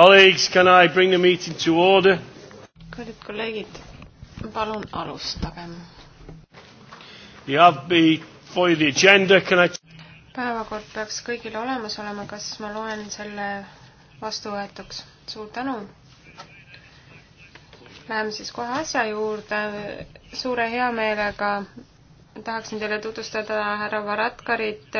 Colleagues, can I bring the meeting to order? kallid kolleegid, palun alustagem. You have before the agenda, can I? päevakord peaks kõigil olemas olema, kas ma loen selle vastuvõetuks? suur tänu. Läheme siis kohe asja juurde. suure heameelega tahaksin teile tutvustada härra Varadkarit,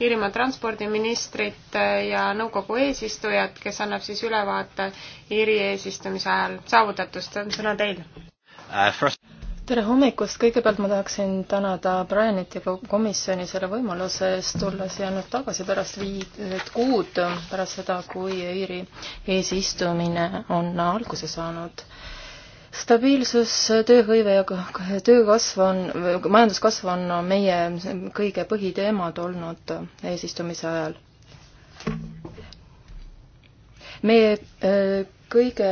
Iirimaa transpordiministrit ja nõukogu eesistujat, kes annab siis ülevaate Iiri eesistumise ajal saavutatust. sõna teil uh,. First... tere hommikust, kõigepealt ma tahaksin tänada Brianit ja komisjoni selle võimaluse eest tulla siia nüüd tagasi pärast viit kuud, pärast seda, kui Iiri eesistumine on alguse saanud stabiilsus, tööhõive ja töökasv on, majanduskasv on meie kõige põhiteemad olnud eesistumise ajal. meie äh, kõige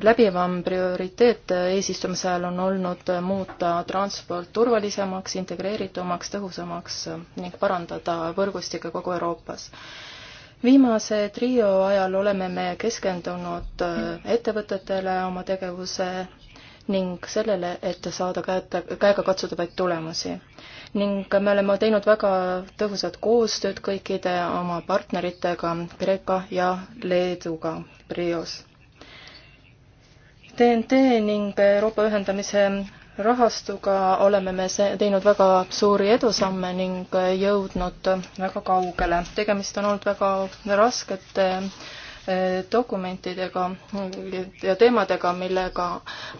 läbivam prioriteet eesistumise ajal on olnud muuta transport turvalisemaks, integreeritumaks, tõhusamaks ning parandada võrgustikke kogu Euroopas viimase trio ajal oleme me keskendunud äh, ettevõtetele oma tegevuse ning sellele, et saada käete, käegakatsutavaid tulemusi. ning me oleme teinud väga tõhusat koostööd kõikide oma partneritega Kreeka ja Leeduga Prios. TNT ning Euroopa ühendamise rahastuga oleme me teinud väga suuri edusamme ning jõudnud väga kaugele. tegemist on olnud väga raskete eh, dokumentidega ja teemadega, millega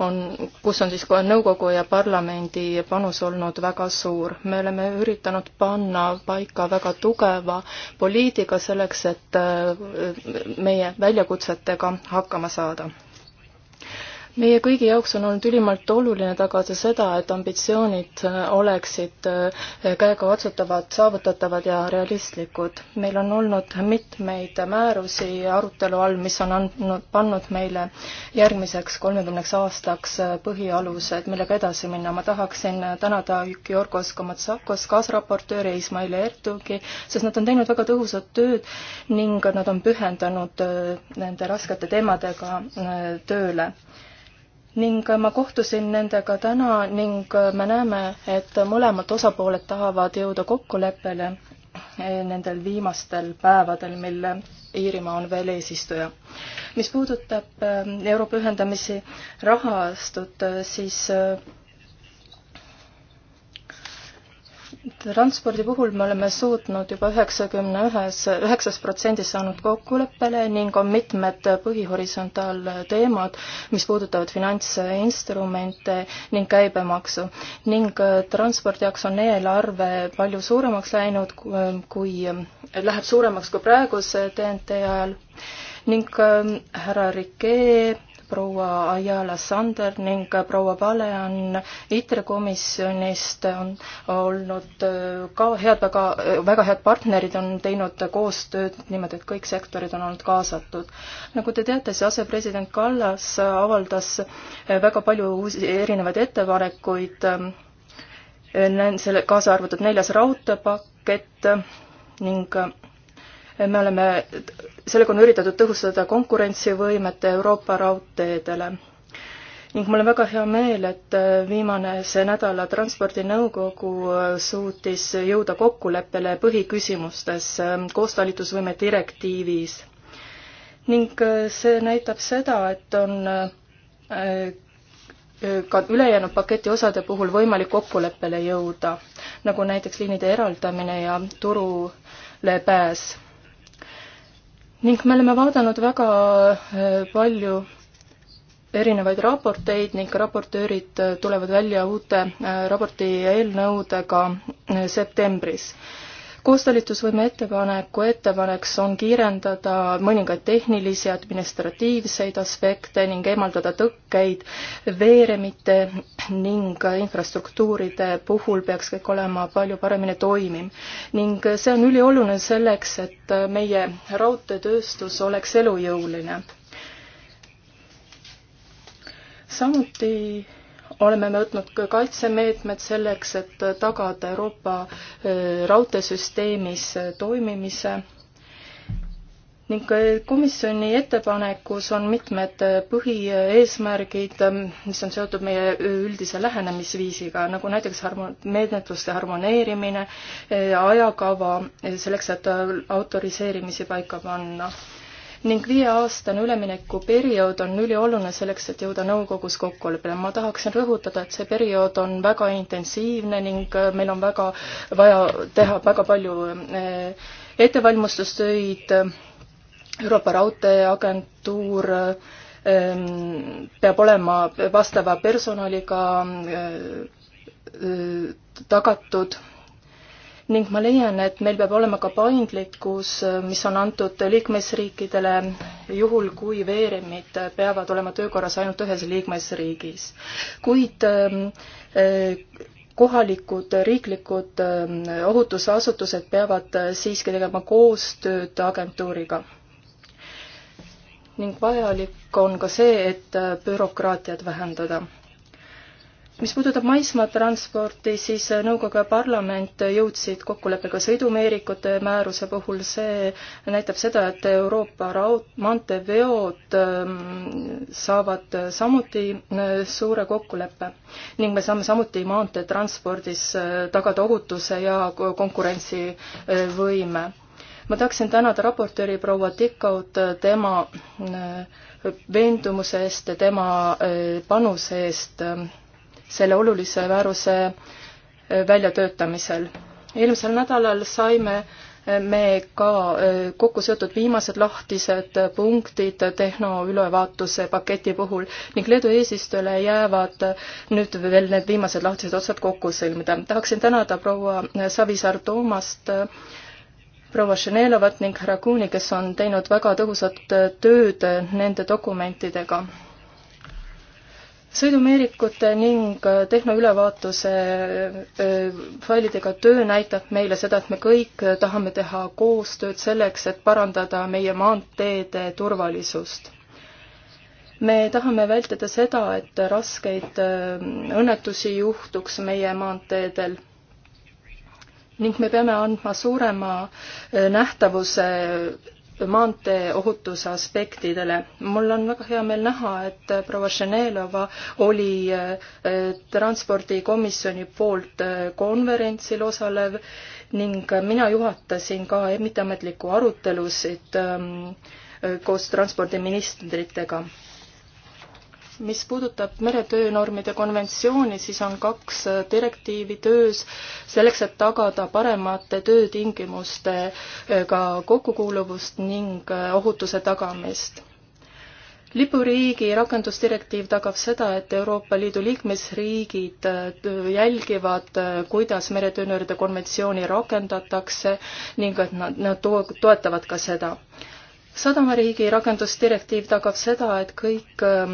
on, kus on siis kohe nõukogu ja parlamendi panus olnud väga suur. me oleme üritanud panna paika väga tugeva poliitika selleks, et eh, meie väljakutsetega hakkama saada meie kõigi jaoks on olnud ülimalt oluline tagada seda, et ambitsioonid äh, oleksid äh, käegakatsutavad, saavutatavad ja realistlikud. meil on olnud mitmeid määrusi arutelu all, mis on andnud, pannud meile järgmiseks kolmekümneks aastaks äh, põhialused, millega edasi minna. ma tahaksin tänada Jorgos Komatsakos, kaasraportööri Ismail Ertugi, sest nad on teinud väga tõhusat tööd ning nad on pühendanud nende raskete teemadega tööle ning ma kohtusin nendega täna ning me näeme, et mõlemad osapooled tahavad jõuda kokkuleppele eh, nendel viimastel päevadel, mil Iirimaa on veel eesistuja. mis puudutab eh, Euroopa ühendamisi rahastut, eh, siis transpordi puhul me oleme suutnud juba üheksakümne ühes, üheksas protsendis saanud kokkuleppele ning on mitmed põhihorisontaalteemad, mis puudutavad finantsinstrumente ning käibemaksu. ning äh, transpordi jaoks on eelarve palju suuremaks läinud, äh, kui, äh, läheb suuremaks kui praeguse TNT ajal ning härra Rikee proua Ayala Sander ning proua Pale on ITRE komisjonist, on olnud äh, ka head, väga, äh, väga head partnerid, on teinud koostööd niimoodi, et kõik sektorid on olnud kaasatud. nagu te teate, siis asepresident Kallas avaldas äh, väga palju uusi, erinevaid ettepanekuid, selle, kaasa arvatud neljas raudteepakett ning me oleme, sellega on üritatud tõhustada konkurentsivõimet Euroopa raudteedele. ning mul on väga hea meel, et viimane see nädala Transpordinõukogu suutis jõuda kokkuleppele põhiküsimustes koostalitusvõime direktiivis. ning see näitab seda, et on äh, ka ülejäänud paketi osade puhul võimalik kokkuleppele jõuda, nagu näiteks liinide eraldamine ja turule pääs ning me oleme vaadanud väga äh, palju erinevaid raporteid ning raportöörid äh, tulevad välja uute äh, raporti eelnõudega septembris koostalitusvõime ettepaneku ettepaneks on kiirendada mõningaid tehnilisi administratiivseid aspekte ning eemaldada tõkkeid veeremite ning infrastruktuuride puhul peaks kõik olema palju paremini toimiv. ning see on ülioluline selleks, et meie raudteetööstus oleks elujõuline. samuti oleme me võtnud ka kaitsemeetmed selleks, et tagada Euroopa äh, raudteesüsteemis äh, toimimise ning äh, komisjoni ettepanekus on mitmed põhieesmärgid, ähm, mis on seotud meie üldise lähenemisviisiga, nagu näiteks harmo-, meetmetuste harmoneerimine, ajakava selleks, et autoriseerimisi paika panna ning viieaastane üleminekuperiood on ülioluline selleks, et jõuda nõukogus kokkuleppele. ma tahaksin rõhutada, et see periood on väga intensiivne ning äh, meil on väga vaja teha väga palju äh, ettevalmistustöid, Euroopa Raudteeagentuur ähm, peab olema vastava personaliga äh, tagatud ning ma leian, et meil peab olema ka paindlikkus, mis on antud liikmesriikidele juhul, kui veeremid peavad olema töökorras ainult ühes liikmesriigis. kuid äh, kohalikud riiklikud äh, ohutusasutused peavad siiski tegema koostööd agentuuriga. ning vajalik on ka see, et äh, bürokraatiat vähendada mis puudutab maismaatransporti, siis nõukogu ja parlament jõudsid kokkuleppega sõidumeerikute määruse puhul, see näitab seda, et Euroopa raud-, maanteeveod ähm, saavad samuti äh, suure kokkuleppe ning me saame samuti maanteetranspordis äh, tagada ohutuse ja konkurentsivõime. Äh, ma tahaksin tänada raportööri proua Tikaut tema veendumuse eest ja tema panuse eest ähm, selle olulise määruse äh, väljatöötamisel. eelmisel nädalal saime äh, me ka äh, kokku seotud viimased lahtised punktid tehnoülevaatuse paketi puhul ning Leedu eesistujale jäävad nüüd veel need viimased lahtised otsad kokku sõlmida. tahaksin tänada proua Savisaar Toomast, proua Ženelovat ning härra Kuuni, kes on teinud väga tõhusat tööd nende dokumentidega sõidumeerikute ning äh, tehnoülevaatuse äh, failidega töö näitab meile seda, et me kõik äh, tahame teha koostööd selleks, et parandada meie maanteede turvalisust. me tahame vältida seda, et raskeid õnnetusi juhtuks meie maanteedel ning me peame andma suurema nähtavuse maanteeohutuse aspektidele. mul on väga hea meel näha, et proua Ženelova oli äh, transpordikomisjoni poolt äh, konverentsil osalev ning mina juhatasin ka mitteametlikku arutelusid ähm, koos transpordiministritega mis puudutab meretöönormide konventsiooni, siis on kaks äh, direktiivi töös selleks, et tagada paremate töötingimustega äh, kokkukuuluvust ning äh, ohutuse tagamist. lipuriigi rakendusdirektiiv tagab seda, et Euroopa Liidu liikmesriigid jälgivad, kuidas meretöönööride konventsiooni rakendatakse ning et nad, nad toetavad ka seda sadamariigi rakendusdirektiiv tagab seda, et kõik ähm,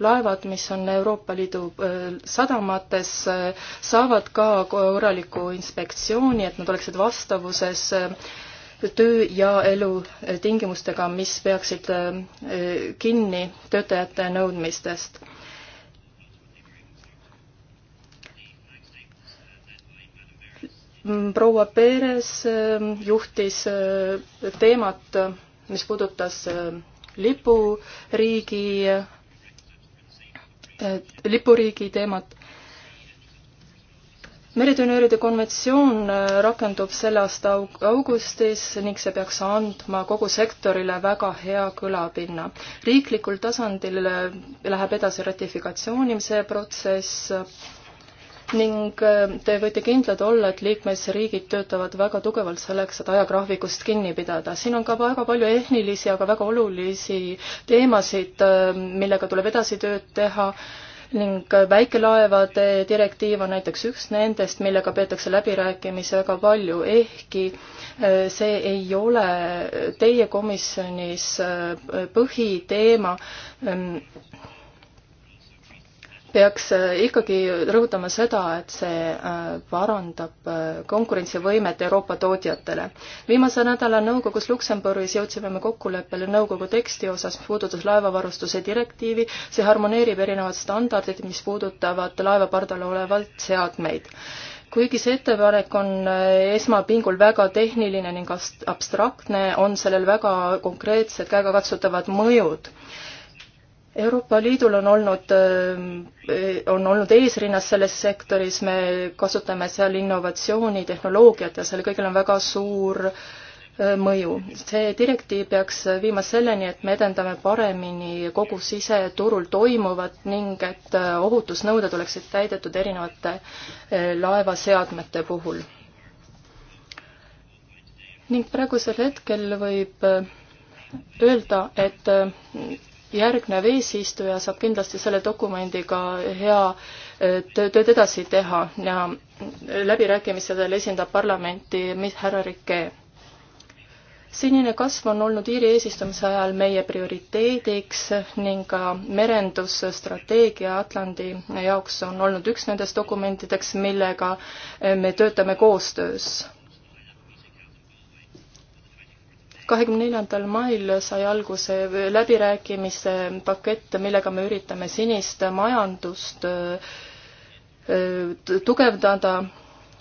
laevad, mis on Euroopa Liidu äh, sadamates, äh, saavad ka korraliku inspektsiooni, et nad oleksid vastavuses äh, töö ja elu tingimustega, mis peaksid kinni töötajate nõudmistest mm, proua Perez juhtis teemat, mis puudutas lipuriigi Äh, lipuriigi teemat. meretöönööride konventsioon äh, rakendub selle aasta augustis ning see peaks andma kogu sektorile väga hea kõlapinna. riiklikul tasandil äh, läheb edasi ratifikatsioonimise protsess ning äh, te võite kindlad olla, et liikmesriigid töötavad väga tugevalt selleks, et ajagraafikust kinni pidada. siin on ka väga palju ehnilisi, aga väga olulisi teemasid, äh, millega tuleb edasi tööd teha ning äh, väikelaevade direktiiv on näiteks üks nendest, millega peetakse läbirääkimisi väga palju, ehkki see ei ole teie komisjonis põhiteema ähm, peaks äh, ikkagi rõhutama seda, et see äh, parandab äh, konkurentsivõimet Euroopa tootjatele. viimasel nädalal nõukogus Luksemburgis jõudsime me kokkuleppele nõukogu teksti osas, mis puudutas laevavarustuse direktiivi, see harmoneerib erinevad standardid, mis puudutavad laeva pardal olevalt seadmeid kuigi see ettepanek on esmapingul väga tehniline ning abstraktne, on sellel väga konkreetsed käegakatsutavad mõjud Euroopa Liidul on olnud, on olnud eesrinnas selles sektoris, me kasutame seal innovatsiooni, tehnoloogiat ja sellel kõigil on väga suur mõju. see direktiiv peaks viima selleni, et me edendame paremini kogu siseturul toimuvat ning et ohutusnõuded oleksid täidetud erinevate laevaseadmete puhul. ning praegusel hetkel võib öelda, et järgnev eesistuja saab kindlasti selle dokumendiga hea e, tööd edasi teha ja läbirääkimistel esindab parlamenti härra Rike. senine kasv on olnud Iiri eesistumise ajal meie prioriteediks ning ka merendusstrateegia Atlandi jaoks on olnud üks nendest dokumentideks, millega me töötame koostöös kahekümne neljandal mail sai alguse läbirääkimise pakett, millega me üritame sinist majandust äh, tugevdada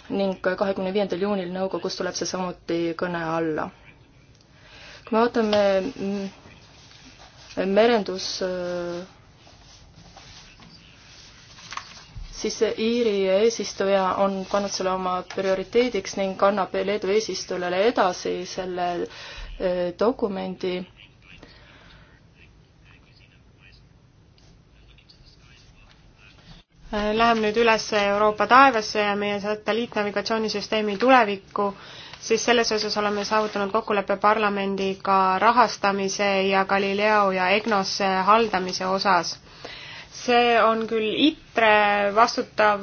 ning kahekümne viiendal juunil nõukogus tuleb see samuti kõne alla. kui me vaatame mm, merendus äh, siis Iiri eesistuja on pannud selle oma prioriteediks ning annab Leedu eesistujale edasi selle dokumendi Läheb nüüd üles Euroopa taevasse ja meie satelliitnavigatsioonisüsteemi tulevikku, siis selles osas oleme saavutanud kokkuleppe parlamendiga rahastamise ja Galileo ja EGNOS haldamise osas. see on küll ITRE vastutav,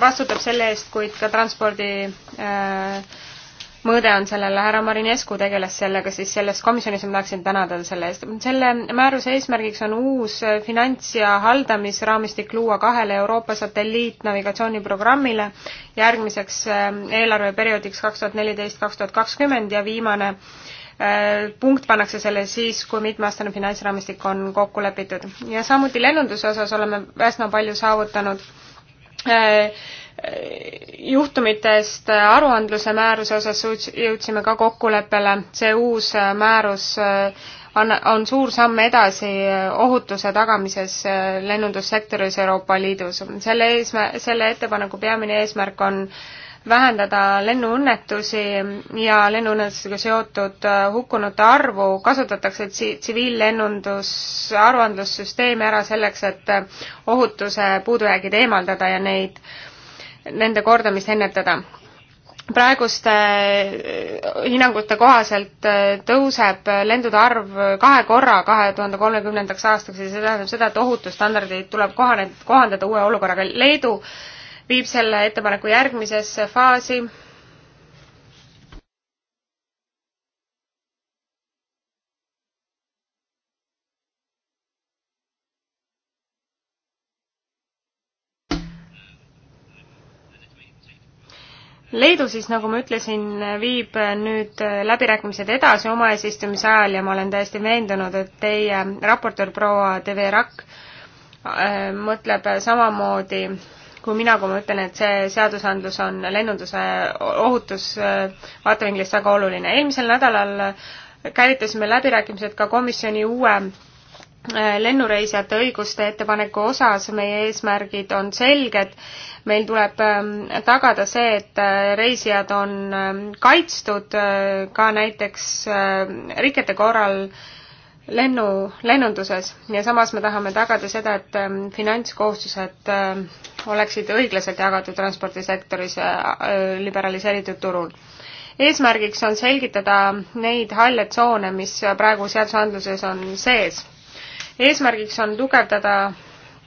vastutab selle eest, kuid ka transpordi äh, mõõde on sellele, härra Marinescu tegeles sellega siis selles komisjonis ja ma tahaksin tänada selle eest. selle määruse eesmärgiks on uus finants- ja haldamisraamistik luua kahele Euroopa satelliitnavigatsiooniprogrammile järgmiseks äh, eelarveperioodiks kaks tuhat neliteist, kaks tuhat kakskümmend ja viimane äh, punkt pannakse selle siis, kui mitmeaastane finantsraamistik on kokku lepitud. ja samuti lennunduse osas oleme üsna palju saavutanud äh, juhtumitest aruandluse määruse osas jõudsime ka kokkuleppele, see uus äh, määrus on, äh, on suur samm edasi äh, ohutuse tagamises lennundussektoris Euroopa Liidus. selle eesmär-, selle ettepaneku peamine eesmärk on vähendada lennuõnnetusi ja lennuõnnetustega seotud hukkunute arvu, kasutatakse tsiviillennundus aruandlussüsteemi ära selleks, et ohutuse puudujäägid eemaldada ja neid äh, nende kordamist ennetada. praeguste äh, hinnangute kohaselt äh, tõuseb lendude arv kahe korra kahe tuhande kolmekümnendaks aastaks ja see tähendab seda, et ohutusstandardeid tuleb kohane, kohandada uue olukorraga. Leedu viib selle ettepaneku järgmisesse faasi Leedu siis, nagu ma ütlesin, viib nüüd läbirääkimised edasi oma eesistumise ajal ja ma olen täiesti veendunud, et teie raportöör proua TV Rakk äh, mõtleb samamoodi kui mina, kui ma ütlen, et see seadusandlus on lennunduse ohutus äh, vaatevinklist väga oluline. eelmisel nädalal käivitasime läbirääkimised ka komisjoni uue äh, lennureisijate õiguste ettepaneku osas meie eesmärgid on selged meil tuleb ähm, tagada see, et äh, reisijad on ähm, kaitstud äh, ka näiteks ähm, rikete korral lennu, lennunduses ja samas me tahame tagada seda, et finantskohustused oleksid õiglaselt jagatud transpordisektoris äh, liberaliseeritud turul. eesmärgiks on selgitada neid halle tsoone, mis praegu seadusandluses on sees. eesmärgiks on tugevdada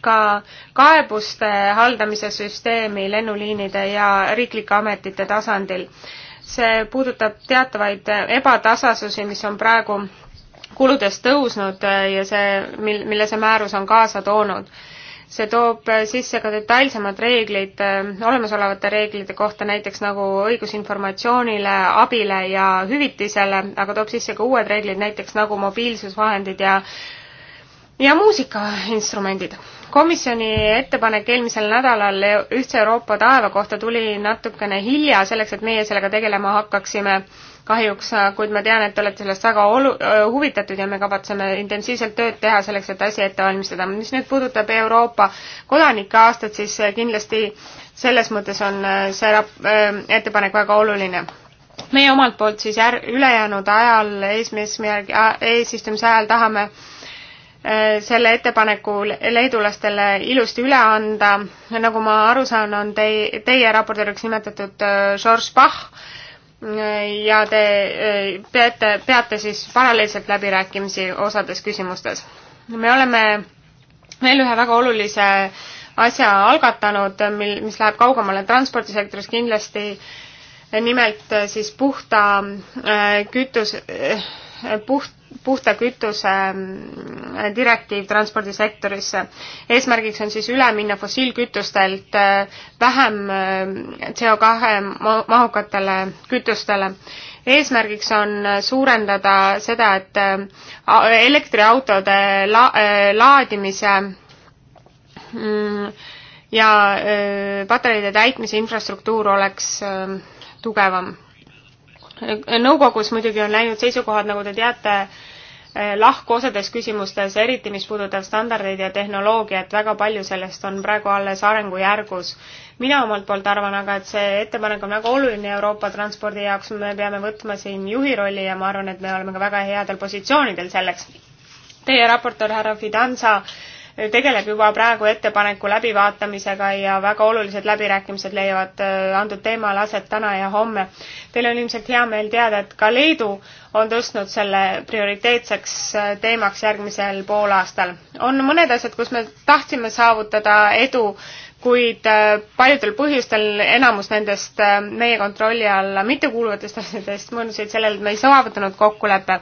ka kaebuste haldamise süsteemi lennuliinide ja riiklike ametite tasandil. see puudutab teatavaid ebatasasusi, mis on praegu kuludes tõusnud ja see, mil, mille see määrus on kaasa toonud see toob sisse ka detailsemad reeglid eh, olemasolevate reeglite kohta, näiteks nagu õigus informatsioonile, abile ja hüvitisele, aga toob sisse ka uued reeglid, näiteks nagu mobiilsusvahendid ja ja muusikainstrumendid komisjoni ettepanek eelmisel nädalal Ühtse Euroopa taeva kohta tuli natukene hilja, selleks et meie sellega tegelema hakkaksime kahjuks, äh, kuid ma tean, et te olete sellest väga olu-, äh, huvitatud ja me kavatseme intensiivselt tööd teha selleks, et asi ette valmistada. mis nüüd puudutab Euroopa kodanike aastat, siis äh, kindlasti selles mõttes on see rap-, ettepanek väga oluline. meie omalt poolt siis jär-, ülejäänud ajal, eesmärgi, eesistumise ajal tahame äh, Äh, selle ettepaneku leedulastele ilusti üle anda. nagu ma aru saan, on tei-, teie raportööriks nimetatud äh, George Bach ja te äh, peate, peate siis paralleelselt läbirääkimisi osades küsimustes. me oleme veel ühe väga olulise asja algatanud, mil, mis läheb kaugemale transpordisektoris kindlasti, nimelt siis puhta kütus, puht puhta kütuse äh, direktiiv transpordisektorisse. eesmärgiks on siis üle minna fossiilkütustelt äh, vähem äh, CO2 mahukatele kütustele. eesmärgiks on suurendada seda, et elektriautode la-, laadimise mm, ja patareide täitmise infrastruktuur oleks tugevam nõukogus muidugi on läinud seisukohad, nagu te teate, eh, lahku osades küsimustes, eriti mis puudutab standardeid ja tehnoloogiat, väga palju sellest on praegu alles arengujärgus. mina omalt poolt arvan aga, et see ettepanek on väga oluline Euroopa transpordi jaoks, me peame võtma siin juhi rolli ja ma arvan, et me oleme ka väga headel positsioonidel selleks. Teie raportöör härra Fidanza äh, tegeleb juba praegu ettepaneku läbivaatamisega ja väga olulised läbirääkimised leiavad äh, antud teemal aset täna ja homme. Teil on ilmselt hea meel teada, et ka Leedu on tõstnud selle prioriteetseks äh, teemaks järgmisel poolaastal. on mõned asjad, kus me tahtsime saavutada edu, kuid äh, paljudel põhjustel enamus nendest meie kontrolli alla mittekuuluvatest asjadest mõjusid sellele, et me ei saavutanud kokkulepe.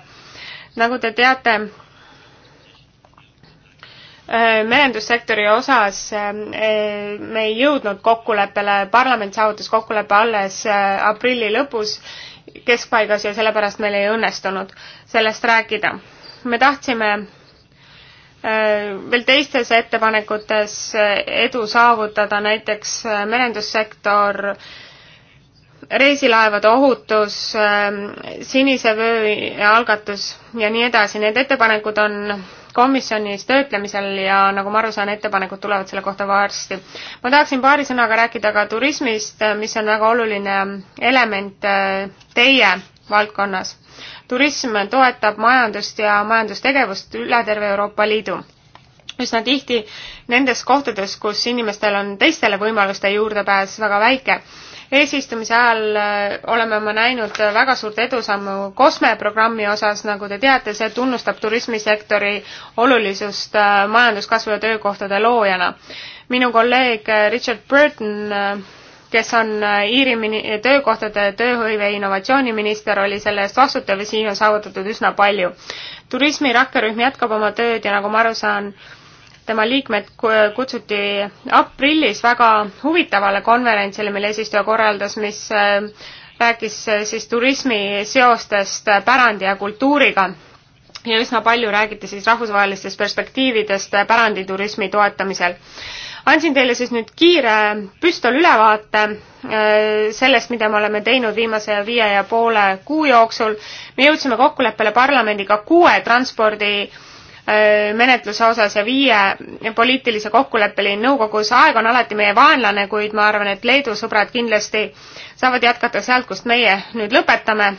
nagu te teate, Äh, merendussektori osas äh, äh, me ei jõudnud kokkuleppele, parlament saavutas kokkuleppe alles aprilli lõpus, keskpaigas ja sellepärast meil ei õnnestunud sellest rääkida. me tahtsime veel teistes ettepanekutes edu saavutada, näiteks merendussektor, reisilaevade ohutus, sinise vöö algatus ja nii edasi, need ettepanekud on komisjonis töötlemisel ja nagu ma aru saan, ettepanekud tulevad selle kohta varsti. ma tahaksin paari sõnaga rääkida ka turismist, mis on väga oluline element äh, teie valdkonnas. turism toetab majandust ja majandustegevust üle terve Euroopa Liidu üsna tihti nendes kohtades, kus inimestel on teistele võimaluste juurdepääs väga väike eesistumise ajal äh, oleme me näinud äh, väga suurt edusammu COSME programmi osas, nagu te teate, see tunnustab turismisektori olulisust äh, majanduskasvu ja töökohtade loojana. minu kolleeg Richard Burton kes on Iiri mini-, töökohtade, tööhõive ja innovatsiooniminister, oli selle eest vastutav ja siin on saavutatud üsna palju. turismi rakkerühm jätkab oma tööd ja nagu ma aru saan, tema liikmed kutsuti aprillis väga huvitavale konverentsile, mille eesistuja korraldas, mis äh, rääkis äh, siis turismi seostest äh, pärandi ja kultuuriga ja üsna palju räägiti siis rahvusvahelistest perspektiividest päranditurismi toetamisel. andsin teile siis nüüd kiire püstolülevaate sellest, mida me oleme teinud viimase viie ja poole kuu jooksul. me jõudsime kokkuleppele parlamendiga kuue transpordi äh, Äh, menetluse osas ja viie poliitilise kokkuleppeni nõukogus. aeg on alati meie vaenlane, kuid ma arvan, et Leedu sõbrad kindlasti saavad jätkata sealt, kust meie nüüd lõpetame.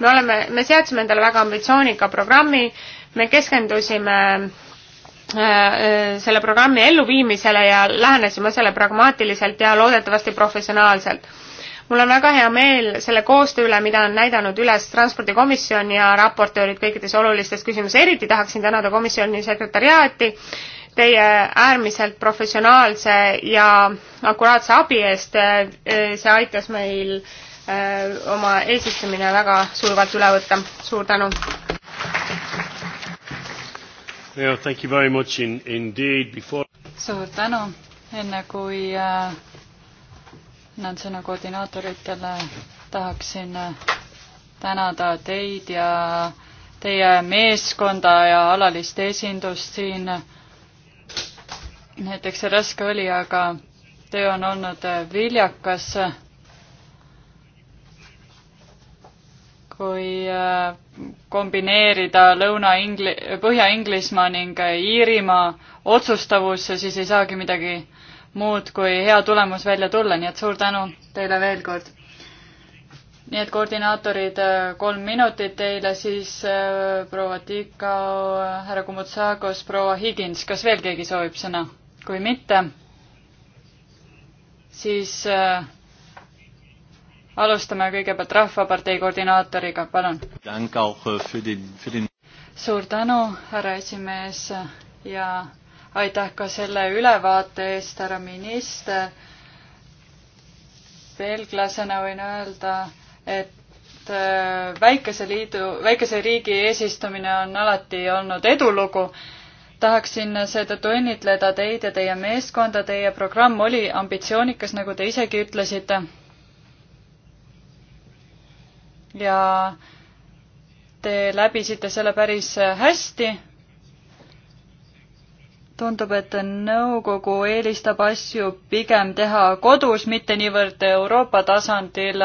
me oleme, me seadsime endale väga ambitsioonika programmi, me keskendusime äh, äh, selle programmi elluviimisele ja lähenesime selle pragmaatiliselt ja loodetavasti professionaalselt mul on väga hea meel selle koostöö üle, mida on näidanud üles Transpordikomisjon ja raportöörid kõikides olulistes küsimustes, eriti tahaksin tänada komisjoni sekretäriaati teie äärmiselt professionaalse ja akuraatse abi eest, see aitas meil äh, oma eesistumine väga sujuvalt üle võtta, suur tänu! Yeah, thank you very much in, indeed. Before... suur tänu, enne kui äh, annan sõna koordinaatoritele, tahaksin äh, tänada teid ja teie meeskonda ja alalist esindust siin. näiteks see raske oli, aga töö on olnud äh, viljakas. kui äh, kombineerida Lõuna-Ingli-, Põhja-Inglismaa ning Iirimaa otsustavusse, siis ei saagi midagi muud kui hea tulemus välja tulla, nii et suur tänu teile veel kord. nii et koordinaatorid, äh, kolm minutit teile siis äh, proua Tikao, härra Kumutsakos, proua Higins, kas veel keegi soovib sõna? kui mitte, siis äh, alustame kõigepealt Rahvapartei koordinaatoriga, palun. suur tänu, härra esimees ja aitäh ka selle ülevaate eest, härra minister. belglasena võin öelda, et äh, väikese liidu, väikese riigi eesistumine on alati olnud edulugu tahaksin seetõttu õnnitleda teid ja teie meeskonda, teie programm oli ambitsioonikas, nagu te isegi ütlesite. ja te läbisite selle päris hästi tundub, et nõukogu eelistab asju pigem teha kodus, mitte niivõrd Euroopa tasandil.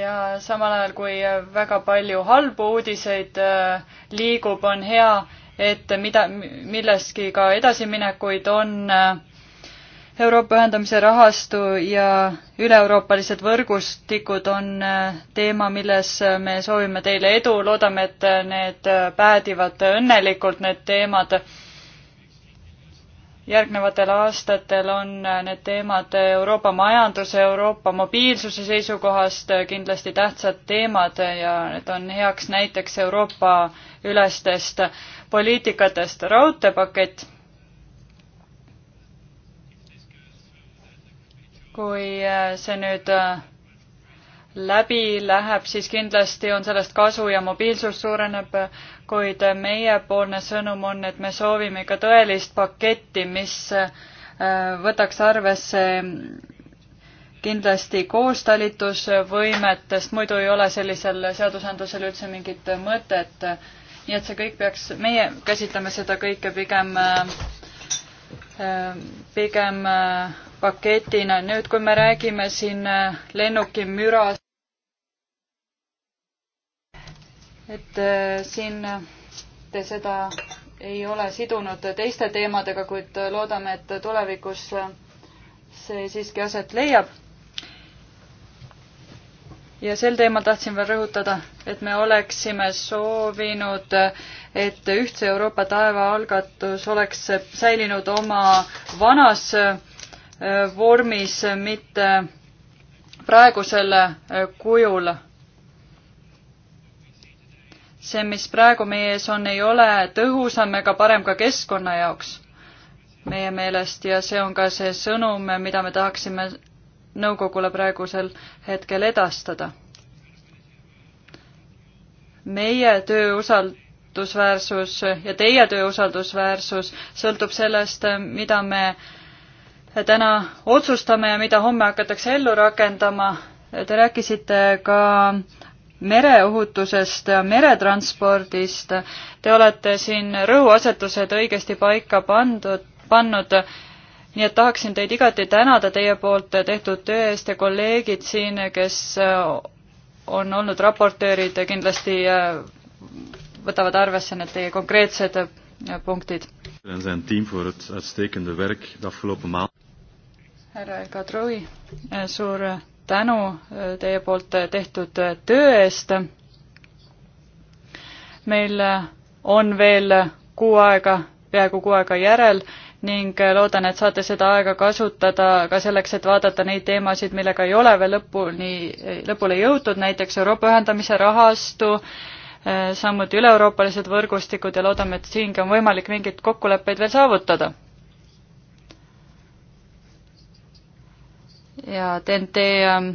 ja samal ajal, kui väga palju halbu uudiseid äh, liigub, on hea, et mida, milleski ka edasiminekuid on äh, Euroopa ühendamise rahastu ja üle-euroopalised võrgustikud on äh, teema, milles äh, me soovime teile edu, loodame, et äh, need päädivad õnnelikult, need teemad. järgnevatel aastatel on need teemad Euroopa majanduse, Euroopa mobiilsuse seisukohast kindlasti tähtsad teemad ja need on heaks näiteks Euroopa ülestest poliitikatest raudteepakett kui äh, see nüüd äh, läbi läheb, siis kindlasti on sellest kasu ja mobiilsus suureneb, kuid meiepoolne sõnum on, et me soovime ikka tõelist paketti, mis äh, võtaks arvesse kindlasti koostalitusvõimet, sest muidu ei ole sellisel seadusandlusel üldse mingit mõtet. nii et see kõik peaks, meie käsitleme seda kõike pigem, pigem paketina. nüüd, kui me räägime siin äh, lennukimürast, et äh, siin äh, te seda ei ole sidunud teiste teemadega, kuid loodame, et tulevikus see siiski aset leiab. ja sel teemal tahtsin veel rõhutada, et me oleksime soovinud, et Ühtse Euroopa taeva algatus oleks säilinud oma vanas Äh, vormis, mitte praegusel äh, kujul. see, mis praegu meie ees on, ei ole tõhusam ega parem ka keskkonna jaoks meie meelest ja see on ka see sõnum, mida me tahaksime nõukogule praegusel hetkel edastada. meie töö usald-, usaldusväärsus ja teie töö usaldusväärsus sõltub sellest, mida me täna otsustame ja mida homme hakatakse ellu rakendama. Te rääkisite ka mereohutusest ja meretranspordist. Te olete siin rõhuasetused õigesti paika pandud, pannud, nii et tahaksin teid igati tänada teie poolt tehtud töö eest ja kolleegid siin, kes on olnud raportöörid, kindlasti äh, võtavad arvesse need teie konkreetsed äh, punktid en zijn team voor het uitstekende werk de afgelopen maand. härra El Kadri, eh, suur eh, tänu eh, teie poolt tehtud töö eest. meil on veel kuu aega, peaaegu kuu aega järel ning loodan, et saate seda aega kasutada ka selleks, et vaadata neid teemasid, millega ei ole veel lõpuni, lõpule jõutud, näiteks Euroopa ühendamise rahastu, Äh, samuti üle-euroopalised võrgustikud ja loodame, et siingi on võimalik mingeid kokkuleppeid veel saavutada. ja TNT ähm,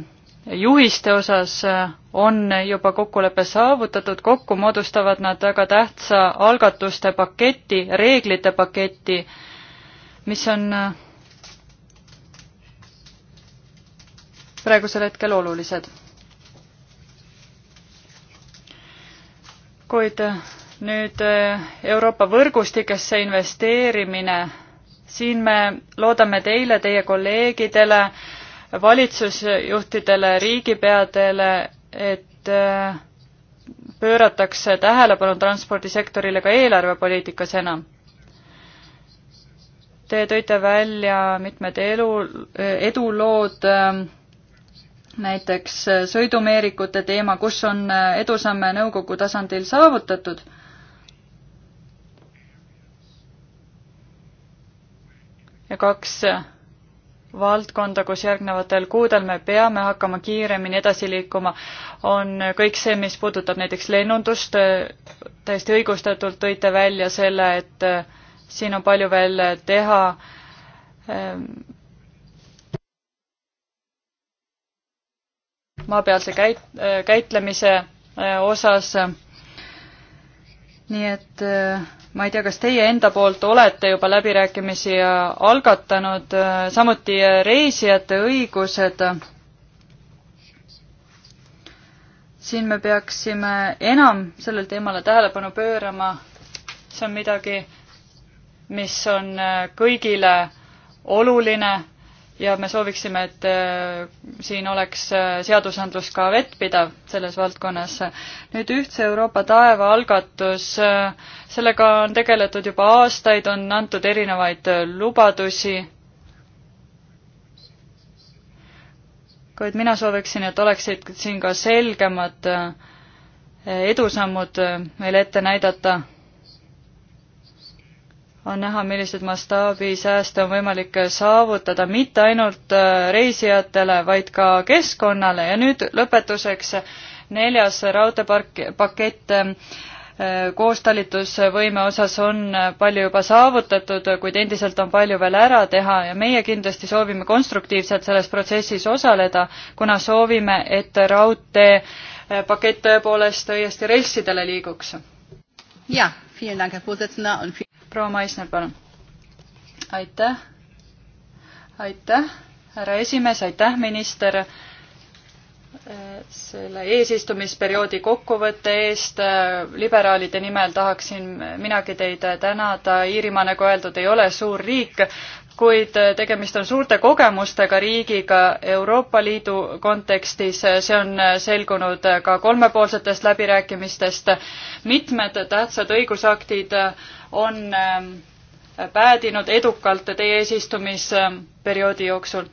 juhiste osas äh, on juba kokkulepe saavutatud, kokku moodustavad nad väga tähtsa algatuste paketi, reeglite paketi, mis on äh, praegusel hetkel olulised kuid eh, nüüd eh, Euroopa võrgustikesse investeerimine, siin me loodame teile, teie kolleegidele, valitsusjuhtidele, riigipeadele, et eh, pööratakse tähelepanu transpordisektorile ka eelarvepoliitikas enam. Te tõite välja mitmed elu, edulood äh, näiteks äh, sõidumeerikute teema, kus on äh, edusamme nõukogu tasandil saavutatud ja kaks äh, valdkonda, kus järgnevatel kuudel me peame hakkama kiiremini edasi liikuma, on kõik see, mis puudutab näiteks lennundust. täiesti õigustatult tõite välja selle, et siin on palju veel teha maapealse käit-, käitlemise äh, osas. nii et äh, ma ei tea, kas teie enda poolt olete juba läbirääkimisi äh, algatanud, samuti reisijate õigused. siin me peaksime enam sellele teemale tähelepanu pöörama. see on midagi, mis on kõigile oluline ja me sooviksime, et äh, siin oleks äh, seadusandlus ka vettpidav selles valdkonnas. nüüd Ühtse Euroopa taeva algatus, äh, sellega on tegeletud juba aastaid, on antud erinevaid lubadusi, kuid mina sooviksin, et oleksid siin ka selgemad edusammud meile ette näidata on näha, millised mastaabisääste on võimalik saavutada mitte ainult äh, reisijatele, vaid ka keskkonnale ja nüüd lõpetuseks neljas raudteepark, pakett äh, koostalitusvõime osas on äh, palju juba saavutatud, kuid endiselt on palju veel ära teha ja meie kindlasti soovime konstruktiivselt selles protsessis osaleda, kuna soovime, et raudteepakett tõepoolest õiesti reissidele liiguks. jah, proua Maisner, palun. aitäh, aitäh, härra esimees, aitäh, minister, selle eesistumisperioodi kokkuvõtte eest liberaalide nimel tahaksin minagi teid tänada. Iirimaa, nagu öeldud, ei ole suur riik, kuid tegemist on suurte kogemustega riigiga Euroopa Liidu kontekstis, see on selgunud ka kolmepoolsetest läbirääkimistest. mitmed tähtsad õigusaktid on ähm, päädinud edukalt teie eesistumisperioodi jooksul.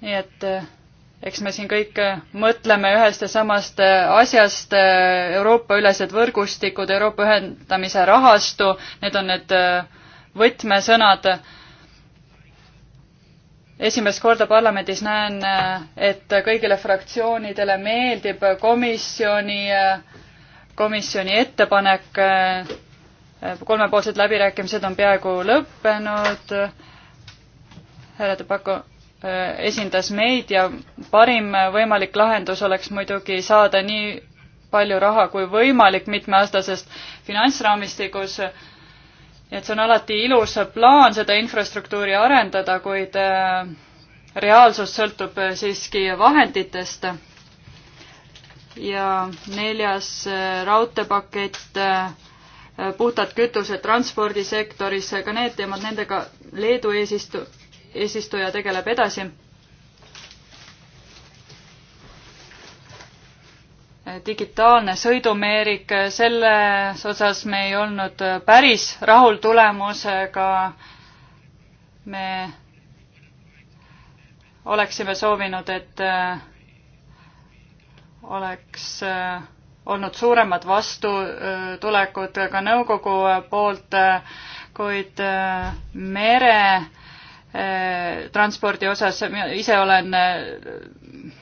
nii et äh, eks me siin kõik äh, mõtleme ühest ja samast äh, asjast, Euroopa-ülesed võrgustikud, Euroopa ühendamise rahastu, need on need võtmesõnad. esimest korda parlamendis näen, et kõigile fraktsioonidele meeldib komisjoni äh, komisjoni ettepanek, äh, kolmepoolsed läbirääkimised on peaaegu lõppenud, härra Tepako äh, esindas meid ja parim võimalik lahendus oleks muidugi saada nii palju raha kui võimalik mitmeaastasest finantsraamistikus. nii et see on alati ilus plaan seda infrastruktuuri arendada, kuid äh, reaalsus sõltub siiski vahenditest ja neljas äh, raudteepakett, äh, äh, puhtad kütused transpordisektoris, ka need teemad, nendega Leedu eesistu-, eesistuja tegeleb edasi. digitaalne sõidumeerik, selles osas me ei olnud päris rahul tulemusega. me oleksime soovinud, et äh, oleks äh, olnud suuremad vastutulekud ka nõukogu poolt, äh, kuid äh, meretranspordi osas, ise olen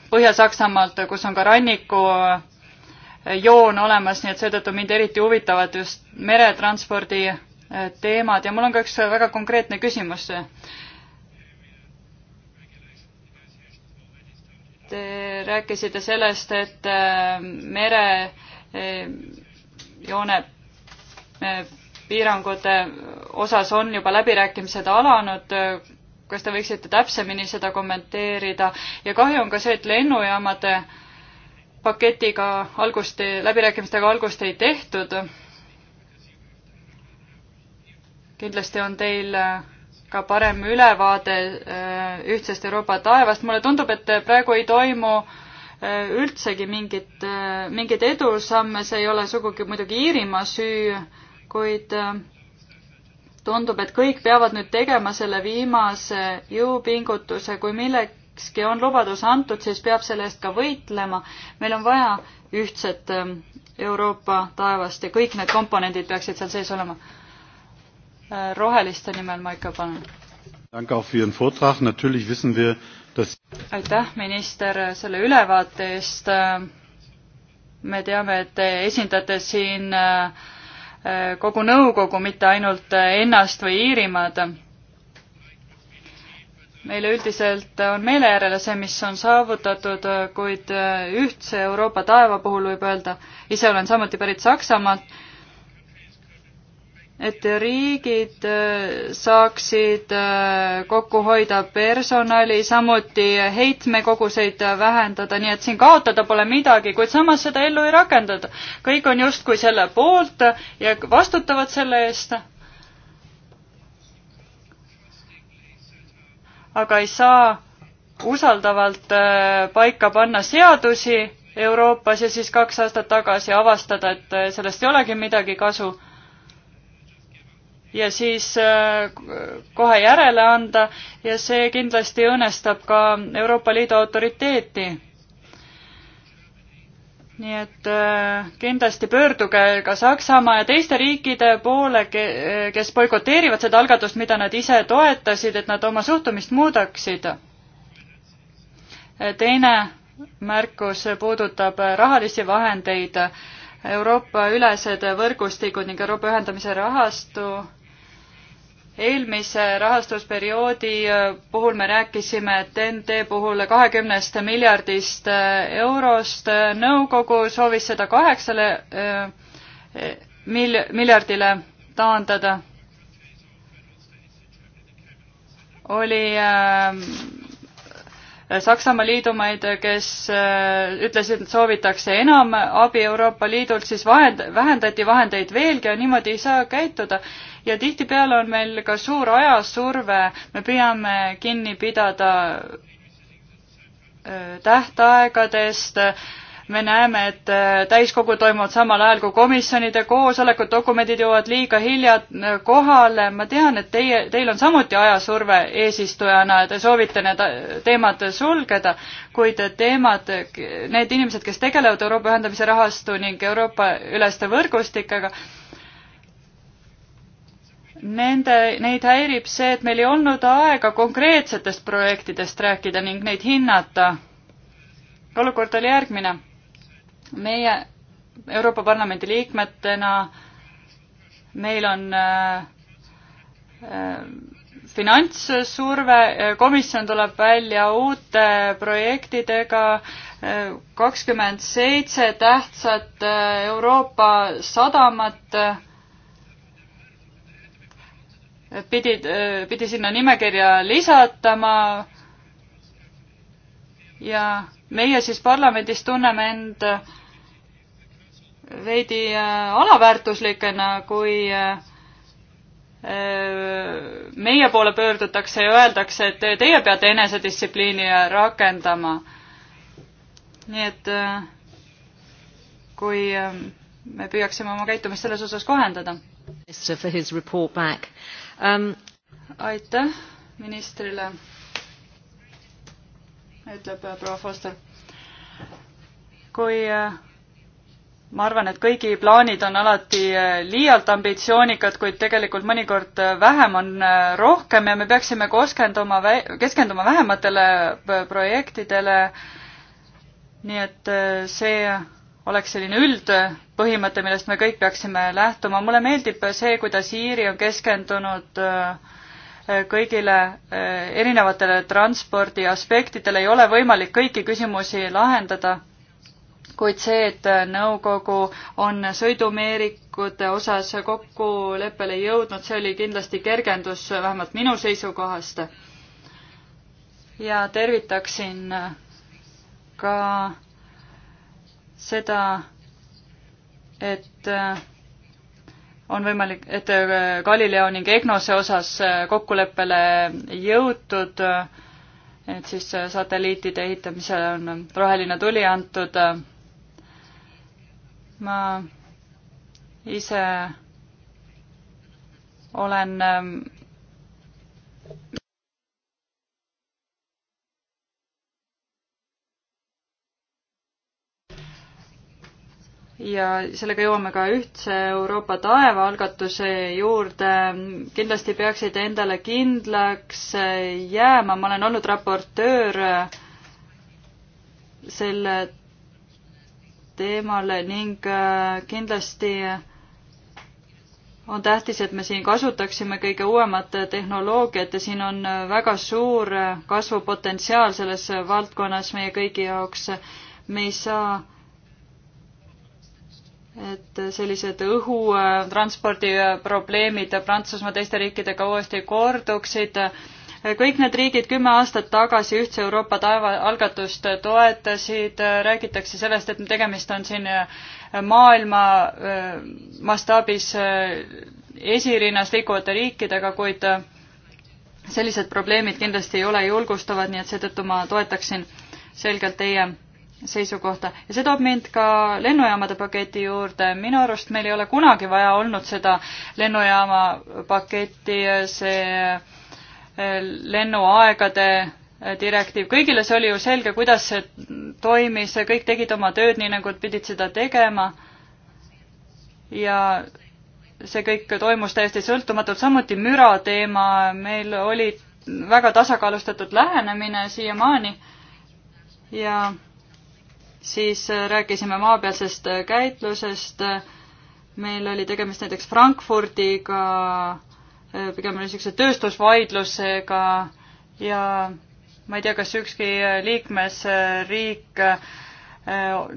Põhja-Saksamaalt, kus on ka rannikujoon olemas, nii et seetõttu mind eriti huvitavad just meretranspordi teemad ja mul on ka üks väga konkreetne küsimus Te rääkisite sellest, et äh, merejoone äh, äh, piirangute osas on juba läbirääkimised alanud. kas te võiksite täpsemini seda kommenteerida ja kahju on ka see, et lennujaamade paketiga algust, läbirääkimistega algust ei tehtud. kindlasti on teil ka parem ülevaade äh, ühtsest Euroopa taevast. mulle tundub, et praegu ei toimu äh, üldsegi mingit, äh, mingeid edusamme, see ei ole sugugi muidugi Iirimaa süü, kuid tundub, et kõik peavad nüüd tegema selle viimase jõupingutuse, kui millekski on lubadus antud, siis peab selle eest ka võitlema. meil on vaja ühtset Euroopa taevast ja kõik need komponendid peaksid seal sees olema Äh, roheliste nimel Maika, palun. aitäh, minister, selle ülevaate eest. Äh, me teame, et te esindate siin äh, kogu nõukogu, mitte ainult ennast või Iirimaad meil üldiselt on meele järele see, mis on saavutatud, kuid ühtse Euroopa taeva puhul võib öelda, ise olen samuti pärit Saksamaalt, et riigid äh, saaksid äh, kokku hoida personali, samuti heitmekoguseid vähendada, nii et siin kaotada pole midagi, kuid samas seda ellu ei rakendada. kõik on justkui selle poolt ja vastutavad selle eest. aga ei saa usaldavalt äh, paika panna seadusi Euroopas ja siis kaks aastat tagasi avastada, et sellest ei olegi midagi kasu ja siis äh, kohe järele anda ja see kindlasti õõnestab ka Euroopa Liidu autoriteeti. nii et äh, kindlasti pöörduge ka Saksamaa ja teiste riikide poole, kes boikoteerivad seda algatust, mida nad ise toetasid, et nad oma suhtumist muudaksid. Äh, teine märkus puudutab rahalisi vahendeid Euroopa ülesed võrgustikud ning Euroopa ühendamise rahastu eelmise rahastusperioodi äh, puhul me rääkisime TNT puhul kahekümnest miljardist äh, eurost, äh, nõukogu soovis seda kaheksale mil-, miljardile taandada. oli äh, Saksamaa liidumaid, kes ütlesid, et soovitakse enam abi Euroopa Liidult, siis vahend, vähendati vahendeid veelgi ja niimoodi ei saa käituda ja tihtipeale on meil ka suur ajasurve, me püüame kinni pidada äh, tähtaegadest, me näeme, et äh, täiskogu toimuvad samal ajal kui komisjonide koosolekud, dokumendid jõuavad liiga hilja äh, kohale, ma tean, et teie, teil on samuti ajasurve eesistujana ja te soovite need teemad sulgeda, kuid teemad, need inimesed, kes tegelevad Euroopa ühendamise rahastu ning Euroopa üleste võrgustikega, nende, neid häirib see, et meil ei olnud aega konkreetsetest projektidest rääkida ning neid hinnata. olukord oli järgmine. meie Euroopa Parlamendi liikmetena, meil on äh, äh, finantssurve, komisjon tuleb välja uute projektidega, äh, kakskümmend seitse tähtsat äh, Euroopa sadamat äh, pidid, pidi sinna nimekirja lisatama. ja meie siis parlamendis tunneme end veidi äh, alaväärtuslikena, kui äh, meie poole pöördutakse ja öeldakse, et teie peate enesedistsipliini rakendama. nii et äh, kui me püüaksime oma käitumist selles osas kohendada ähm,. aitäh ministrile, ütleb äh, proua Foster. kui äh, ma arvan, et kõigi plaanid on alati äh, liialt ambitsioonikad, kuid tegelikult mõnikord äh, vähem on rohkem ja me peaksime keskenduma, keskenduma vähematele projektidele. nii et see oleks selline üldpõhimõte, millest me kõik peaksime lähtuma. mulle meeldib see, kuidas Iiri on keskendunud äh, kõigile äh, erinevatele transpordi aspektidele, ei ole võimalik kõiki küsimusi lahendada, kuid see, et nõukogu on sõidumeerikute osas kokkuleppele jõudnud, see oli kindlasti kergendus vähemalt minu seisukohast. ja tervitaksin ka seda, et äh, on võimalik, et äh, Galileo ning EGNOS-e osas äh, kokkuleppele jõutud, et siis satelliitide ehitamisele on roheline tuli antud. ma ise olen ähm, ja sellega jõuame ka ühtse Euroopa taeva algatuse juurde. kindlasti peaksite endale kindlaks jääma, ma olen olnud raportöör selle teemal ning äh, kindlasti on tähtis, et me siin kasutaksime kõige uuemat tehnoloogiat ja siin on väga suur kasvupotentsiaal selles valdkonnas meie kõigi jaoks. me ei saa et sellised õhutranspordi äh, äh, probleemid Prantsusmaa teiste riikidega uuesti korduksid. kõik need riigid kümme aastat tagasi Ühtse Euroopa taeva algatust toetasid, räägitakse sellest, et tegemist on siin äh, maailma mastaabis esirinnas liikuvate riikidega, kuid sellised probleemid kindlasti ei ole julgustavad, nii et seetõttu ma toetaksin selgelt teie seisukohta ja see toob mind ka lennujaamade paketi juurde. minu arust meil ei ole kunagi vaja olnud seda lennujaama paketti, see e, lennuaegade e, direktiiv, kõigile see oli ju selge, kuidas see toimis, kõik tegid oma tööd nii, nagu pidid seda tegema. ja see kõik toimus täiesti sõltumatult, samuti müra teema, meil oli väga tasakaalustatud lähenemine siiamaani ja siis äh, rääkisime maapealsest äh, käitlusest, meil oli tegemist näiteks Frankfurdiga, äh, pigem oli niisuguse tööstusvaidlusega ja ma ei tea, kas ükski liikmesriik,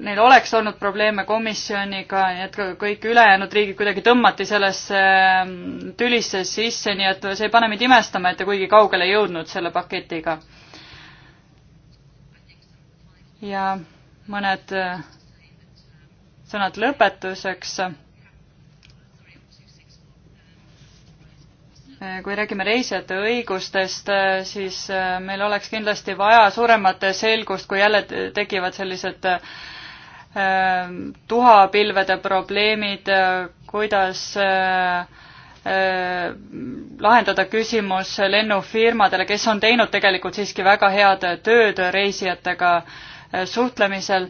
neil oleks olnud probleeme komisjoniga, et kõik ülejäänud riigid kuidagi tõmmati sellesse ähm, tülisse sisse, nii et see ei pane mind imestama, et te kuigi kaugele ei jõudnud selle paketiga. ja mõned äh, sõnad lõpetuseks. Äh, kui räägime reisijate õigustest, äh, siis meil oleks kindlasti vaja suuremat selgust, kui jälle tekivad sellised tuhapilvede probleemid, kuidas lahendada küsimus lennufirmadele, kes on teinud tegelikult siiski väga head tööd reisijatega suhtlemisel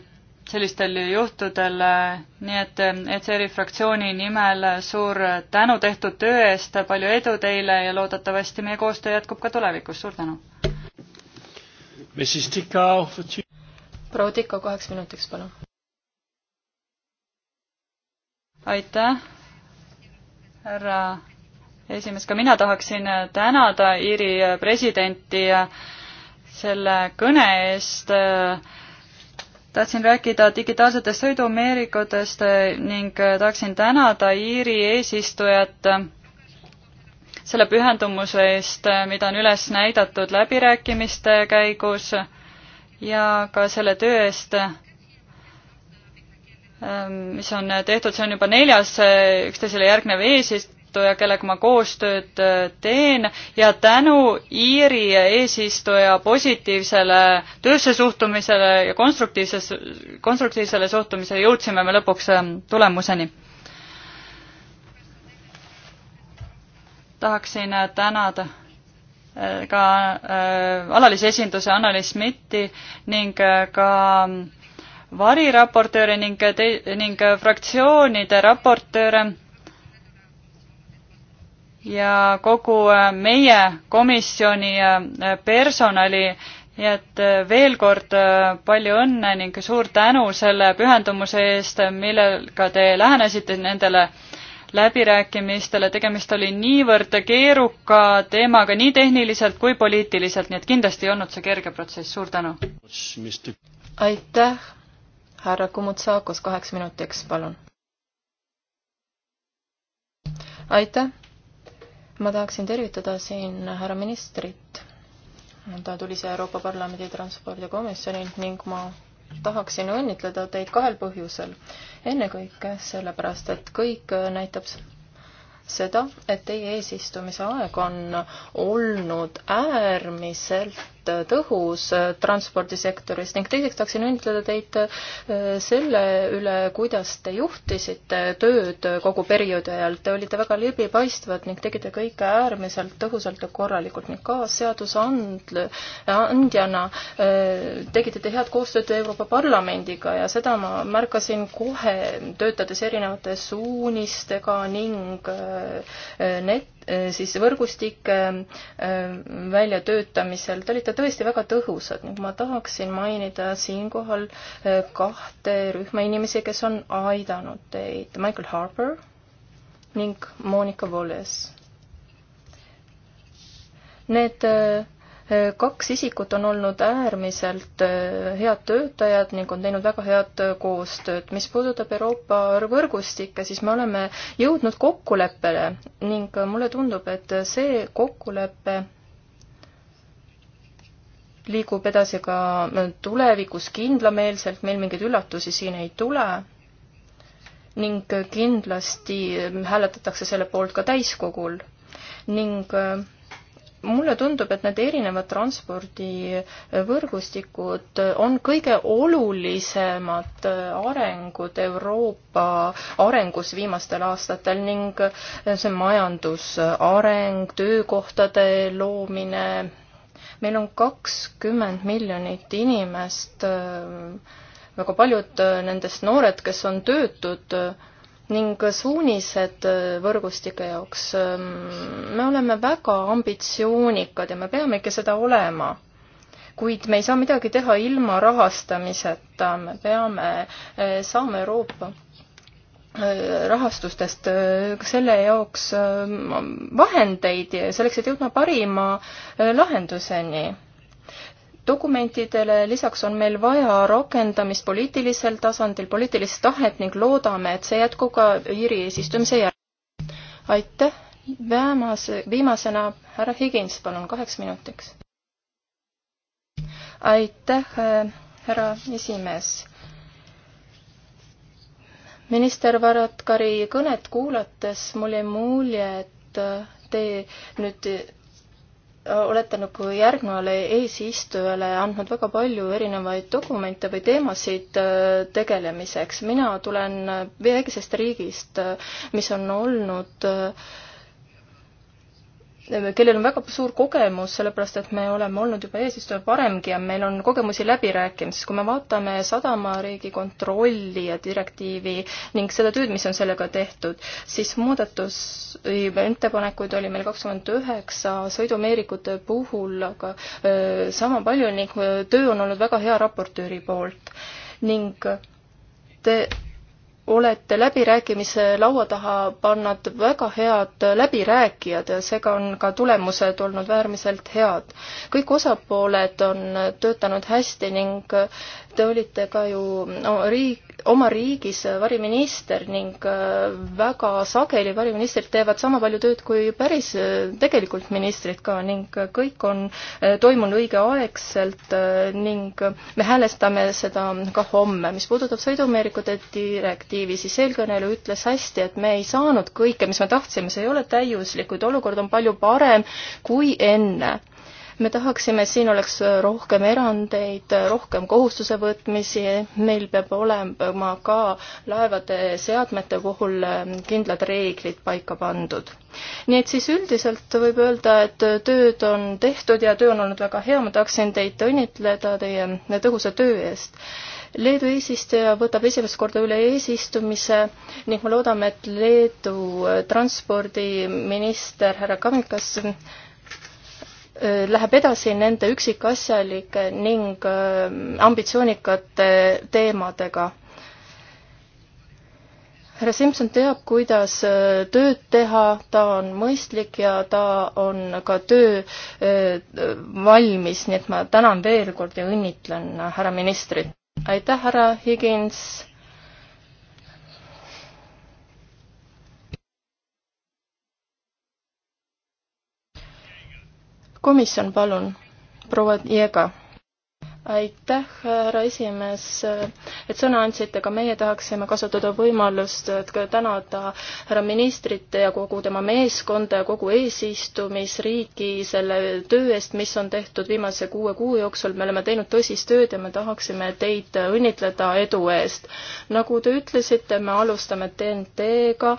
sellistel juhtudel, nii et eh, ECR-i fraktsiooni nimel suur tänu tehtud töö eest, palju edu teile ja loodetavasti meie koostöö jätkub ka tulevikus, suur tänu! proua Tikko, kaheks minutiks, palun! aitäh, härra esimees, ka mina tahaksin tänada Iiri presidenti selle kõne eest äh, tahtsin rääkida digitaalsetest sõidumeerikutest ning tahaksin tänada Iiri eesistujat selle pühendumuse eest, mida on üles näidatud läbirääkimiste käigus ja ka selle töö eest, mis on tehtud, see on juba neljas üksteisele järgnev eesist-, eesistuja, kellega ma koostööd äh, teen ja tänu Iiri eesistuja positiivsele töösse suhtumisele ja konstruktiivses, konstruktiivsele suhtumisele jõudsime me lõpuks ähm, tulemuseni. tahaksin äh, tänada äh, ka äh, alalise esinduse Anneli Schmidti ning äh, ka ähm, variraportööre ning te-, ning fraktsioonide raportööre ja kogu äh, meie komisjoni äh, personali, nii et äh, veel kord palju õnne ning suur tänu selle pühendumuse eest, millega te lähenesite nendele läbirääkimistele, tegemist oli niivõrd keeruka teemaga nii tehniliselt kui poliitiliselt, nii et kindlasti ei olnud see kerge protsess, suur tänu! aitäh, härra Kumutsakos, kaheks minutiks, palun! aitäh! ma tahaksin tervitada siin härra ministrit. ta tuli siia Euroopa Parlamendi transpordikomisjoni ning ma tahaksin õnnitleda teid kahel põhjusel. ennekõike sellepärast, et kõik näitab seda, et teie eesistumise aeg on olnud äärmiselt äärmiselt tõhus transpordisektoris ning teiseks tahaksin õnnitleda teid äh, selle üle, kuidas te juhtisite tööd kogu perioodi ajal. Te olite väga läbipaistvad ning tegite kõike äärmiselt tõhusalt ja korralikult ning ka seadusandjana äh, tegite te head koostööd Euroopa Parlamendiga ja seda ma märkasin kohe, töötades erinevate suunistega ning äh, net-, Äh, siis võrgustike äh, äh, väljatöötamisel, te olite tõesti väga tõhusad ning ma tahaksin mainida siinkohal kahte rühma inimesi, kes on aidanud teid, Michael Harper ning Monika Wallace. Need kaks isikut on olnud äärmiselt äh, head töötajad ning on teinud väga head äh, koostööd. mis puudutab Euroopa võrgustikke, siis me oleme jõudnud kokkuleppele ning äh, mulle tundub, et see kokkulepe liigub edasi ka tulevikus kindlameelselt, meil mingeid üllatusi siin ei tule ning kindlasti hääletatakse selle poolt ka täiskogul ning äh, mulle tundub, et need erinevad transpordivõrgustikud on kõige olulisemad arengud Euroopa arengus viimastel aastatel ning see majandusareng, töökohtade loomine, meil on kakskümmend miljonit inimest, väga paljud nendest noored, kes on töötud, ning suunised äh, võrgustike jaoks. Ähm, me oleme väga ambitsioonikad ja me peamegi seda olema. kuid me ei saa midagi teha ilma rahastamiseta, me peame äh, saama Euroopa äh, rahastustest selle jaoks vahendeid, selleks et jõudma parima lahenduseni dokumentidele lisaks on meil vaja rakendamist poliitilisel tasandil, poliitilist tahet ning loodame, et see jätkub ka Iiri eesistumise järel. aitäh, viimase, viimasena härra Higins, palun, kaheks minutiks. aitäh, härra esimees. minister Varadkari kõnet kuulates mul jäi mulje, et te nüüd olete nagu järgnevale eesistujale andnud väga palju erinevaid dokumente või teemasid äh, tegelemiseks. mina tulen väikesest riigist, äh, mis on olnud äh, kellel on väga suur kogemus, sellepärast et me oleme olnud juba eesistuja varemgi ja meil on kogemusi läbirääkimises. kui me vaatame sadamariigi kontrolli ja direktiivi ning seda tööd, mis on sellega tehtud, siis muudatus, ettepanekuid oli meil kakskümmend üheksa sõidumeerikute puhul, aga sama palju ning töö on olnud väga hea raportööri poolt ning te olete läbirääkimise laua taha pannud väga head läbirääkijad ja seega on ka tulemused olnud äärmiselt head. kõik osapooled on töötanud hästi ning Te olite ka ju no, riik, oma riigis variminister ning äh, väga sageli variministrid teevad sama palju tööd kui päris äh, tegelikult ministrid ka ning äh, kõik on toimunud õigeaegselt ning me häälestame seda ka homme. mis puudutab sõidumeerikute direktiivi, siis eelkõneleja ütles hästi, et me ei saanud kõike, mis me tahtsime, see ei ole täiuslik, kuid olukord on palju parem kui enne me tahaksime, siin oleks rohkem erandeid, rohkem kohustuse võtmisi, meil peab olema ka laevade seadmete puhul kindlad reeglid paika pandud. nii et siis üldiselt võib öelda, et tööd on tehtud ja töö on olnud väga hea, ma tahaksin teid õnnitleda teie tõhusa töö eest Leedu eesistuja võtab esimest korda üle eesistumise ning me loodame, et Leedu transpordiminister härra Kamikas Äh, läheb edasi nende üksikasjalike ning äh, ambitsioonikate teemadega. härra Simson teab, kuidas äh, tööd teha, ta on mõistlik ja ta on ka töö valmis, nii et ma tänan veel kord ja õnnitlen härra ministrit. aitäh, härra Higins komisjon, palun, proua Jega aitäh, härra esimees, et sõna andsite, ka meie tahaksime kasutada võimalust, et tänada härra ministrit ja kogu tema meeskonda ja kogu eesistumisriigi selle töö eest, mis on tehtud viimase kuue kuu jooksul, me oleme teinud tõsist tööd ja me tahaksime teid õnnitleda edu eest. nagu te ütlesite, me alustame TNT-ga,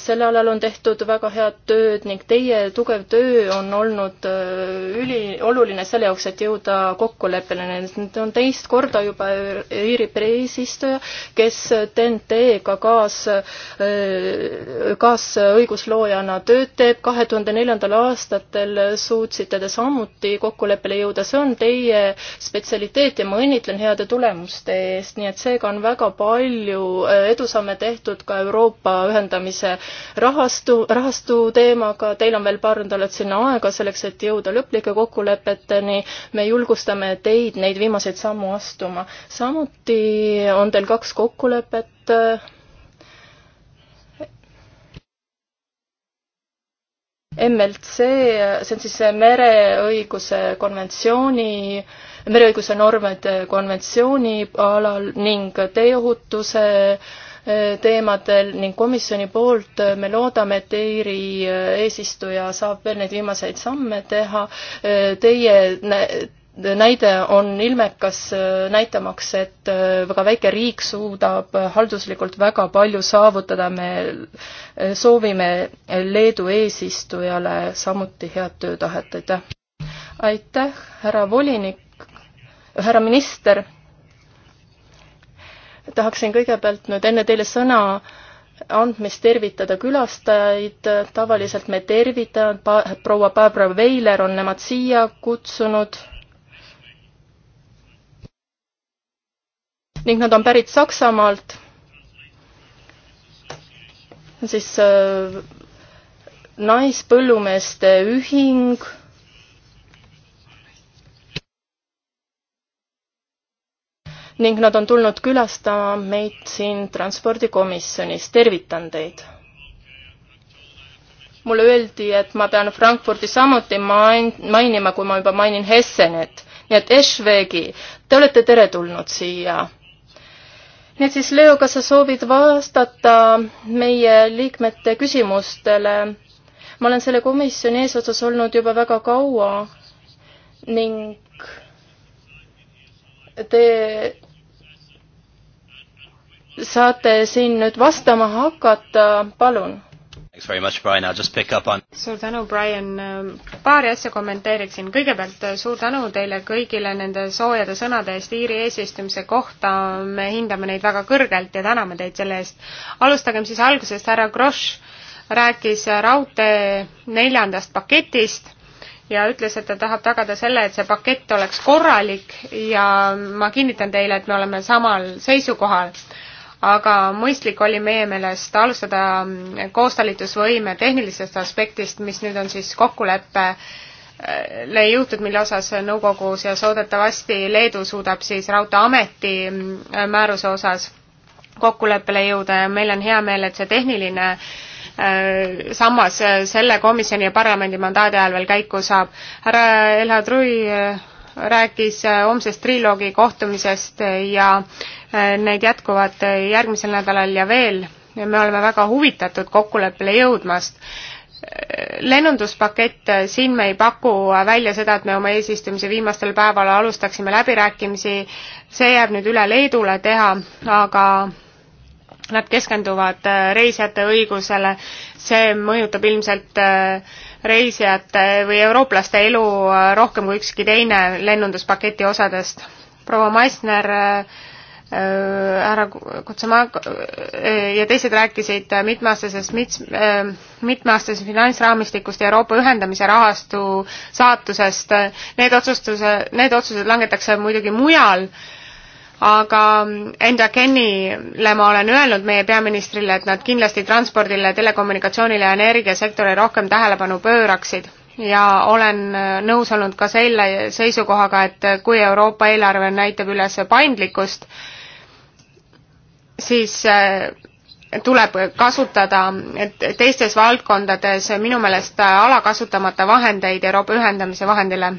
selle alal on tehtud väga head tööd ning teie tugev töö on olnud äh, ülioluline selle jaoks, et jõuda kokkuleppele suurenenud, nüüd on teist korda juba Iiri eesistuja, kes TNT-ga kaas, äh, kaasõigusloojana tööd teeb, kahe tuhande neljandal aastatel suutsite te samuti kokkuleppele jõuda, see on teie spetsialiteet ja ma õnnitlen heade tulemuste eest, nii et seega on väga palju äh, edusamme tehtud ka Euroopa ühendamise rahastu, rahastu teemaga, teil on veel paar nädalat sinna aega selleks, et jõuda lõplike kokkulepeteni. me julgustame teid sunnivad neid viimaseid sammu astuma. samuti on teil kaks kokkulepet MLC, see on siis mereõiguse konventsiooni, mereõiguse normide konventsiooni alal ning teeohutuse eh, teemadel ning komisjoni poolt me loodame, et EIRi eh, eesistuja saab veel neid viimaseid samme teha. Eh, teie näide on ilmekas, äh, näitamaks, et äh, väga väike riik suudab äh, halduslikult väga palju saavutada, me soovime Leedu eesistujale samuti head töötahet, aitäh! aitäh, härra volinik, härra minister, tahaksin kõigepealt nüüd enne teile sõna andmist tervitada külastajaid, tavaliselt me tervitame, proua Barbara Veiler on nemad siia kutsunud ning nad on pärit Saksamaalt, siis äh, Naispõllumeeste Ühing ning nad on tulnud külastama meid siin transpordikomisjonis, tervitan teid. mulle öeldi, et ma pean Frankfurti samuti main-, mainima, kui ma juba mainin Hessenit, nii et Eschwegi, te olete teretulnud siia nii et siis, Leo, kas sa soovid vastata meie liikmete küsimustele? ma olen selle komisjoni eesotsas olnud juba väga kaua ning te saate siin nüüd vastama hakata, palun Much, Brian. On... suur tänu, Brian. paari asja kommenteeriksin. kõigepealt suur tänu teile kõigile nende soojade sõnade eest Iiri eesistumise kohta. me hindame neid väga kõrgelt ja täname teid selle eest. alustagem siis algusest. härra Grosch rääkis raudtee neljandast paketist ja ütles, et ta tahab tagada selle, et see pakett oleks korralik ja ma kinnitan teile, et me oleme samal seisukohal aga mõistlik oli meie meelest alustada koostalitusvõime tehnilisest aspektist, mis nüüd on siis kokkulepe le äh, jõutud, mille osas nõukogus ja soodetavasti Leedu suudab siis Raudteeameti äh, määruse osas kokkuleppele jõuda ja meil on hea meel, et see tehniline äh, sammas selle komisjoni ja parlamendi mandaadi ajal veel käiku saab. härra Elhad Rui rääkis homsest triloogi kohtumisest ja Äh, need jätkuvad äh, järgmisel nädalal ja veel ja me oleme väga huvitatud kokkuleppele jõudmast. Äh, lennunduspakett, siin me ei paku välja seda, et me oma eesistumise viimastel päeval alustaksime läbirääkimisi, see jääb nüüd üle Leedule teha, aga nad keskenduvad reisijate õigusele, see mõjutab ilmselt reisijate või eurooplaste elu rohkem kui ükski teine lennunduspaketi osadest. proua Maisner äh, Äh, härra Kutsumak äh, ja teised rääkisid mitmeaastasest mit,, äh, mitmeaastasest finantsraamistikust ja Euroopa ühendamise rahastu saatusest. Need otsustuse, need otsused langetakse muidugi mujal, aga Enda Kennile ma olen öelnud meie peaministrile, et nad kindlasti transpordile, telekommunikatsioonile ja energiasektorile rohkem tähelepanu pööraksid ja olen nõus olnud ka selle seisukohaga, et kui Euroopa eelarve näitab üles paindlikkust, siis äh, tuleb kasutada teistes valdkondades minu meelest alakasutamata vahendeid Euroopa ühendamise vahendile.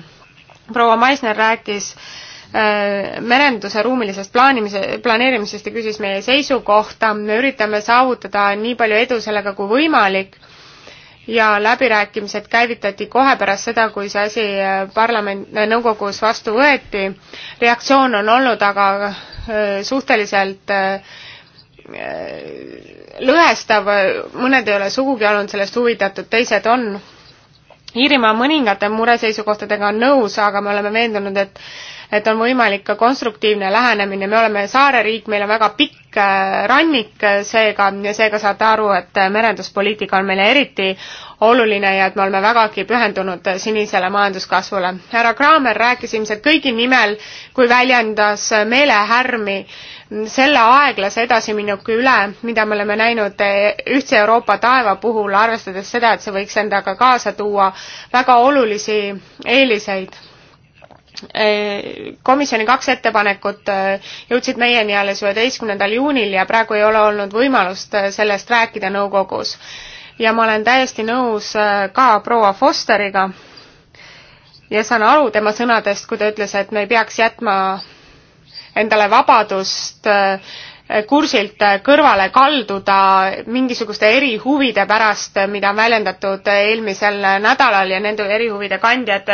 proua Maisner rääkis äh, merenduse ruumilisest plaanimise, planeerimisest ja küsis meie seisukohta, me üritame saavutada nii palju edu sellega kui võimalik ja läbirääkimised käivitati kohe pärast seda, kui see asi äh, parlament, nõukogus vastu võeti. reaktsioon on olnud aga suhteliselt äh, Äh, lõhestav, mõned ei ole sugugi olnud sellest huvitatud, teised on. Iirimaa mõningate mureseisukohtadega on nõus, aga me oleme veendunud, et et on võimalik ka konstruktiivne lähenemine, me oleme saareriik, meil on väga pikk äh, rannik äh, seega ja seega saate aru, et merenduspoliitika on meile eriti oluline ja et me oleme vägagi pühendunud sinisele majanduskasvule. härra Kraamer rääkis ilmselt kõigi nimel, kui väljendas meelehärmi äh, selle aeglase edasimineku üle, mida me oleme näinud eh, ühtse Euroopa taeva puhul, arvestades seda, et see võiks endaga kaasa tuua väga olulisi eeliseid eh, komisjoni kaks ettepanekut eh, jõudsid meieni alles üheteistkümnendal juunil ja praegu ei ole olnud võimalust sellest rääkida nõukogus. ja ma olen täiesti nõus ka proua Fosteriga ja saan aru tema sõnadest, kui ta ütles, et me ei peaks jätma endale vabadust eh, kursilt kõrvale kalduda mingisuguste erihuvide pärast, mida on väljendatud eelmisel nädalal ja nende erihuvide kandjad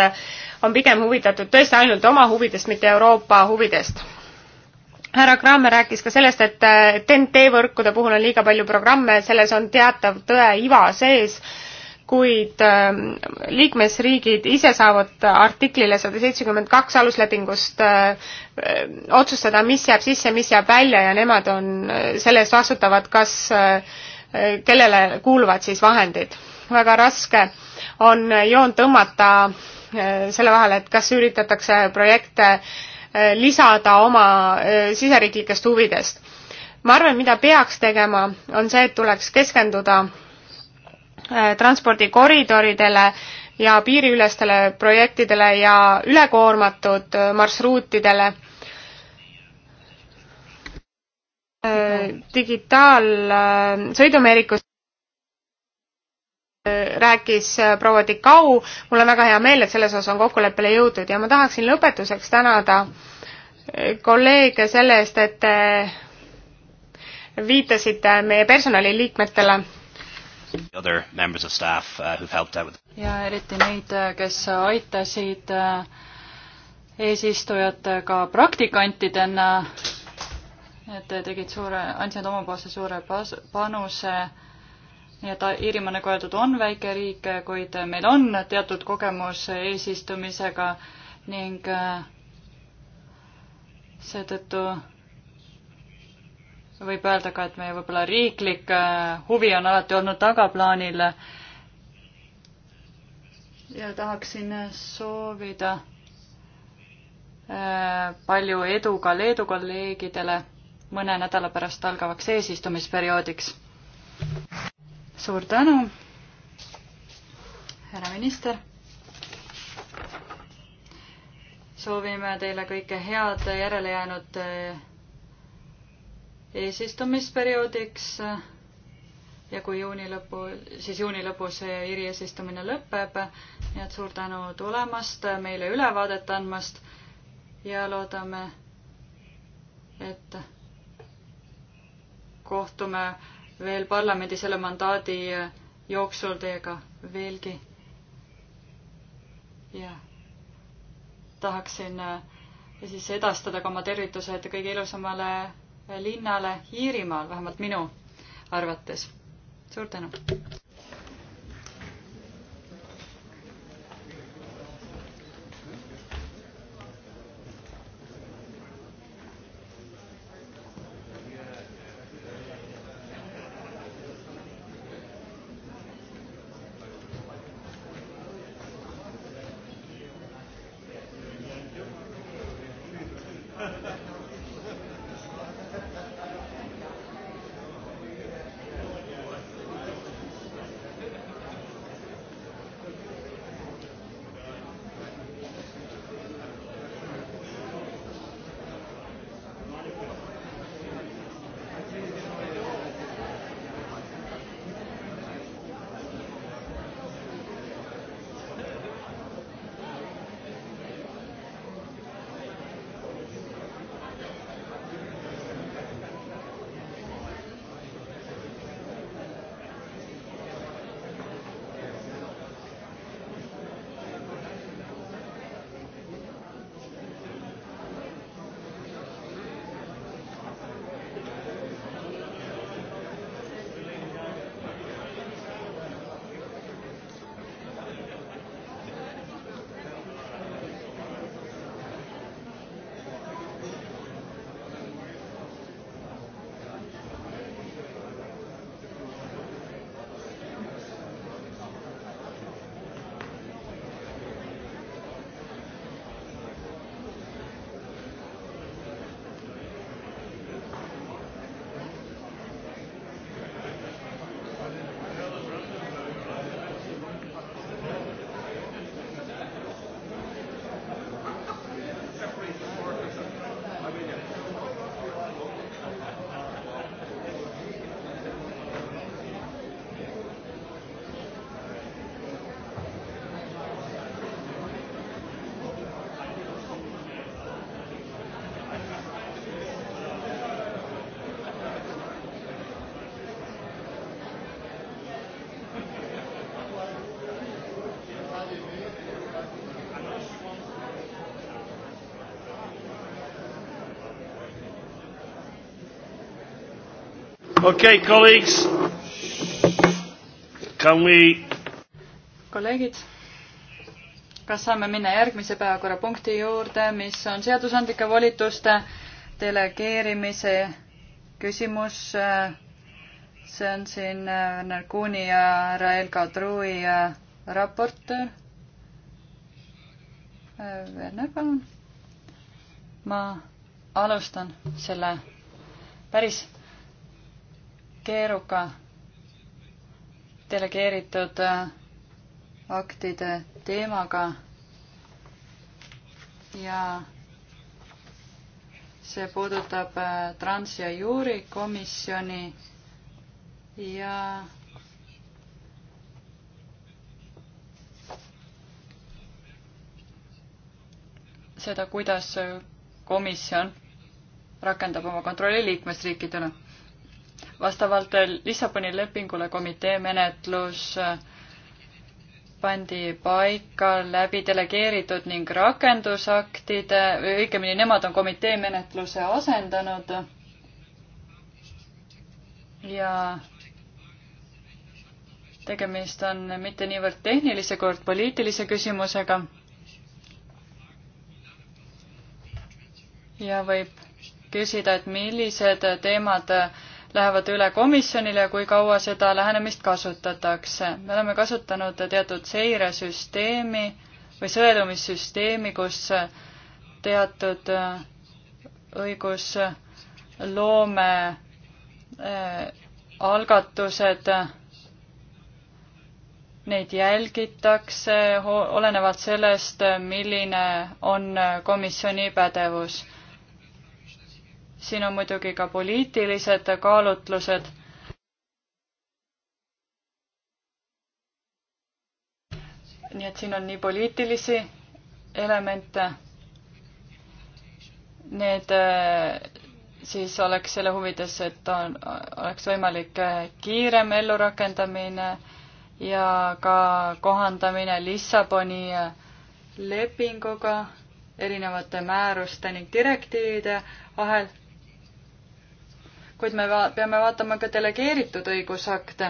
on pigem huvitatud tõesti ainult oma huvidest, mitte Euroopa huvidest. härra Kramer rääkis ka sellest, et TNT võrkude puhul on liiga palju programme, selles on teatav tõe iva sees kuid ähm, liikmesriigid ise saavad artiklile sada seitsekümmend kaks aluslepingust äh, otsustada, mis jääb sisse, mis jääb välja ja nemad on äh, selle eest vastutavad, kas, äh, kellele kuuluvad siis vahendid. väga raske on joon tõmmata selle vahele, et kas üritatakse projekte lisada oma siseriiklikest huvidest. ma arvan, mida peaks tegema, on see, et tuleks keskenduda Äh, transpordikoridoridele ja piiriülestele projektidele ja ülekoormatud äh, marsruutidele. Äh, digitaalsõidumeerikus rääkis proua Tikau, mul on väga hea meel, et selles osas on kokkuleppele jõutud ja ma tahaksin lõpetuseks tänada kolleege selle eest, et te viitasite meie personaliliikmetele Uh, ja eriti neid, uh, kes aitasid uh, eesistujat ka praktikantidena, et tegid suure, andsid omapoolse suure pas-, panuse, nii et Iirimaa, nagu öeldud, on väike riik, kuid meil on teatud kogemus eesistumisega ning seetõttu võib öelda ka, et meie võib-olla riiklik äh, huvi on alati olnud tagaplaanil. ja tahaksin äh, soovida äh, palju edu ka Leedu kolleegidele mõne nädala pärast algavaks eesistumisperioodiks. suur tänu, härra minister. soovime teile kõike head järelejäänud eesistumisperioodiks ja kui juuni lõpu, siis juuni lõpus Iri eesistumine lõpeb, nii et suur tänu tulemast, meile ülevaadet andmast ja loodame, et kohtume veel parlamendi selle mandaadi jooksul teiega veelgi. ja tahaksin eh, siis edastada ka oma tervitused kõige ilusamale linnale Iirimaal, vähemalt minu arvates. suur tänu! okei okay,, colleagues, can we? kolleegid, kas saame minna järgmise päevakorrapunkti juurde, mis on seadusandlike volituste delegeerimise küsimus? see on siin Werner äh, Kuuni ja härra Elka Trui äh, raport. Äh, Werner, palun. ma alustan selle päris keeruka delegeeritud äh, aktide teemaga ja see puudutab äh, Trans- ja Juurikomisjoni ja seda, kuidas komisjon rakendab oma kontrolli liikmesriikidele vastavalt Lissaboni lepingule komitee menetlus pandi paika läbi delegeeritud ning rakendusaktide, õigemini nemad on komitee menetluse asendanud. ja tegemist on mitte niivõrd tehnilise, kuivõrd poliitilise küsimusega. ja võib küsida, et millised teemad lähevad üle komisjonile ja kui kaua seda lähenemist kasutatakse. me oleme kasutanud teatud seiresüsteemi või sõelumissüsteemi, kus teatud äh, õigusloome äh, algatused, äh, neid jälgitakse olenevalt sellest, milline on komisjoni pädevus siin on muidugi ka poliitilised kaalutlused. nii et siin on nii poliitilisi elemente. Need eh, siis oleks selle huvides, et on, oleks võimalik eh, kiirem ellurakendamine ja ka kohandamine Lissaboni eh, lepinguga, erinevate määruste ning direktiivide vahel kuid me va peame vaatama ka delegeeritud õigusakte.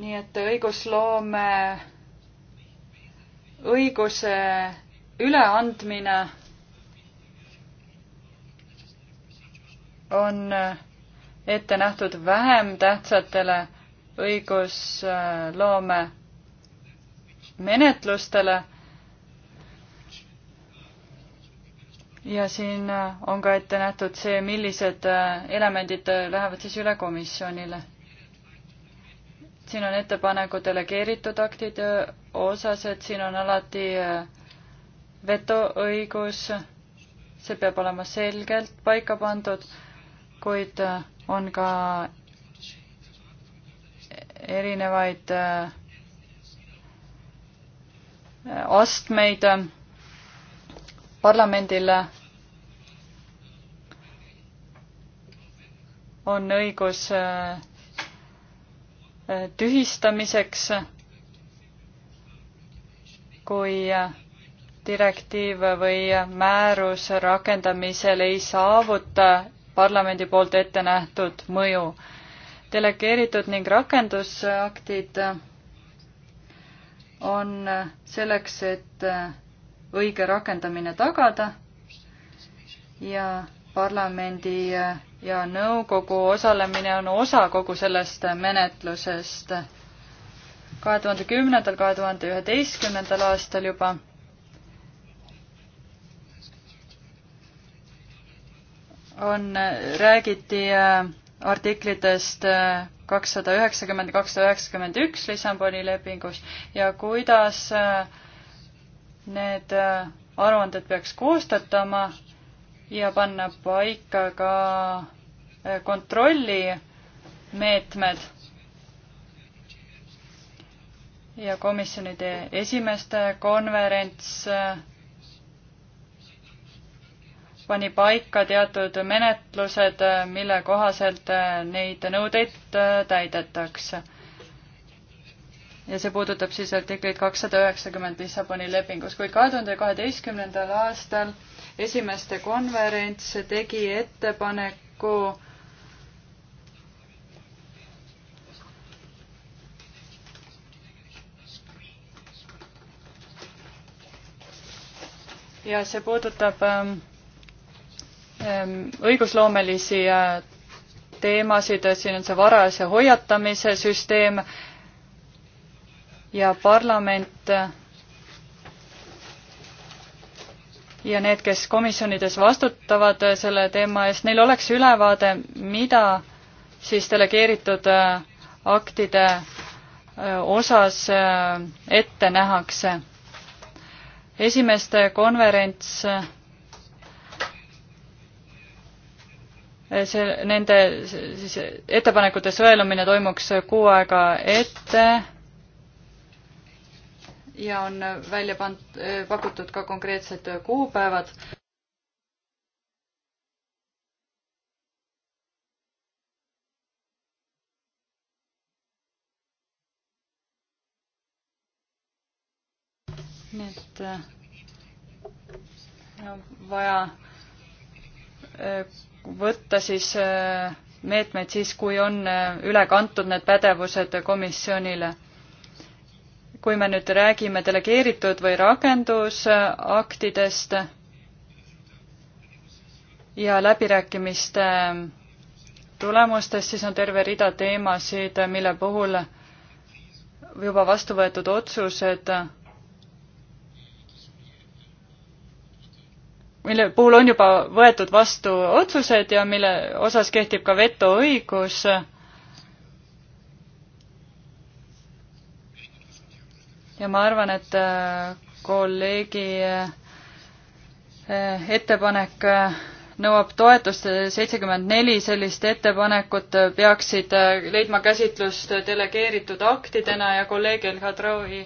nii et õigusloome õiguse üleandmine on ette nähtud vähem tähtsatele õigusloome menetlustele ja siin äh, on ka ette nähtud see, millised äh, elemendid äh, lähevad siis üle komisjonile. siin on ettepaneku delegeeritud aktide osas, et siin on alati vetoõigus, see peab olema selgelt paika pandud, kuid on ka erinevaid astmeid parlamendile on õigus äh, äh, tühistamiseks, kui äh, direktiiv või määrus rakendamisel ei saavuta parlamendi poolt ette nähtud mõju. delegeeritud ning rakendusaktid on selleks, et õige rakendamine tagada ja parlamendi ja nõukogu osalemine on osa kogu sellest menetlusest kahe tuhande kümnendal, kahe tuhande üheteistkümnendal aastal juba. on, räägiti äh, artiklitest äh, kakssada üheksakümmend, kakssada üheksakümmend üks Lissaboni lepingus ja kuidas äh, need aruanded peaks koostatama ja panna paika ka kontrollimeetmed ja komisjonide esimeste konverents pani paika teatud menetlused, mille kohaselt neid nõudeid täidetakse. ja see puudutab siis artiklit kakssada üheksakümmend Lissaboni lepingus, kuid kahe tuhande kaheteistkümnendal aastal esimeste konverents tegi ettepaneku ja see puudutab ähm, ähm, õigusloomelisi äh, teemasid, siin on see varajase hoiatamise süsteem ja parlament äh, ja need, kes komisjonides vastutavad äh, selle teema eest, neil oleks ülevaade, mida siis delegeeritud aktide osas ette nähakse esimeste konverents eh, see, nende siis ettepanekute sõelumine toimuks kuu aega ette ja on välja pand-, pakutud ka konkreetsed kuupäevad. nii et äh, vaja äh, võtta siis äh, meetmeid siis, kui on üle kantud need pädevused komisjonile. kui me nüüd räägime delegeeritud või rakendusaktidest ja läbirääkimiste tulemustest, siis on terve rida teemasid, mille puhul juba vastu võetud otsused mille puhul on juba võetud vastu otsused ja mille osas kehtib ka vetoõigus. ja ma arvan, et äh, kolleegi äh, ettepanek äh, nõuab toetust, seitsekümmend neli sellist ettepanekut peaksid leidma käsitlust delegeeritud aktidena ja kolleeg El Khadraoui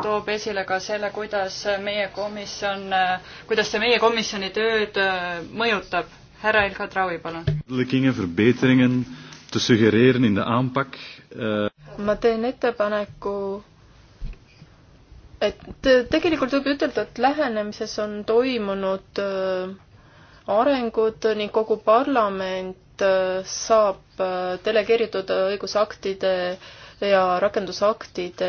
toob esile ka selle, kuidas meie komisjon, kuidas see meie komisjoni tööd äh, mõjutab. härra El Khadraoui, palun. Äh, ma teen ettepaneku, et tegelikult võib ütelda, et lähenemises on toimunud äh, arengud ning kogu parlament saab delegeeritud õigusaktide äh, ja rakendusaktide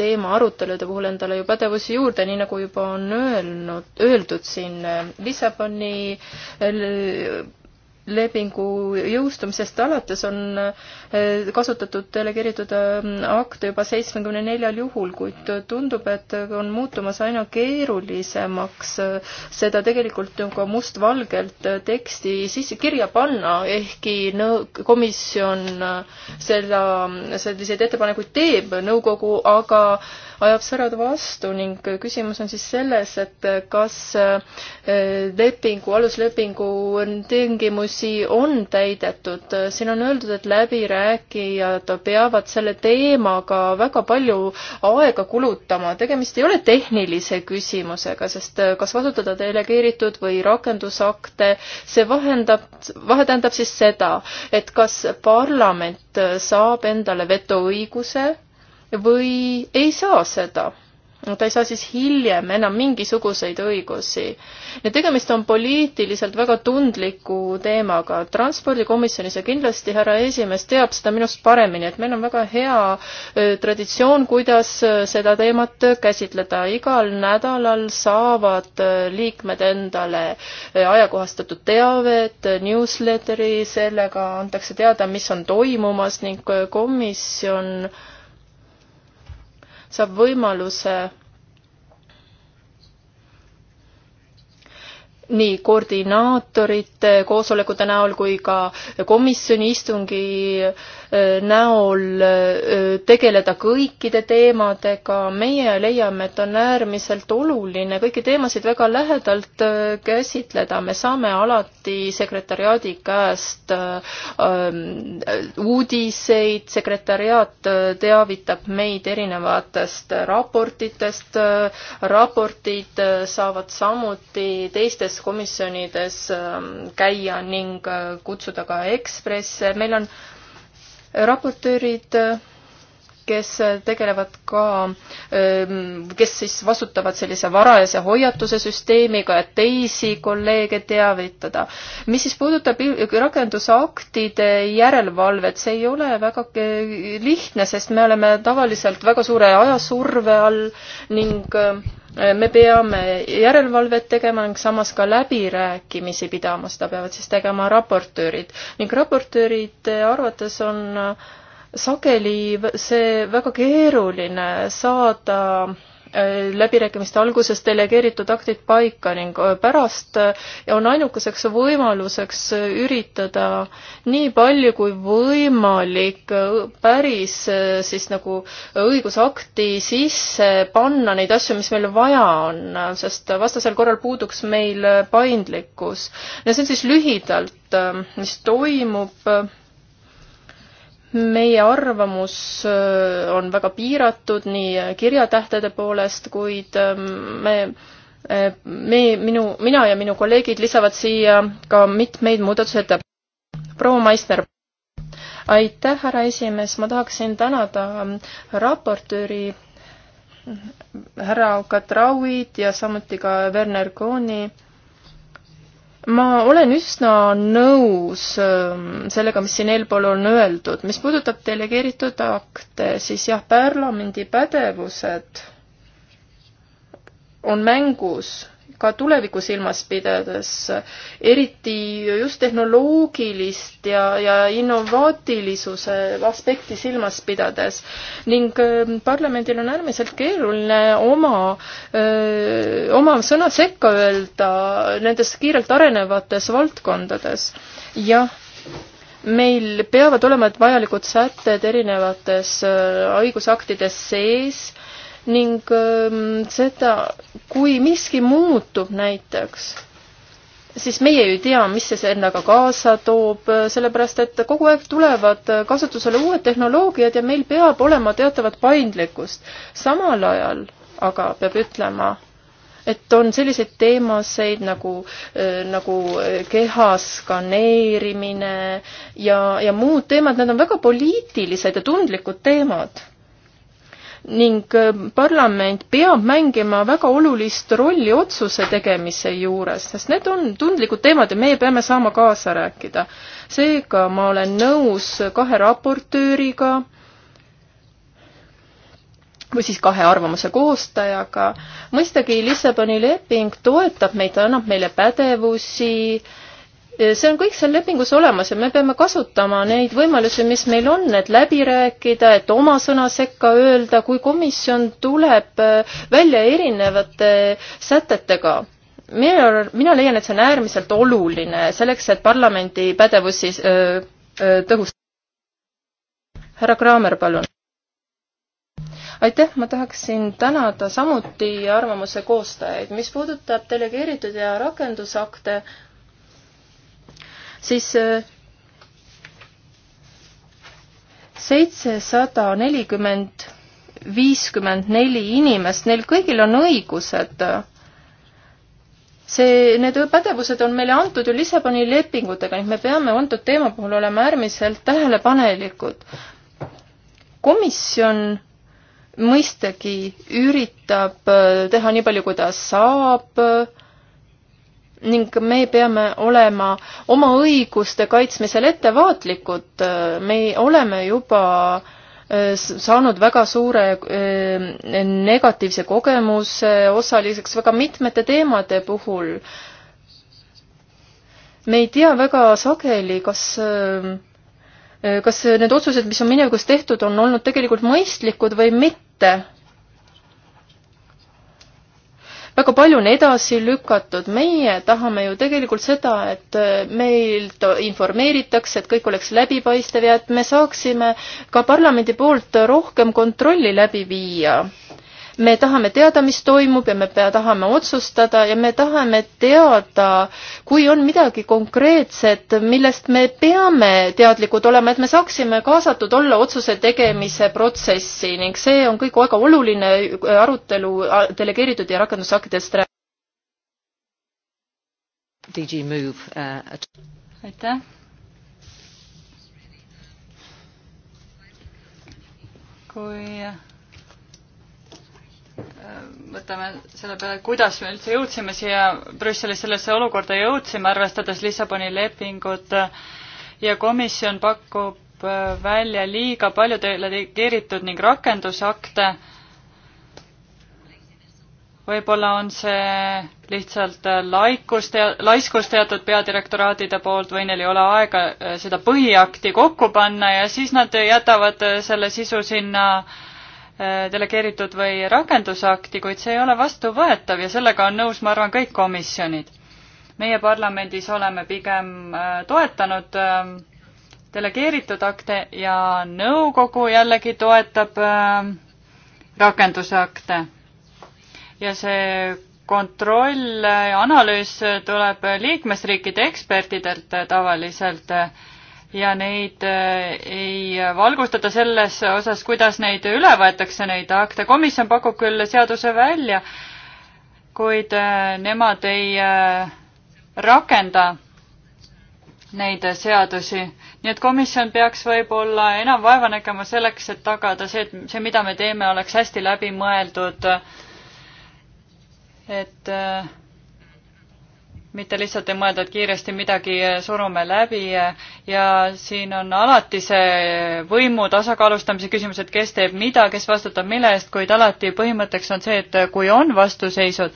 teema arutelude puhul endale ju pädevusi juurde, nii nagu juba on öelnud, öeldud siin Lissaboni lepingu jõustumisest alates on eh, kasutatud delegeeritud eh, akte juba seitsmekümne neljal juhul, kuid tundub, et on muutumas aina keerulisemaks eh, seda tegelikult ka mustvalgelt teksti sisse kirja panna, ehkki nõu-, komisjon seda, selliseid ettepanekuid teeb, nõukogu aga äh, ajab sõrad vastu ning küsimus on siis selles, et kas äh, lepingu, aluslepingu tingimusi on täidetud. siin on öeldud, et läbirääkijad peavad selle teemaga väga palju aega kulutama. tegemist ei ole tehnilise küsimusega, sest äh, kas kasutada delegeeritud või rakendusakte, see vahendab, vahe tähendab siis seda, et kas parlament saab endale vetoõiguse või ei saa seda ta ei saa siis hiljem enam mingisuguseid õigusi. ja tegemist on poliitiliselt väga tundliku teemaga. transpordikomisjonis ja kindlasti härra esimees teab seda minust paremini, et meil on väga hea traditsioon, kuidas seda teemat käsitleda. igal nädalal saavad liikmed endale ajakohastatud teavet, newsletteri, sellega antakse teada, mis on toimumas ning komisjon saab võimaluse nii koordinaatorite koosolekute näol kui ka komisjoni istungi äh, näol tegeleda kõikide teemadega. meie leiame, et on äärmiselt oluline kõiki teemasid väga lähedalt käsitleda. me saame alati sekretäriaadi käest uudiseid, sekretäriaat teavitab meid erinevatest raportitest, raportid saavad samuti teistes komisjonides käia ning kutsuda ka Ekspresse, meil on raportöörid, kes tegelevad ka, ähm, kes siis vastutavad sellise varajase hoiatuse süsteemiga, et teisi kolleege teavitada. mis siis puudutab rakendusaktide järelevalvet, see ei ole väga lihtne, sest me oleme tavaliselt väga suure ajasurve all ning ähm, me peame järelevalvet tegema ning samas ka läbirääkimisi pidama, seda peavad siis tegema raportöörid. ning raportööride arvates on sageli see väga keeruline saada Äh, läbirääkimiste alguses delegeeritud aktid paika ning äh, pärast äh, on ainukeseks võimaluseks üritada nii palju kui võimalik päris siis nagu õigusakti sisse panna neid asju, mis meil vaja on, sest vastasel korral puuduks meil paindlikkus. no see on siis lühidalt, mis toimub meie arvamus äh, on väga piiratud nii kirjatähtede poolest, kuid ähm, me, äh, me, minu, mina ja minu kolleegid lisavad siia ka mitmeid muudatusettepanekuid. proua Maisner. aitäh, härra esimees, ma tahaksin tänada ähm, raportööri äh, härra Katrauid ja samuti ka Werner Kooni ma olen üsna nõus ähm, sellega, mis siin eelpool on öeldud. mis puudutab delegeeritud akte, siis jah, parlamendi pädevused on mängus ka tulevikku silmas pidades, eriti just tehnoloogilist ja, ja innovaatilisuse aspekti silmas pidades. ning ähm, parlamendil on äärmiselt keeruline oma, äh, oma sõna sekka öelda nendes kiirelt arenevates valdkondades. jah meil peavad olema vajalikud sätted erinevates äh, õigusaktides sees ning ähm, seda, kui miski muutub näiteks, siis meie ju ei tea, mis see endaga kaasa toob, sellepärast et kogu aeg tulevad kasutusele uued tehnoloogiad ja meil peab olema teatavat paindlikkust. samal ajal aga peab ütlema, et on selliseid teemasid nagu, äh, nagu keha skaneerimine ja, ja muud teemad, need on väga poliitilised ja tundlikud teemad ning äh, parlament peab mängima väga olulist rolli otsuse tegemise juures, sest need on tundlikud teemad ja meie peame saama kaasa rääkida. seega ma olen nõus kahe raportööriga või siis kahe arvamuse koostajaga. mõistagi Lissaboni leping toetab meid, annab meile pädevusi äh, see on kõik seal lepingus olemas ja me peame kasutama neid võimalusi, mis meil on, et läbi rääkida, et oma sõna sekka öelda, kui komisjon tuleb äh, välja erinevate sätetega mina, mina leian, et see on äärmiselt oluline selleks, et parlamendi pädevusi äh, äh, tõhustada. härra Kraamer, palun. aitäh, ma tahaksin tänada samuti arvamuse koostajaid. mis puudutab delegeeritud ja rakendusakte, siis äh, seitsesada nelikümmend, viiskümmend neli inimest, neil kõigil on õigused. see, need pädevused on meile antud ju Lissaboni lepingutega, nii et me peame antud teema puhul olema äärmiselt tähelepanelikud. komisjon mõistagi üritab äh, teha nii palju, kui ta saab ning me peame olema oma õiguste kaitsmisel ettevaatlikud. me oleme juba eh, saanud väga suure eh, negatiivse kogemuse osaliseks väga mitmete teemade puhul. me ei tea väga sageli, kas eh, kas need otsused, mis on minevikus tehtud, on olnud tegelikult mõistlikud või mitte väga palju on edasi lükatud, meie tahame ju tegelikult seda, et äh, meilt informeeritakse, et kõik oleks läbipaistev ja et me saaksime ka parlamendi poolt rohkem kontrolli läbi viia me tahame teada, mis toimub ja me tahame otsustada ja me tahame teada, kui on midagi konkreetset, millest me peame teadlikud olema, et me saaksime kaasatud olla otsuse tegemise protsessi ning see on kõik väga oluline arutelu delegeeritud ja rakendusaktidest rääkides. DG Move uh, at aitäh. kui võtame selle peale, kuidas me üldse jõudsime siia Brüsselis sellesse olukorda jõudsime, arvestades Lissaboni lepingut ja komisjon pakub äh, välja liiga palju delegeeritud ning rakendusakte. võib-olla on see lihtsalt äh, laikus, laiskus teatud peadirektoraatide poolt või neil ei ole aega äh, seda põhiakti kokku panna ja siis nad jätavad selle sisu sinna äh, Äh, delegeeritud või rakendusakti, kuid see ei ole vastuvõetav ja sellega on nõus, ma arvan, kõik komisjonid. meie parlamendis oleme pigem äh, toetanud äh, delegeeritud akte ja nõukogu jällegi toetab rakendusakte. ja see kontroll ja analüüs tuleb liikmesriikide ekspertidelt tavaliselt ja neid äh, ei valgustata selles osas, kuidas neid üle võetakse, neid akte. komisjon pakub küll seaduse välja, kuid äh, nemad ei äh, rakenda neid seadusi. nii et komisjon peaks võib-olla enam vaeva nägema selleks, et tagada see, et see, mida me teeme, oleks hästi läbimõeldud. et äh, mitte lihtsalt ei mõelda, et kiiresti midagi surume läbi ja siin on alati see võimu tasakaalustamise küsimus, et kes teeb mida, kes vastutab mille eest, kuid alati põhimõtteks on see, et kui on vastuseisud,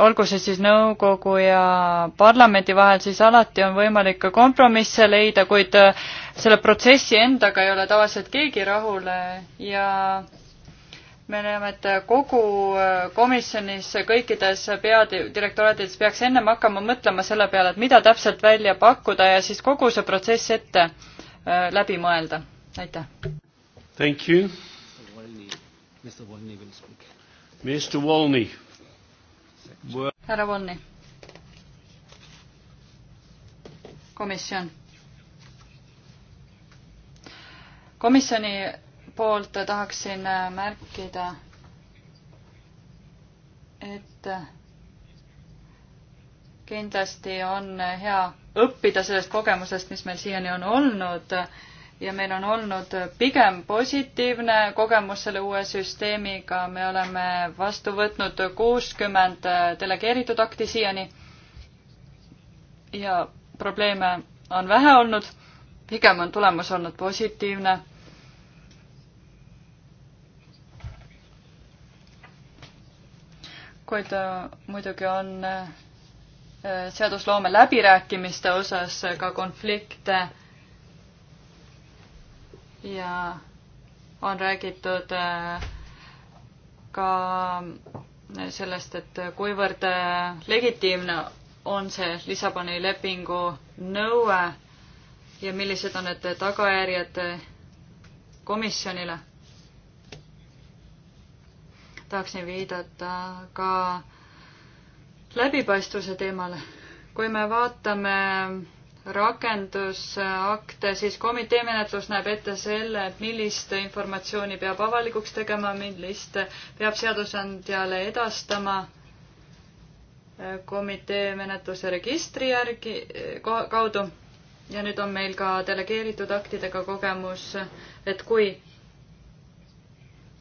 olgu see siis nõukogu ja parlamendi vahel, siis alati on võimalik ka kompromisse leida, kuid selle protsessi endaga ei ole tavaliselt keegi rahule ja me näeme, et kogu äh, komisjonis kõikides peadirektoraatides peaks ennem hakkama mõtlema selle peale, et mida täpselt välja pakkuda ja siis kogu see protsess ette äh, läbi mõelda. aitäh. Thank you. Mr Volny. härra Volny. komisjon. komisjoni poolt tahaksin märkida, et kindlasti on hea õppida sellest kogemusest, mis meil siiani on olnud ja meil on olnud pigem positiivne kogemus selle uue süsteemiga, me oleme vastu võtnud kuuskümmend delegeeritud akti siiani ja probleeme on vähe olnud, pigem on tulemus olnud positiivne kuid muidugi on eh, seadusloome läbirääkimiste osas ka konflikte ja on räägitud eh, ka sellest, et kuivõrd eh, legitiimne on see Lissaboni lepingu nõue ja millised on need tagajärjed komisjonile tahaksin viidata ka läbipaistvuse teemale. kui me vaatame rakendusakte, siis komitee menetlus näeb ette selle, et millist informatsiooni peab avalikuks tegema, millist peab seadusandjale edastama komitee menetluse registri järgi, kaudu. ja nüüd on meil ka delegeeritud aktidega kogemus, et kui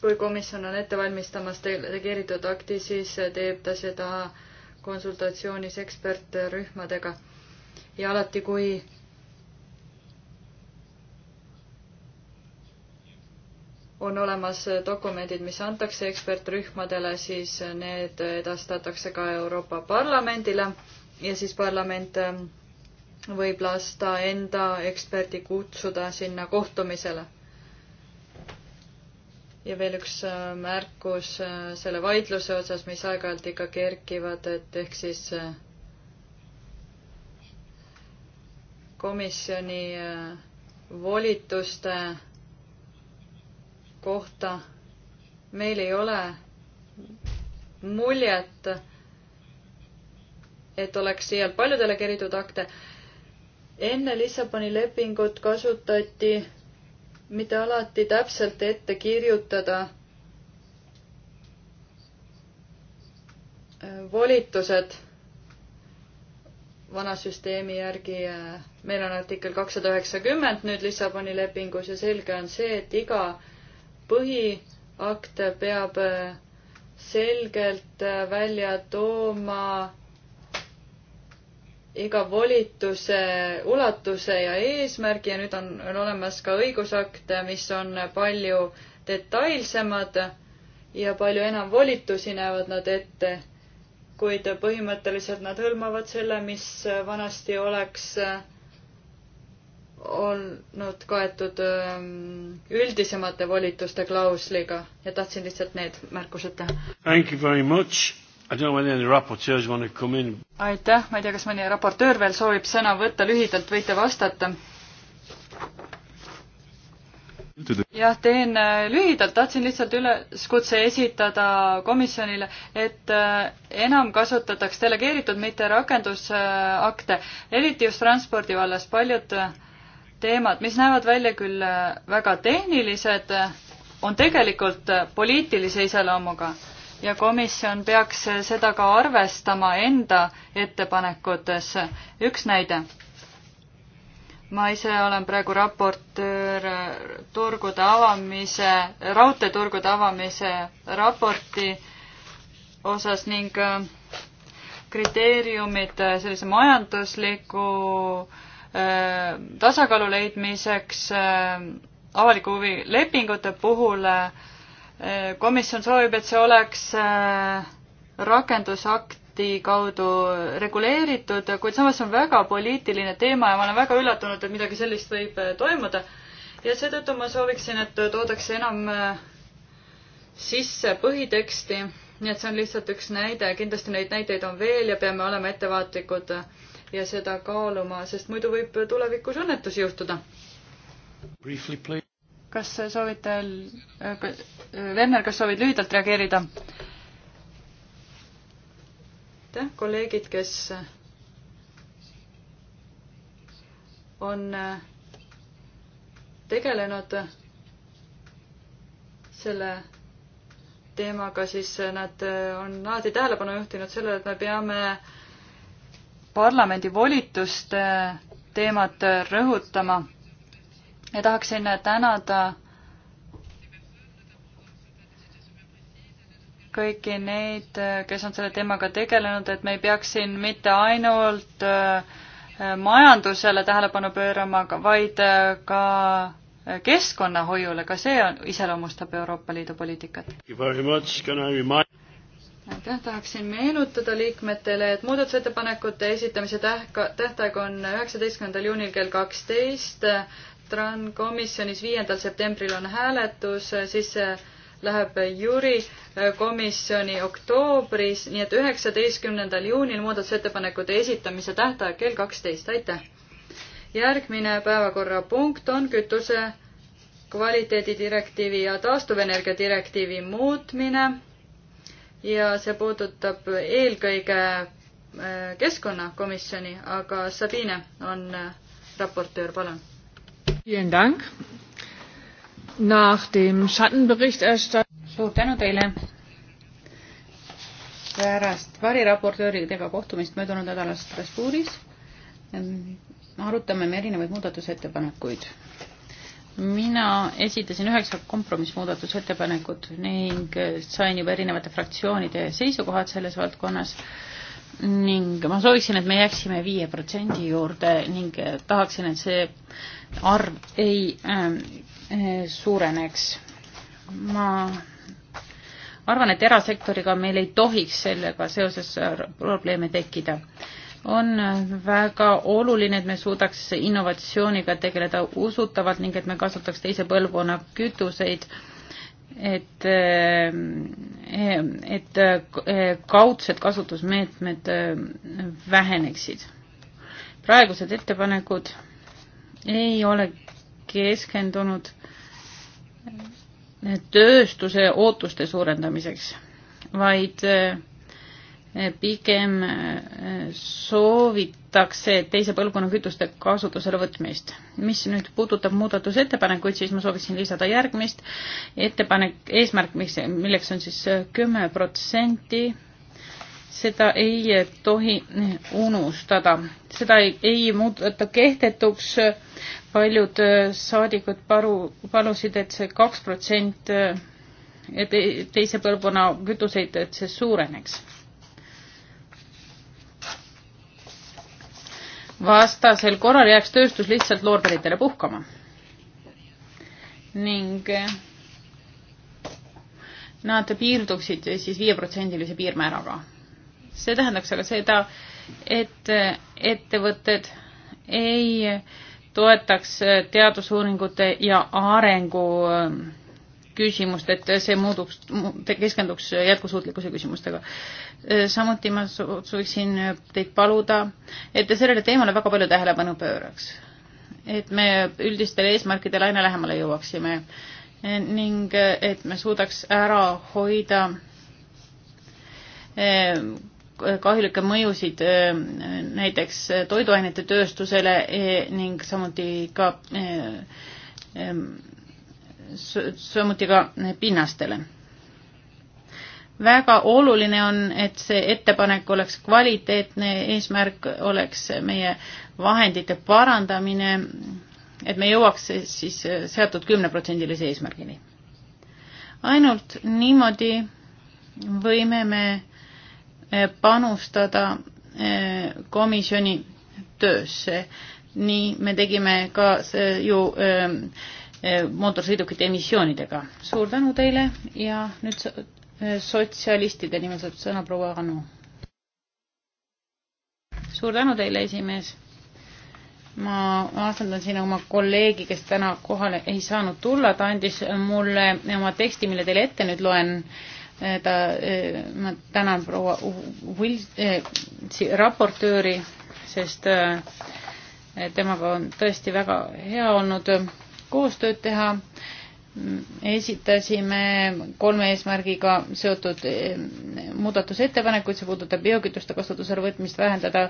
kui komisjon on ette valmistamas delegeeritud akti, siis teeb ta seda konsultatsioonis ekspertrühmadega. ja alati, kui on olemas dokumendid, mis antakse ekspertrühmadele, siis need edastatakse ka Euroopa Parlamendile ja siis parlament ähm, võib lasta enda eksperdi kutsuda sinna kohtumisele ja veel üks äh, märkus äh, selle vaidluse osas, mis aeg-ajalt ikka kerkivad, et ehk siis äh, komisjoni volituste kohta meil ei ole muljet, et oleks liialt palju delegeeritud akte. enne Lissaboni lepingut kasutati mitte alati täpselt ette kirjutada volitused vana süsteemi järgi, meil on artikkel kakssada üheksakümmend nüüd Lissaboni lepingus ja selge on see, et iga põhiakt peab selgelt välja tooma iga volituse ulatuse ja eesmärgi ja nüüd on, on olemas ka õigusakte, mis on palju detailsemad ja palju enam volitusi näevad nad ette, kuid põhimõtteliselt nad hõlmavad selle, mis vanasti oleks olnud kaetud ähm, üldisemate volituste klausliga ja tahtsin lihtsalt need märkused teha. Thank you very much aitäh, ma ei tea, kas mõni raportöör veel soovib sõna võtta, lühidalt võite vastata. jah, teen äh, lühidalt, tahtsin lihtsalt üleskutse esitada komisjonile, et äh, enam kasutataks delegeeritud, mitte rakendusakte, eriti just transpordi vallas, paljud äh, teemad, mis näevad välja küll väga tehnilised, on tegelikult poliitilise iseloomuga ja komisjon peaks seda ka arvestama enda ettepanekutes. üks näide. ma ise olen praegu raportöör turgude avamise, raudteeturgude avamise raporti osas ning äh, kriteeriumid äh, sellise majandusliku äh, tasakaalu leidmiseks avaliku huvi lepingute puhul komisjon soovib, et see oleks äh, rakendusakti kaudu reguleeritud, kuid samas on väga poliitiline teema ja ma olen väga üllatunud, et midagi sellist võib äh, toimuda. ja seetõttu ma sooviksin, et toodaks enam äh, sisse põhiteksti, nii et see on lihtsalt üks näide, kindlasti neid näiteid on veel ja peame olema ettevaatlikud ja seda kaaluma, sest muidu võib tulevikus õnnetusi juhtuda kas soovite, äh, äh, Werner, kas soovid lühidalt reageerida? aitäh, kolleegid, kes äh, on tegelenud selle teemaga, siis nad on alati tähelepanu juhtinud sellele, et me peame parlamendi volituste teemat rõhutama ja tahaksin tänada kõiki neid, kes on selle teemaga tegelenud, et me ei peaks siin mitte ainult äh, majandusele tähelepanu pöörama, vaid äh, ka keskkonnahoiule, ka see on, iseloomustab Euroopa Liidu poliitikat. aitäh, tahaksin meenutada liikmetele, et muudatusettepanekute esitamise tähka, tähtaeg on üheksateistkümnendal juunil kell kaksteist TRAN komisjonis viiendal septembril on hääletus, siis see läheb Jüri äh, komisjoni oktoobris, nii et üheksateistkümnendal juunil muudatusettepanekute esitamise tähtaeg kell kaksteist, aitäh! järgmine päevakorrapunkt on kütuse kvaliteedidirektiivi ja taastuvenergia direktiivi muutmine ja see puudutab eelkõige äh, keskkonnakomisjoni, aga Sabine on äh, raportöör, palun suur tänu teile. pärast variraportööridega kohtumist möödunud nädalal Strasbourgis arutame me erinevaid muudatusettepanekuid. mina esitasin üheksa kompromissmuudatusettepanekut ning sain juba erinevate fraktsioonide seisukohad selles valdkonnas ning ma sooviksin, et me jääksime viie protsendi juurde ning tahaksin, et see arv ei ähm, äh, suureneks. ma arvan, et erasektoriga meil ei tohiks sellega seoses probleeme tekkida. on väga oluline, et me suudaks innovatsiooniga tegeleda usutavalt ning et me kasutaks teise põlvkonna kütuseid äh, et, eh, et eh, kaudsed kasutusmeetmed eh, väheneksid. praegused ettepanekud ei ole keskendunud tööstuse ootuste suurendamiseks, vaid äh, pigem äh, soovitakse teise põlvkonna kütuste kasutusele võtmist. mis nüüd puudutab muudatusettepanekuid, siis ma sooviksin lisada järgmist ettepanek, eesmärk, mis, milleks on siis äh, kümme protsenti, seda ei tohi äh, unustada, seda ei, ei muudeta kehtetuks, paljud saadikud paru, palusid, et see kaks protsent teise põlvkonna kütuseid, et see suureneks vastasel korral jääks tööstus lihtsalt loorberitele puhkama. ning nad piirduksid siis viieprotsendilise piirmääraga. see tähendaks aga seda, et ettevõtted ei toetaks teadusuuringute ja arengu küsimust, et see muuduks, keskenduks jätkusuutlikkuse küsimustega. samuti ma sooviksin teid paluda, et te sellele teemale väga palju tähelepanu pööraks. et me üldistele eesmärkidele aina lähemale jõuaksime ning et me suudaks ära hoida eh, kahjulikke mõjusid eh, näiteks toiduainete tööstusele eh, ning samuti ka samuti ka pinnastele. väga oluline on, et see ettepanek oleks kvaliteetne, eesmärk oleks meie vahendite parandamine, et me jõuaks siis seatud kümneprotsendilise eesmärgini. ainult niimoodi võime me panustada eh, komisjoni töösse. nii me tegime ka eh, ju eh, Eh, mootorsõidukite emissioonidega. suur tänu teile ja nüüd eh, sotsialistide nimel saab sõna proua Anu. suur tänu teile, esimees. ma vastandan siin oma kolleegi, kes täna kohale ei saanud tulla, ta andis mulle oma teksti, mille teile ette nüüd loen. Eh, ta, ma tänan proua Will- eh,, raportööri, sest temaga on tõesti väga hea olnud koostööd teha. esitasime kolme eesmärgiga seotud eh, muudatusettepanekuid, see puudutab biokütuste kasutusele võtmist, vähendada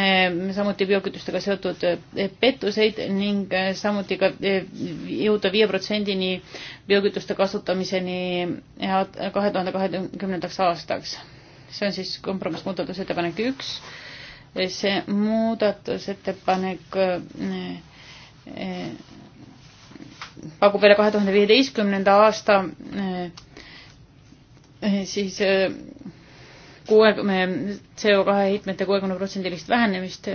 eh, samuti biokütustega seotud eh, pettuseid ning samuti ka jõuda viie protsendini biokütuste kasutamiseni kahe tuhande kahekümnendaks aastaks. see on siis kompromiss muudatusettepanek üks. see muudatusettepanek pakub välja kahe tuhande viieteistkümnenda aasta eh, eh, siis eh, kuuekümne CO kahe heitmete kuuekümne protsendilist vähenemist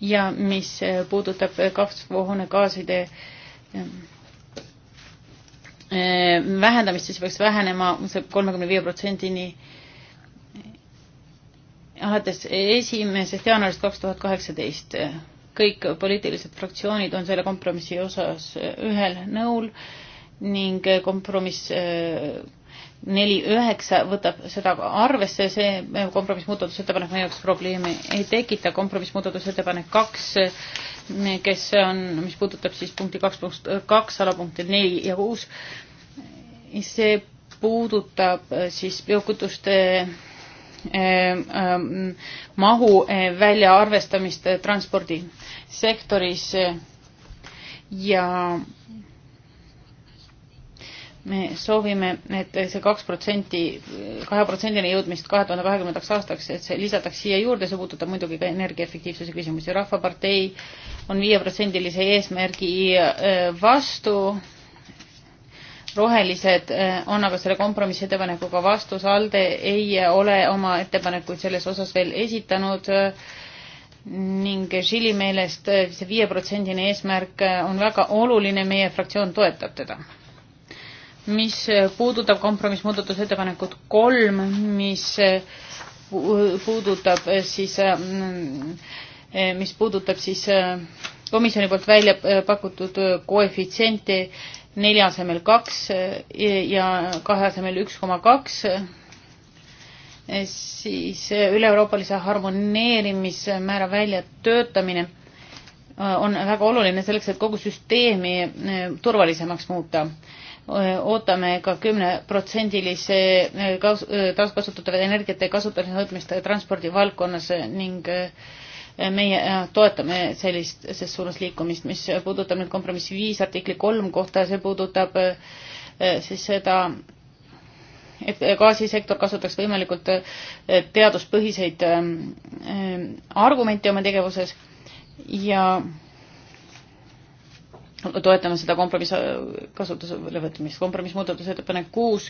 ja mis puudutab kasvuhoonegaaside vähendamist, siis peaks vähenema see kolmekümne viie protsendini alates esimesest jaanuarist kaks tuhat kaheksateist kõik poliitilised fraktsioonid on selle kompromissi osas äh, ühel nõul ning äh, kompromiss äh, neli üheksa võtab seda arvesse, see kompromissmuudatusettepanek meie jaoks probleemi ei tekita, kompromissmuudatusettepanek kaks, kes on, mis puudutab siis punkti kaks punkt kaks alapunktil neli ja kuus, see puudutab siis jõukutuste Eh, eh, mahu eh, väljaarvestamist transpordisektoris ja me soovime, et see kaks protsenti, kahe protsendini jõudmist kahe tuhande kahekümnendaks aastaks, et see lisataks siia juurde, see puudutab muidugi ka energiaefektiivsuse küsimusi. rahvapartei on viieprotsendilise eesmärgi vastu rohelised eh, on aga selle kompromissettepanekuga vastus, ALDE ei ole oma ettepanekuid selles osas veel esitanud eh, ning Žili meelest eh, see viieprotsendine eesmärk on väga oluline, meie fraktsioon toetab teda. mis puudutab kompromissmuudatusettepanekut kolm, mis puudutab siis, mm, mis puudutab siis komisjoni poolt välja pakutud koefitsienti, nelja asemel kaks e, ja kahe asemel üks koma kaks, e, siis e, üle-euroopalise harmoneerimismäära väljatöötamine on väga oluline selleks, et kogu süsteemi turvalisemaks muuta ootame ka kümneprotsendilise taaskasutatavate energiate kasutamise võtmist transpordivaldkonnas ning Eh, meie eh, toetame sellist, ses suunas liikumist, mis puudutab nüüd kompromissi viis artikli kolm kohta, see puudutab eh, siis seda, et gaasisektor kasutaks võimalikult teaduspõhiseid argumente oma tegevuses ja toetame seda kompromiss kasutusele võtmist. kompromiss muudatusettepanek kuus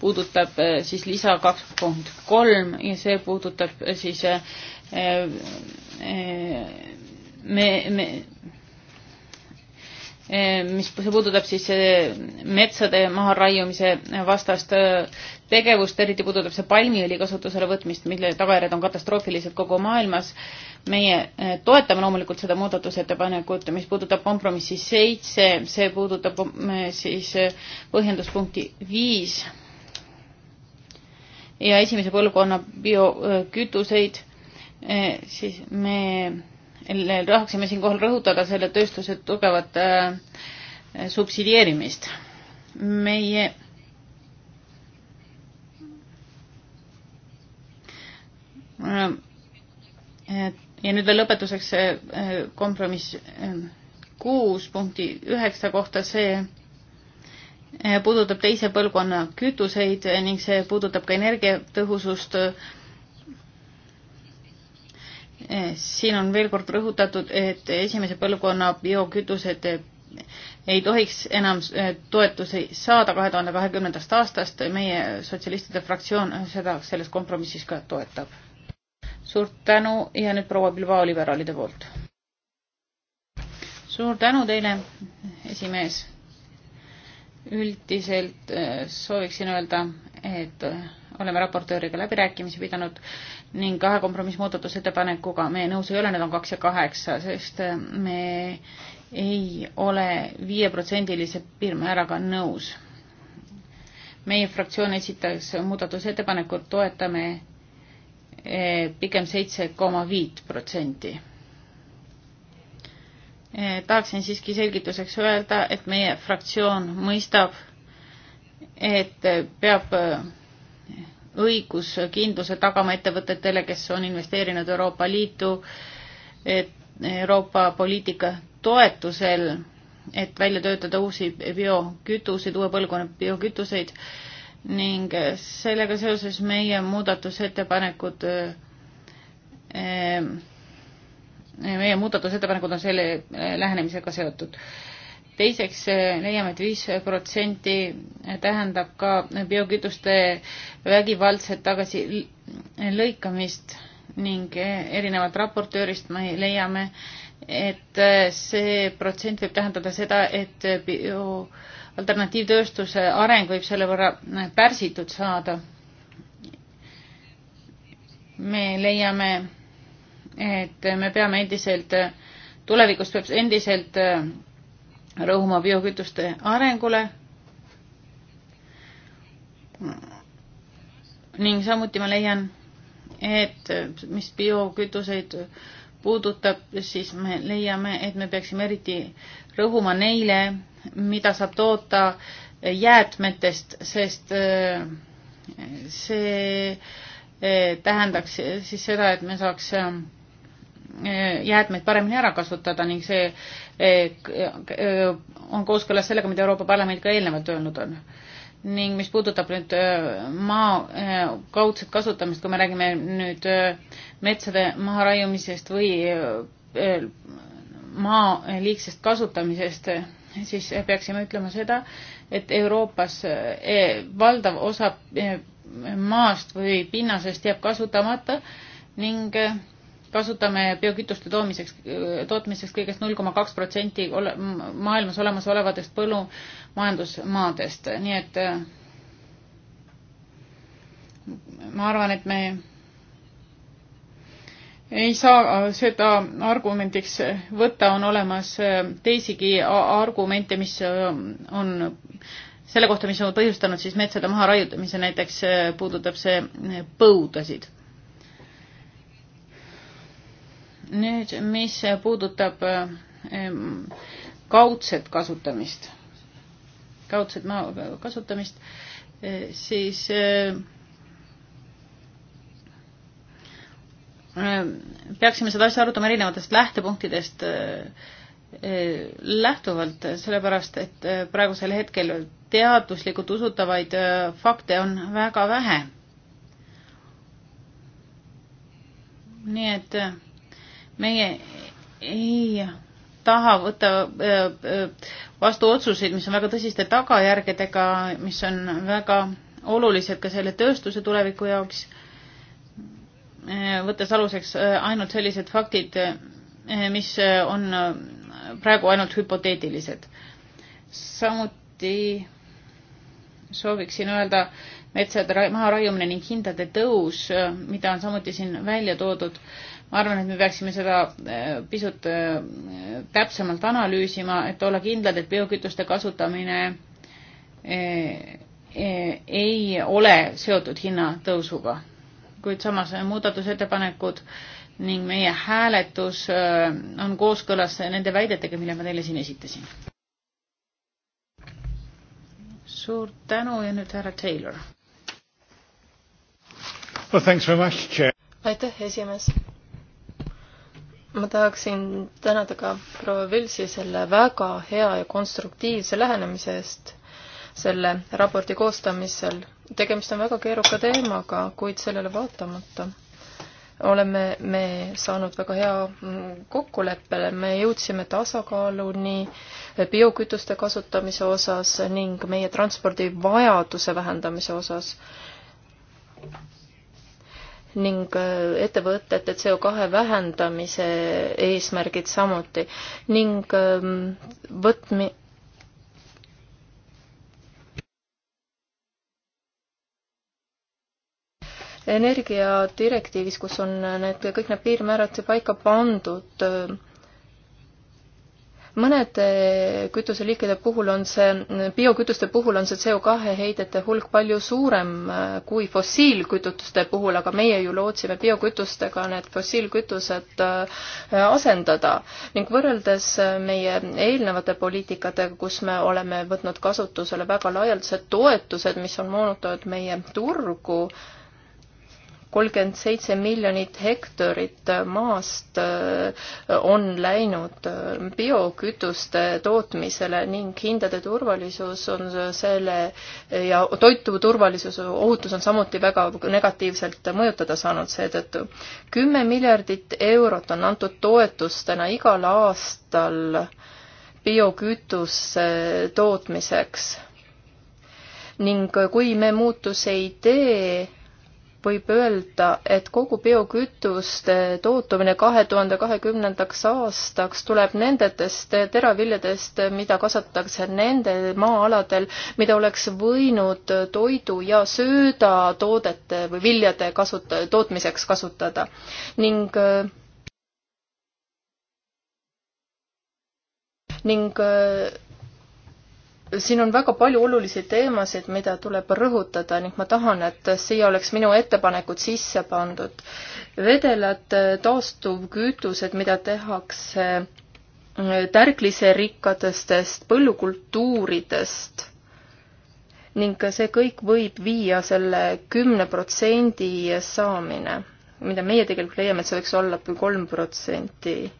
puudutab eh, siis lisa kaks punkt kolm ja see puudutab eh, siis eh, me, me Eh, mis puudutab siis eh, metsade maharaiumise vastast eh, tegevust, eriti puudutab see palmiõli kasutusele võtmist, mille tagajärjed on katastroofilised kogu maailmas. meie toetame loomulikult seda muudatusettepanekut, mis puudutab kompromissi seitse, see puudutab siis põhjenduspunkti viis ja esimese põlvkonna biokütuseid, siis me tahaksime siinkohal rõhutada selle tööstuse tugevat äh, subsideerimist. meie äh, ja nüüd veel lõpetuseks äh, kompromiss äh, kuus punkti üheksa kohta, see puudutab teise põlvkonna kütuseid ning see puudutab ka energiatõhusust äh, Eh, siin on veel kord rõhutatud, et esimese põlvkonna biokütused eh, ei tohiks enam eh, toetusi saada kahe tuhande kahekümnendast aastast, meie sotsialistide fraktsioon seda selles kompromissis ka toetab. suur tänu ja nüüd proua Bilbao liberaalide poolt. suur tänu teile, esimees. üldiselt sooviksin öelda, et oleme raportööriga läbirääkimisi pidanud ning kahe kompromissmuudatusettepanekuga me nõus ei ole, need on kaks ja kaheksa, sest me ei ole viieprotsendilise piirmääraga nõus. meie fraktsioon esitas muudatusettepanekut, toetame eh, pigem seitse koma viit protsenti. Eh, tahaksin siiski selgituseks öelda, et meie fraktsioon mõistab, et peab eh, õiguskindluse tagama ettevõtetele, kes on investeerinud Euroopa Liitu, et Euroopa poliitika toetusel, et välja töötada uusi biokütuseid, uue põlvkonna biokütuseid ning sellega seoses meie muudatusettepanekud, eh, eh, meie muudatusettepanekud on selle lähenemisega seotud teiseks leiame et, et viis protsenti tähendab ka biokütuste vägivaldset tagasilõikamist ning erinevalt raportöörist me leiame, et see protsent võib tähendada seda, et bio alternatiivtööstuse areng võib selle võrra pärsitud saada. me leiame, et me peame endiselt, tulevikus peab endiselt rõhuma biokütuste arengule ning samuti ma leian, et mis biokütuseid puudutab, siis me leiame, et me peaksime eriti rõhuma neile, mida saab toota jäätmetest, sest eh, see eh, tähendaks siis seda, et me saaks eh, jäätmeid paremini ära kasutada ning see eh, eh, on kooskõlas sellega, mida Euroopa Parlament ka eelnevalt öelnud on. ning mis puudutab nüüd eh, maa kaudset kasutamist, kui me räägime nüüd metsade maharaiumisest või maa liigsest kasutamisest, siis peaksime ütlema seda, et Euroopas valdav osa maast või pinnasest jääb kasutamata ning kasutame biokütuste toomiseks, tootmiseks kõigest null koma kaks protsenti maailmas olemasolevatest põllumajandusmaadest, nii et äh, ma arvan, et me ei saa äh, seda argumendiks võtta, on olemas äh, teisigi argumente, mis on selle kohta, mis on põhjustanud siis metsade maharaiutamise, näiteks puudutab see põudasid nüüd, mis puudutab ähm, kaudset kasutamist, kaudset maa kasutamist, äh, siis äh, ähm, peaksime seda asja arutama erinevatest lähtepunktidest äh, lähtuvalt, sellepärast et praegusel hetkel teaduslikult usutavaid fakte on väga vähe. nii et meie ei taha võtta äh, äh, vastu otsuseid, mis on väga tõsiste tagajärgedega, mis on väga olulised ka selle tööstuse tuleviku jaoks, äh, võttes aluseks ainult sellised faktid, mis on praegu ainult hüpoteetilised. samuti sooviksin öelda, metsade maharaiumine ning hindade tõus, mida on samuti siin välja toodud, ma arvan, et me peaksime seda äh, pisut äh, täpsemalt analüüsima, et olla kindlad, et biokütuste kasutamine äh, ei ole seotud hinnatõusuga. kuid samas muudatusettepanekud ning meie hääletus on kooskõlas nende väidetega, mille ma teile siin esitasin. suur tänu ja nüüd härra Taylor. Well, thanks very much, Chair. aitäh, esimees ma tahaksin tänada ka proua Vilsi selle väga hea ja konstruktiivse lähenemise eest selle raporti koostamisel. tegemist on väga keeruka teemaga, kuid sellele vaatamata oleme me saanud väga hea kokkuleppele, me jõudsime tasakaaluni biokütuste kasutamise osas ning meie transpordivajaduse vähendamise osas ning äh, ettevõtete CO2 vähendamise eesmärgid samuti ning ähm, võtmi-, energiadirektiivis, kus on need, kõik need piirmäärad paika pandud, äh, mõnede eh, kütuseliikide puhul on see, mm, biokütuste puhul on see CO2 heidete hulk palju suurem eh, kui fossiilkütuste puhul, aga meie ju lootsime biokütustega need fossiilkütused eh, asendada. ning võrreldes meie eelnevate poliitikatega, kus me oleme võtnud kasutusele väga laialdased toetused, mis on moonutanud meie turgu, kolmkümmend seitse miljonit hektarit maast äh, on läinud äh, biokütuste tootmisele ning hindade turvalisus on selle ja toitu turvalisus, ohutus on samuti väga negatiivselt mõjutada saanud seetõttu. kümme miljardit eurot on antud toetustena igal aastal biokütuse tootmiseks. ning kui me muutusi ei tee, võib öelda, et kogu biokütuste tootumine kahe tuhande kahekümnendaks aastaks tuleb nendest teraviljadest, mida kasvatatakse nendel maa-aladel, mida oleks võinud toidu ja söödatoodete või viljade kasuta-, tootmiseks kasutada. ning ning siin on väga palju olulisi teemasid, mida tuleb rõhutada ning ma tahan, et siia oleks minu ettepanekud sisse pandud. vedelad taastuvkütused, mida tehakse mm, tärkliserikkadest põllukultuuridest ning see kõik võib viia selle kümne protsendi saamine, mida meie tegelikult leiame, et see võiks olla kolm protsenti.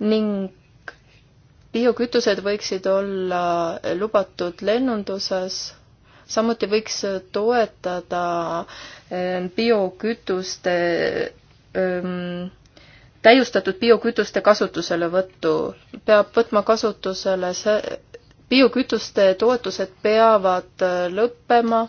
ning biokütused võiksid olla lubatud lennunduses, samuti võiks toetada ähm, biokütuste, ähm, täiustatud biokütuste kasutuselevõttu. peab võtma kasutusele see, biokütuste toetused peavad äh, lõppema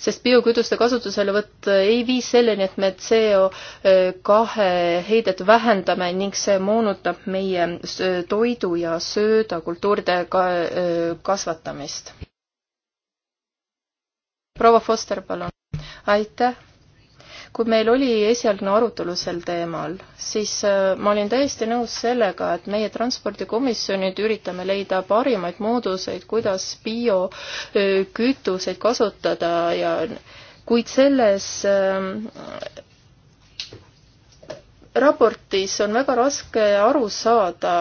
sest biokütuste kasutuselevõtt äh, ei vii selleni, et me CO äh, kahe heidet vähendame ning see moonutab meie äh, toidu ja söödakultuuride kasvatamist. proua Foster, palun. aitäh kui meil oli esialgne arutelu sel teemal, siis äh, ma olin täiesti nõus sellega, et meie transpordikomisjonid üritame leida parimaid mooduseid, kuidas biokütuseid kasutada ja kuid selles äh, raportis on väga raske aru saada,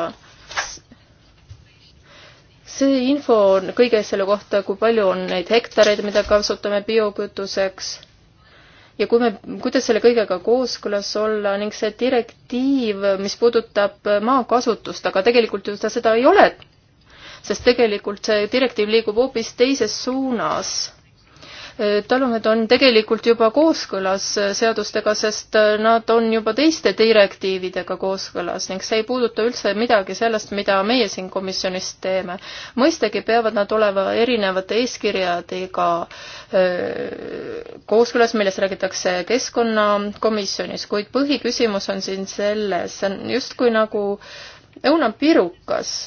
see info on kõige selle kohta, kui palju on neid hektareid, mida kasutame biokütuseks ja kui me, kuidas selle kõigega kooskõlas olla ning see direktiiv, mis puudutab maakasutust, aga tegelikult ju ta seda ei ole, sest tegelikult see direktiiv liigub hoopis teises suunas talumehed on tegelikult juba kooskõlas seadustega, sest nad on juba teiste direktiividega kooskõlas ning see ei puuduta üldse midagi sellest, mida meie siin komisjonis teeme. mõistagi peavad nad olema erinevate eeskirjadega kooskõlas, millest räägitakse keskkonnakomisjonis, kuid põhiküsimus on siin selles, see on justkui nagu õunapirukas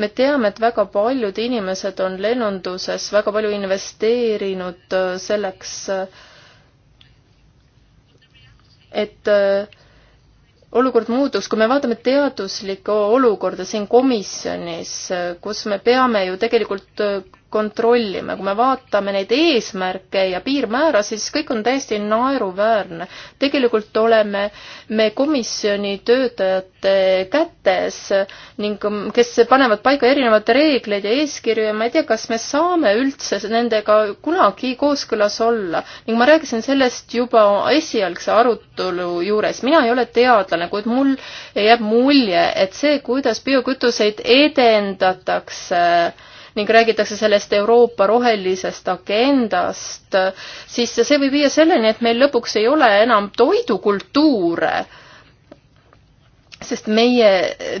me teame, et väga paljud inimesed on lennunduses väga palju investeerinud äh, selleks, äh, et äh, olukord muutuks, kui me vaatame teaduslikku olukorda siin komisjonis, kus me peame ju tegelikult kontrollime, kui me vaatame neid eesmärke ja piirmäära, siis kõik on täiesti naeruväärne. tegelikult oleme me komisjoni töötajate kätes ning mm, kes panevad paika erinevaid reegleid ja eeskirju ja ma ei tea, kas me saame üldse nendega kunagi kooskõlas olla. ning ma rääkisin sellest juba esialgse arutelu juures. mina ei ole teadlane, kuid mul jääb mulje, et see, kuidas biokütuseid edendatakse, ning räägitakse sellest Euroopa rohelisest agendast, siis see võib viia selleni, et meil lõpuks ei ole enam toidukultuure sest meie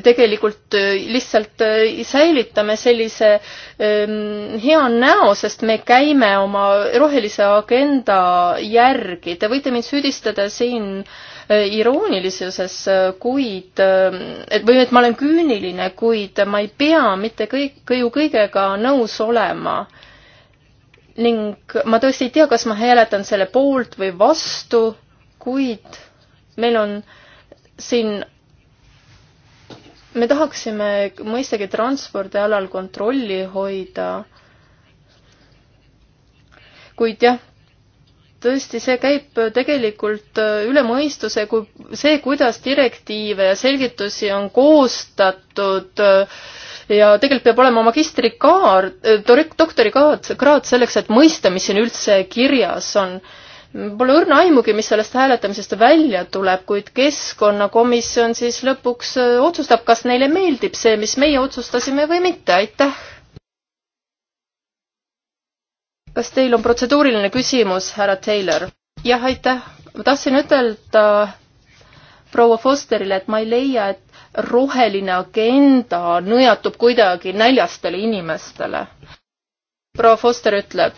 tegelikult äh, lihtsalt äh, säilitame sellise ähm, hea näo, sest me käime oma rohelise agenda järgi. Te võite mind süüdistada siin äh, Äh, iroonilisuses, kuid, äh, et või et ma olen küüniline, kuid ma ei pea mitte kõik, ju kõigega nõus olema. ning ma tõesti ei tea, kas ma hääletan selle poolt või vastu, kuid meil on siin me tahaksime mõistagi transpordi alal kontrolli hoida, kuid jah, tõesti, see käib tegelikult äh, üle mõistuse, kui see, kuidas direktiive ja selgitusi on koostatud äh, ja tegelikult peab olema magistrikaard, äh, doktorikraad, kraad selleks, et mõista, mis siin üldse kirjas on. Pole õrna aimugi, mis sellest hääletamisest välja tuleb, kuid keskkonnakomisjon siis lõpuks otsustab, kas neile meeldib see, mis meie otsustasime või mitte, aitäh kas teil on protseduuriline küsimus, härra Taylor? jah, aitäh. ma tahtsin ütelda proua Fosterile, et ma ei leia, et roheline agenda nõjatub kuidagi näljastele inimestele. proua Foster ütleb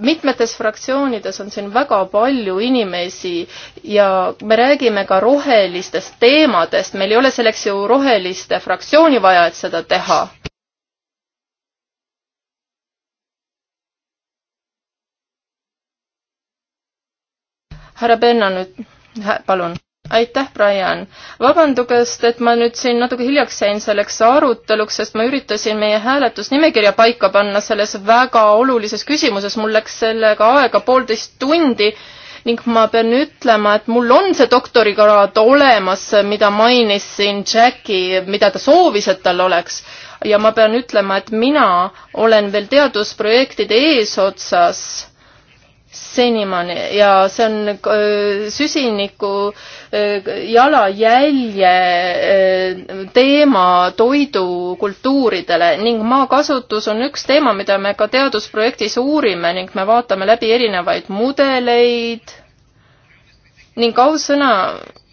mitmetes fraktsioonides on siin väga palju inimesi ja me räägime ka rohelistest teemadest, meil ei ole selleks ju roheliste fraktsiooni vaja, et seda teha. härra Penna nüüd, palun aitäh, Brian! vabandugest, et ma nüüd siin natuke hiljaks jäin selleks aruteluks, sest ma üritasin meie hääletusnimekirja paika panna selles väga olulises küsimuses, mul läks sellega aega poolteist tundi ning ma pean ütlema, et mul on see doktorikraad olemas, mida mainis siin Jackie, mida ta soovis, et tal oleks. ja ma pean ütlema, et mina olen veel teadusprojektide eesotsas senimaani ja see on äh, süsiniku äh, jalajälje äh, teema toidukultuuridele ning maakasutus on üks teema, mida me ka teadusprojektis uurime ning me vaatame läbi erinevaid mudeleid ning aussõna,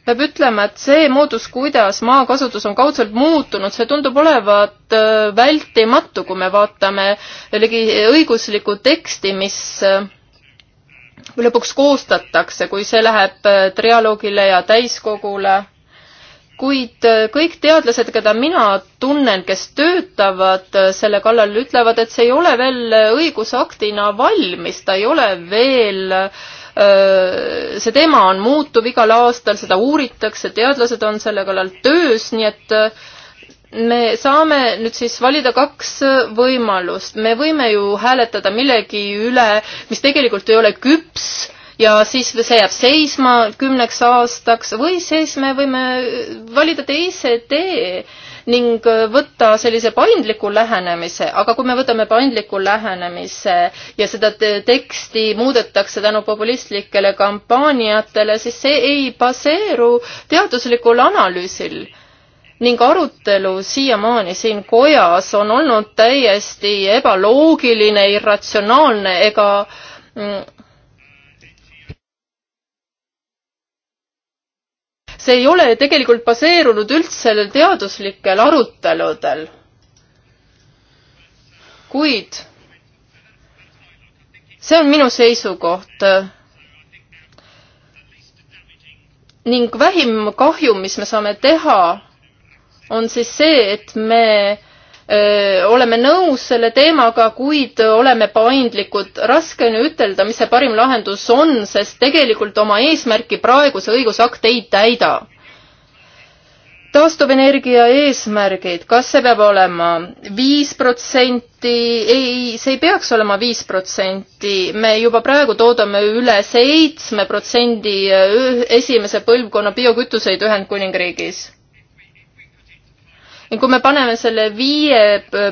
peab ütlema, et see moodus, kuidas maakasutus on kaudselt muutunud, see tundub olevat vältimatu, kui me vaatame ligi õiguslikku teksti, mis lõpuks koostatakse, kui see läheb äh, trialoogile ja täiskogule. kuid äh, kõik teadlased, keda mina tunnen, kes töötavad äh, selle kallal, ütlevad, et see ei ole veel õigusaktina valmis, ta ei ole veel see teema on muutuv igal aastal, seda uuritakse, teadlased on selle kallal töös, nii et äh, me saame nüüd siis valida kaks võimalust. me võime ju hääletada millegi üle, mis tegelikult ei ole küps ja siis see jääb seisma kümneks aastaks või siis me võime valida teise tee ning võtta sellise paindliku lähenemise, aga kui me võtame paindliku lähenemise ja seda te teksti muudetakse tänu populistlikele kampaaniatele, siis see ei baseeru teaduslikul analüüsil ning arutelu siiamaani siin kojas on olnud täiesti ebaloogiline, irratsionaalne ega mm, see ei ole tegelikult baseerunud üldse teaduslikel aruteludel. kuid see on minu seisukoht ning vähim kahju, mis me saame teha on siis see, et me öö, oleme nõus selle teemaga, kuid oleme paindlikud. raske on ju ütelda, mis see parim lahendus on, sest tegelikult oma eesmärki praegu see õigusakt ei täida taastuvenergia eesmärgid, kas see peab olema viis protsenti, ei, see ei peaks olema viis protsenti, me juba praegu toodame üle seitsme protsendi esimese põlvkonna biokütuseid Ühendkuningriigis kui me paneme selle viie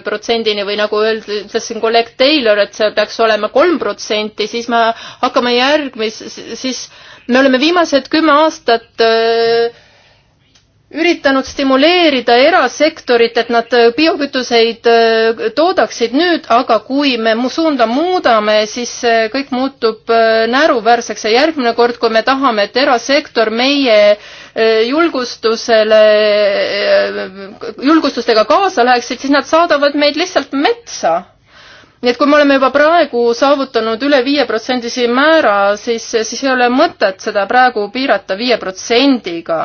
protsendini või nagu öeldi, ütlesin kolleeg Taylor, et see peaks olema kolm protsenti, siis me hakkame järgmis-, siis me oleme viimased kümme aastat öö, äh, üritanud stimuleerida erasektorit, et nad äh, biokütuseid äh, toodaksid nüüd, aga kui me suunda muudame, siis kõik muutub naeruväärseks ja järgmine kord, kui me tahame, et erasektor meie äh, Äh, julgustusele, äh, julgustustega kaasa läheksid, siis nad saadavad meid lihtsalt metsa nii et kui me oleme juba praegu saavutanud üle viie protsendise määra, siis, siis ei ole mõtet seda praegu piirata viie protsendiga.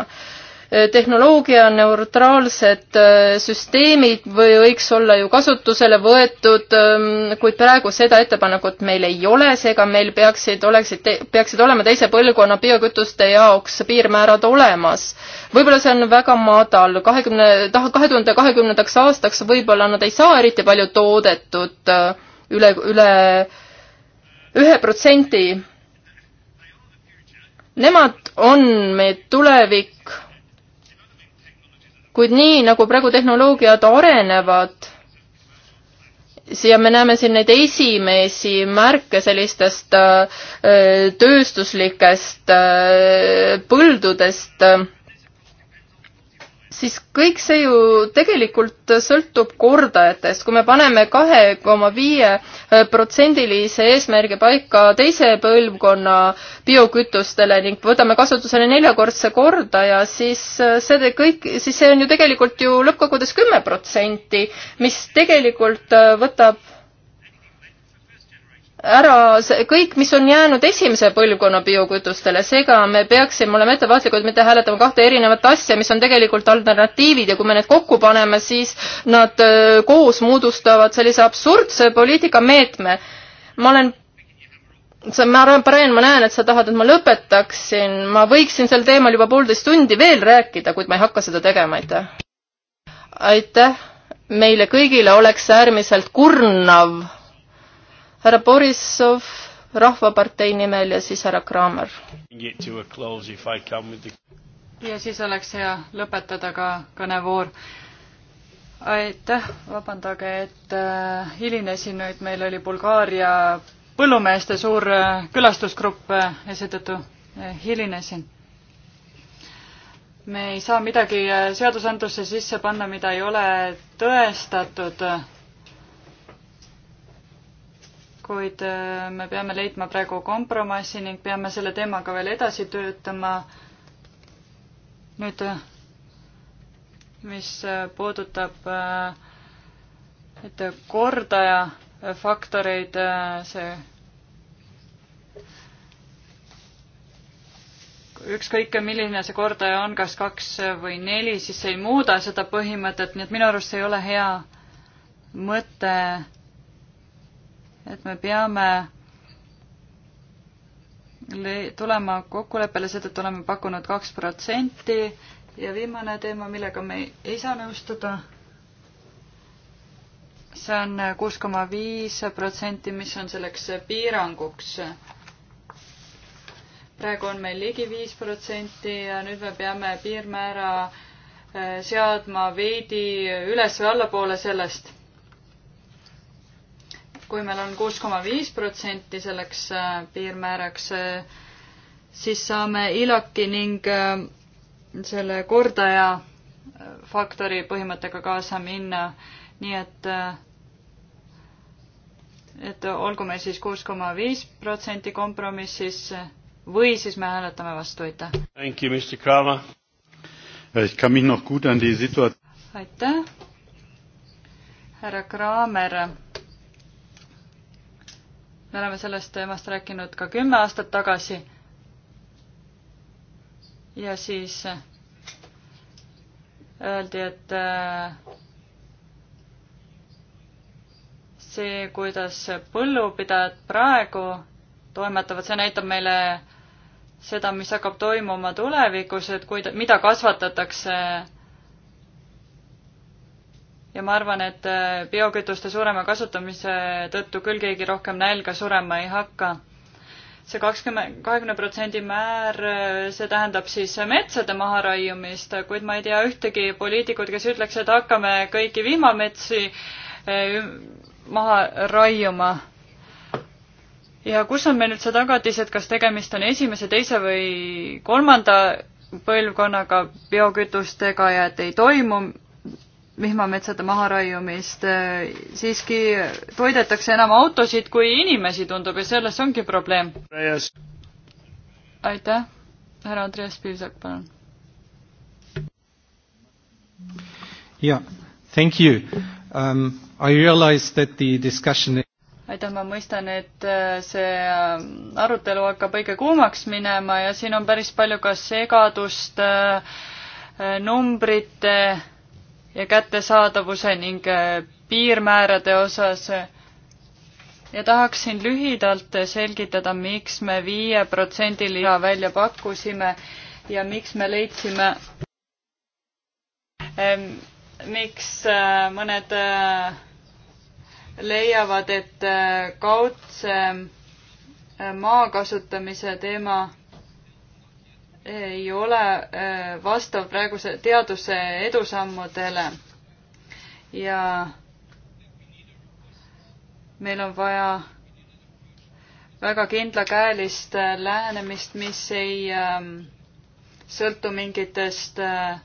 Eh, tehnoloogianeutraalsed eh, süsteemid võiks olla ju kasutusele võetud, ehm, kuid praegu seda ettepanekut meil ei ole, seega meil peaksid, oleksid, peaksid olema teise põlvkonna biokütuste jaoks piirmäärad olemas. võib-olla see on väga madal, kahekümne, kahe tuhande kahekümnendaks aastaks võib-olla nad ei saa eriti palju toodetud eh, üle, üle ühe protsendi Nemad on meie tulevik kuid nii, nagu praegu tehnoloogiad arenevad, ja me näeme siin neid esimesi märke sellistest öö, äh, tööstuslikest öö, äh, põldudest öö, siis kõik see ju tegelikult sõltub kordajatest. kui me paneme kahe koma viie protsendilise eesmärgi paika teise põlvkonna biokütustele ning võtame kasutusele neljakordse kordaja, siis see kõik, siis see on ju tegelikult ju lõppkokkuvõttes kümme protsenti, mis tegelikult võtab ära kõik, mis on jäänud esimese põlvkonna biokütustele, seega me peaksime olema ettevaatlikud, mitte hääletama kahte erinevat asja, mis on tegelikult alternatiivid ja kui me need kokku paneme, siis nad koos moodustavad sellise absurdse poliitikameetme. ma olen sa, ma arvan, Brian, ma näen, et sa tahad, et ma lõpetaksin, ma võiksin sel teemal juba poolteist tundi veel rääkida, kuid ma ei hakka seda tegema, aitäh. aitäh, meile kõigile oleks äärmiselt kurnav härra Borissov Rahvapartei nimel ja siis härra Kramer. ja siis oleks hea lõpetada ka kõnevoor. aitäh, vabandage, et äh, hilinesin nüüd, meil oli Bulgaaria põllumeeste suur äh, külastusgrupp äh, ja seetõttu äh, hilinesin. me ei saa midagi äh, seadusandlusse sisse panna, mida ei ole tõestatud äh, kuid äh, me peame leidma praegu kompromissi ning peame selle teemaga veel edasi töötama. nüüd, äh, mis äh, puudutab et kordaja faktoreid, see ükskõik, milline see kordaja on, kas kaks või neli, siis see ei muuda seda põhimõtet, nii et minu arust see ei ole hea mõte et me peame tulema kokkuleppele, seetõttu oleme pakkunud kaks protsenti ja viimane teema, millega me ei saa nõustuda, see on kuus koma viis protsenti, mis on selleks piiranguks. praegu on meil ligi viis protsenti ja nüüd me peame piirmäära eh, seadma veidi üles või allapoole sellest kui meil on kuus koma viis protsenti selleks äh, piirmääraks, äh, siis saame ILAK-i ning äh, selle kordaja faktori põhimõttega kaasa minna, nii et et olgu meil siis kuus koma viis protsenti kompromissis või siis me hääletame vastu, aitäh. aitäh, härra Kramer me oleme sellest teemast rääkinud ka kümme aastat tagasi. ja siis öeldi, et see, kuidas põllupidajad praegu toimetavad, see näitab meile seda, mis hakkab toimuma tulevikus, et kuida-, mida kasvatatakse ja ma arvan, et äh, biokütuste suurema kasutamise tõttu küll keegi rohkem nälga surema ei hakka see kakskümmend, kahekümne protsendi määr, äh, see tähendab siis metsade maharaiumist, kuid ma ei tea ühtegi poliitikut, kes ütleks, et hakkame kõiki vihmametsi äh, maha raiuma. ja kus on meil nüüd see tagatis, et kas tegemist on esimese, teise või kolmanda põlvkonnaga biokütustega ja et ei toimu vihmametsade maharaiumist eh, siiski toidetakse enam autosid kui inimesi, tundub, ja selles ongi probleem. aitäh, härra Andreas Piivsak, palun. jaa, thank you um,. I realize that the discussion aitäh, ma mõistan, et eh, see eh, arutelu hakkab õige kuumaks minema ja siin on päris palju ka segadust numbrite ja kättesaadavuse ning äh, piirmäärade osas. ja tahaksin lühidalt selgitada, miks me viie protsendi lisa välja pakkusime ja miks me leidsime, ähm, miks äh, mõned äh, leiavad, et kaudse maa kasutamise teema ei ole äh, vastav praeguse teaduse edusammudele. ja meil on vaja väga kindlakäelist äh, lähenemist, mis ei ähm, sõltu mingitest äh,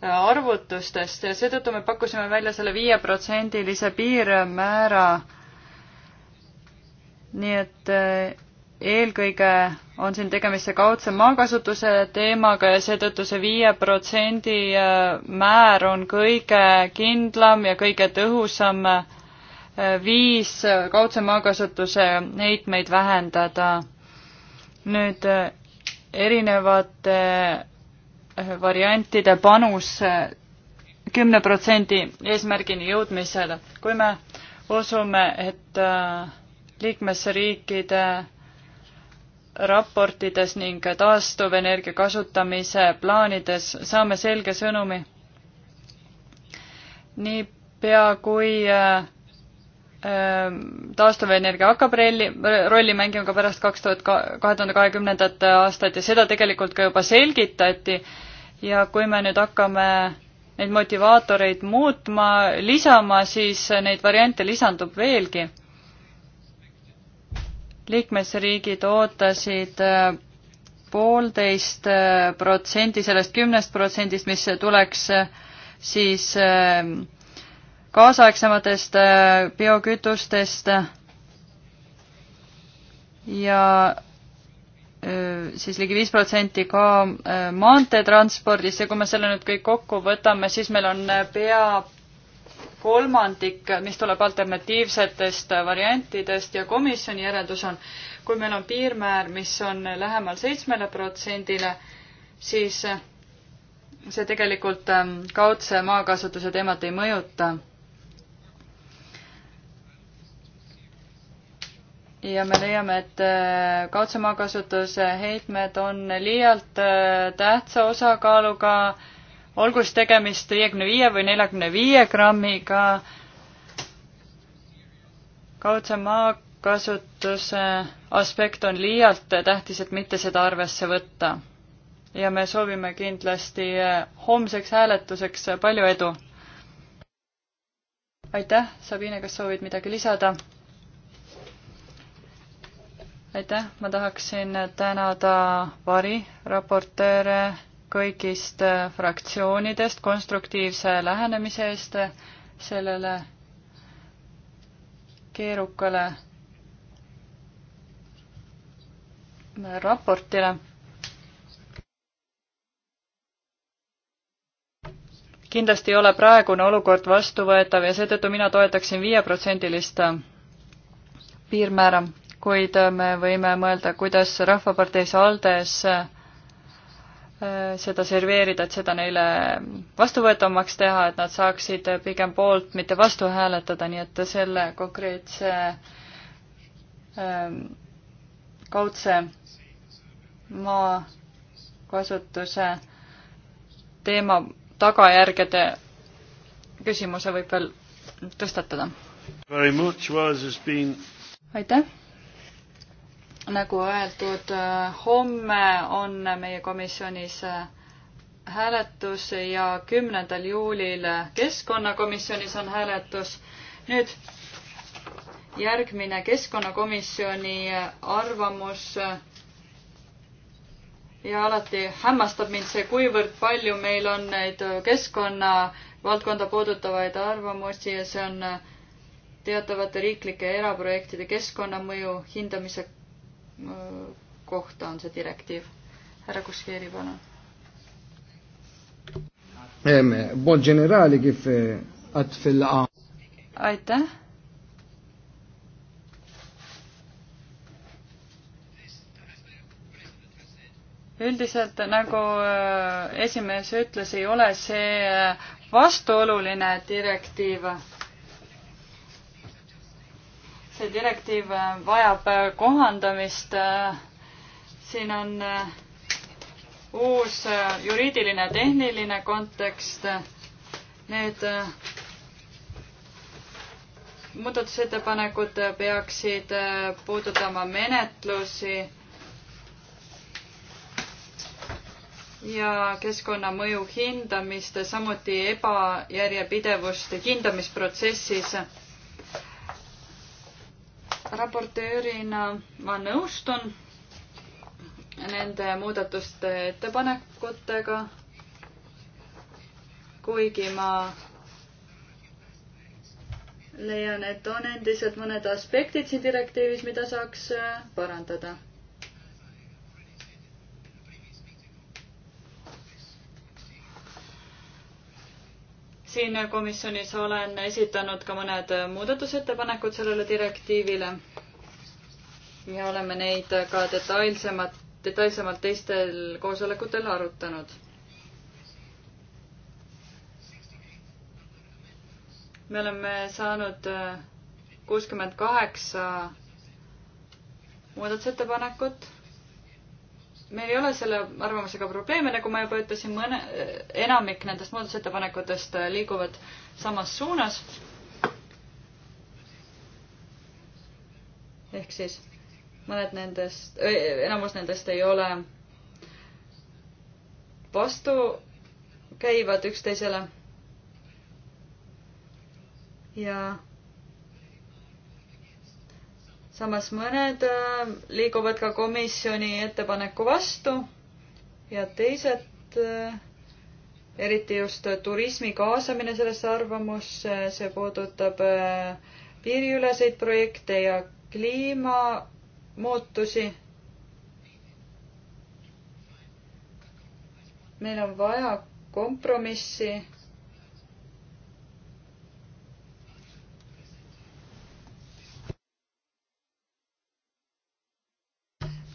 arvutustest ja seetõttu me pakkusime välja selle viieprotsendilise piirmäära. nii et eelkõige on siin tegemist see kaudse maakasutuse teemaga ja seetõttu see viie protsendi äh, määr on kõige kindlam ja kõige tõhusam äh, viis kaudse maakasutuse heitmeid vähendada. nüüd äh, erinevate variantide panus kümne protsendi eesmärgini jõudmisel. kui me usume, et liikmesriikide raportides ning taastuvenergia kasutamise plaanides saame selge sõnumi. niipea kui äh, äh, taastuvenergia hakkab relli, rolli mängima ka pärast kaks tuhat, kahe tuhande kahekümnendat aastat ja seda tegelikult ka juba selgitati. ja kui me nüüd hakkame neid motivaatoreid muutma, lisama, siis neid variante lisandub veelgi liikmesriigid ootasid äh, poolteist äh, protsenti sellest kümnest protsendist, mis tuleks äh, siis kaasaegsematest biokütustest ja siis ligi viis protsenti ka maanteetranspordis ja kui me selle nüüd kõik kokku võtame, siis meil on pea kolmandik, mis tuleb alternatiivsetest variantidest ja komisjoni järeldus on, kui meil on piirmäär, mis on lähemal seitsmele protsendile, siis see tegelikult ähm, kaudse maakasutuse teemat ei mõjuta. ja me leiame, et äh, kaudse maakasutuse heitmed on liialt äh, tähtsa osakaaluga äh, olgu siis tegemist viiekümne viie või neljakümne viie grammiga kaudse maakasutuse aspekt on liialt tähtis, et mitte seda arvesse võtta. ja me soovime kindlasti homseks hääletuseks palju edu. aitäh, Sabine, kas soovid midagi lisada? aitäh, ma tahaksin tänada variraportööre kõigist äh, fraktsioonidest konstruktiivse lähenemise eest äh, sellele keerukale äh, raportile. kindlasti ei ole praegune olukord vastuvõetav ja seetõttu mina toetaksin viieprotsendilist piirmäära, kuid me võime mõelda, kuidas Rahvaparteis ALDE-s Äh, seda serveerida, et seda neile vastuvõetavamaks teha, et nad saaksid pigem poolt, mitte vastu hääletada, nii et selle konkreetse ähm, kaudse maakasutuse teema tagajärgede küsimuse võib veel tõstatada. aitäh! nagu öeldud, homme on meie komisjonis äh, hääletus ja kümnendal juulil keskkonnakomisjonis on hääletus. nüüd järgmine keskkonnakomisjoni äh, arvamus. Äh, ja alati hämmastab mind see, kuivõrd palju meil on neid keskkonnavaldkonda puudutavaid arvamusi ja see on teatavate riiklike eraprojektide keskkonnamõju hindamise kohta on see direktiiv. härra Kuskeri, palun. Eh, aitäh. üldiselt nagu eh, esimees ütles, ei ole see eh, vastuoluline direktiiv see direktiiv äh, vajab äh, kohandamist. Äh, siin on uus juriidiline, tehniline kontekst. Need muudatusettepanekud peaksid puudutama menetlusi ja keskkonnamõju hindamist, samuti ebajärjepidevust hindamisprotsessis raportöörina ma nõustun nende muudatuste ettepanekutega, kuigi ma leian, et on endiselt mõned aspektid siin direktiivis, mida saaks parandada siin komisjonis olen esitanud ka mõned muudatusettepanekud sellele direktiivile ja oleme neid ka detailsemat, detailsemalt teistel koosolekutel arutanud. me oleme saanud äh, kuuskümmend kaheksa muudatusettepanekut meil ei ole selle arvamusega probleeme, nagu ma juba ütlesin, mõne, enamik nendest muudatusettepanekutest liiguvad samas suunas. ehk siis mõned nendest, enamus nendest ei ole vastu, käivad üksteisele. ja samas mõned äh, liiguvad ka komisjoni ettepaneku vastu ja teised, äh, eriti just turismi kaasamine sellesse arvamusse, see puudutab äh, piiriüleseid projekte ja kliimamuutusi. meil on vaja kompromissi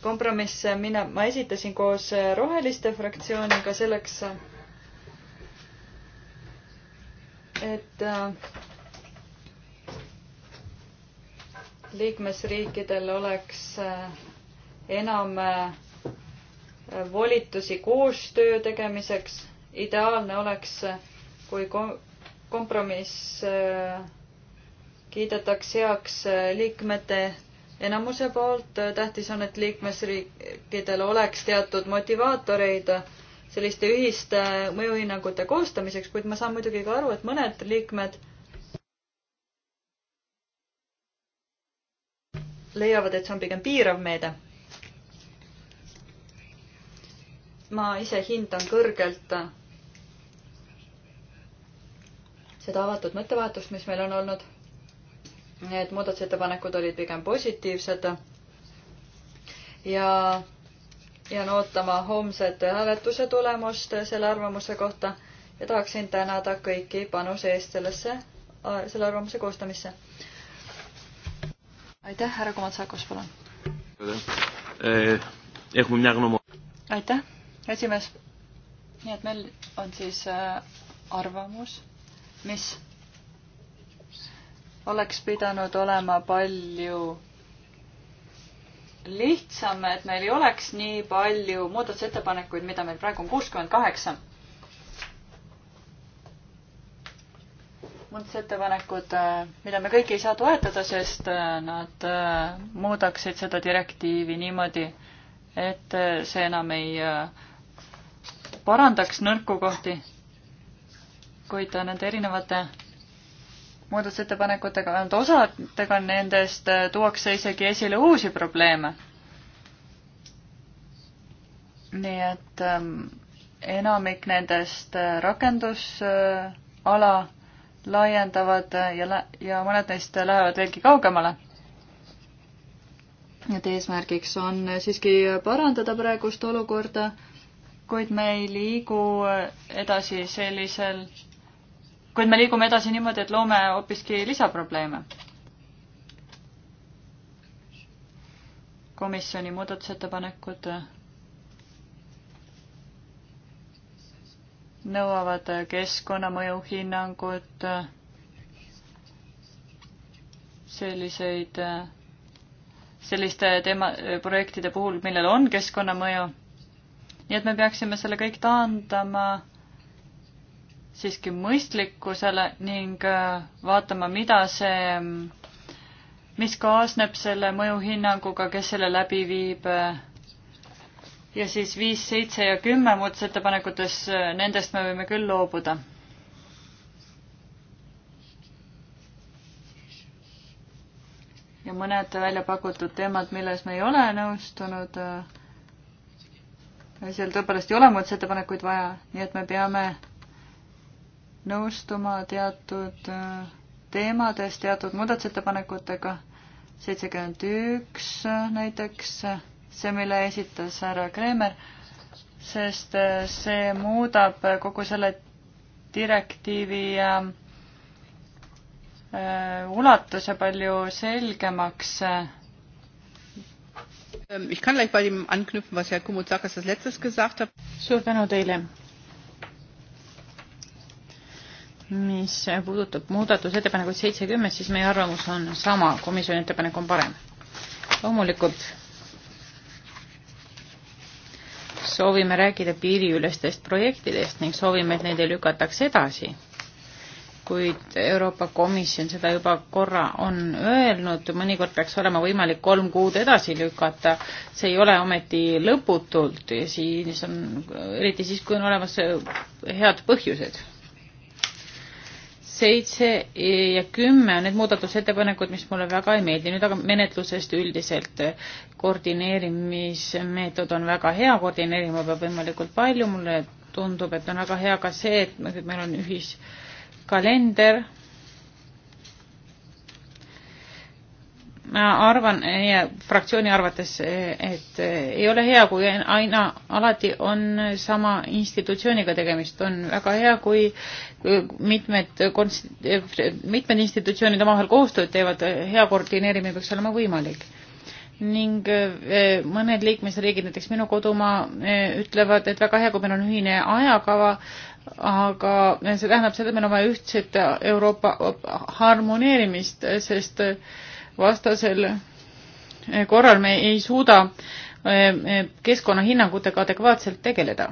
kompromisse mina, ma esitasin koos äh, Roheliste fraktsiooniga selleks, et äh, liikmesriikidel oleks äh, enam volitusi koostöö tegemiseks. ideaalne oleks, kui kompromiss kiidetaks heaks liikmete enamuse poolt. tähtis on, et liikmesriikidel oleks teatud motivaatoreid selliste ühiste mõjuhinnangute koostamiseks, kuid ma saan muidugi ka aru, et mõned liikmed leiavad, et see on pigem piirav meede. ma ise hindan kõrgelt seda avatud mõttevahetust, mis meil on olnud Need muudatusettepanekud olid pigem positiivsed. ja jään ootama homset hääletuse tulemust selle arvamuse kohta ja tahaksin tänada kõiki panuse eest sellesse, selle arvamuse koostamisse. aitäh, härra Komatsakos, palun. Eh, aitäh, esimees. nii et meil on siis eh, arvamus, mis oleks pidanud olema palju lihtsam, et meil ei oleks nii palju muudatusettepanekuid, mida meil praegu on kuuskümmend kaheksa. muudatusettepanekud, äh, mida me kõik ei saa toetada, sest äh, nad äh, muudaksid seda direktiivi niimoodi, et see enam ei parandaks nõrku kohti, kuid nende erinevate muudatusettepanekutega, ainult osadega nendest äh, tuuakse isegi esile uusi probleeme. nii et ähm, enamik nendest äh, rakendusala laiendavad äh, ja lä-, ja mõned neist lähevad veelgi kaugemale. et eesmärgiks on siiski parandada praegust olukorda, kuid me ei liigu edasi sellisel kuid me liigume edasi niimoodi, et loome hoopiski lisaprobleeme. komisjoni muudatusettepanekud nõuavad keskkonnamõju hinnangut, selliseid, selliste teema, projektide puhul, millel on keskkonnamõju. nii et me peaksime selle kõik taandama siiski mõistlikkusele ning äh, vaatama, mida see, mm, mis kaasneb selle mõjuhinnanguga, kes selle läbi viib. Äh, ja siis viis, seitse ja kümme muudatusettepanekutes, äh, nendest me võime küll loobuda ja mõned välja pakutud teemad, milles me ei ole nõustunud. seal tõepoolest ei ole muudatusettepanekuid vaja, nii et me peame nõustuma teatud äh, teemades, teatud muudatusettepanekutega, seitsekümmend üks äh, näiteks, äh, see, mille esitas härra Kreemer, sest see muudab kogu selle direktiivi ulatuse palju selgemaks ähm, ich kann gleich bei dem anknüpfen was herr koumoutsakis als letztes gesagt hat. suur tänu teile mis puudutab muudatusettepanekuid seitsekümmend, siis meie arvamus on sama, komisjoni ettepanek on parem. loomulikult soovime rääkida piiriülestest projektidest ning soovime, et neid ei lükataks edasi. kuid Euroopa Komisjon seda juba korra on öelnud, mõnikord peaks olema võimalik kolm kuud edasi lükata, see ei ole ometi lõputult ja siis on, eriti siis, kui on olemas head põhjused seitse ja kümme on need muudatusettepanekud, mis mulle väga ei meeldi, nüüd aga menetlusest üldiselt. koordineerimismeetod on väga hea, koordineerima peab võimalikult palju, mulle tundub, et on väga hea ka see, et meil on ühiskalender ma arvan, meie fraktsiooni arvates, et ei ole hea, kui aina alati on sama institutsiooniga tegemist, on väga hea, kui mitmed konst-, mitmed institutsioonid omavahel koostööd teevad, hea koordineerimine peaks olema võimalik. ning eh, mõned liikmesriigid, näiteks minu kodumaa, eh, ütlevad, et väga hea, kui meil on ühine ajakava, aga see tähendab seda, et meil on vaja ühtset Euroopa harmoneerimist, sest äh, vastasel korral me ei suuda eh, keskkonnahinnangutega adekvaatselt tegeleda.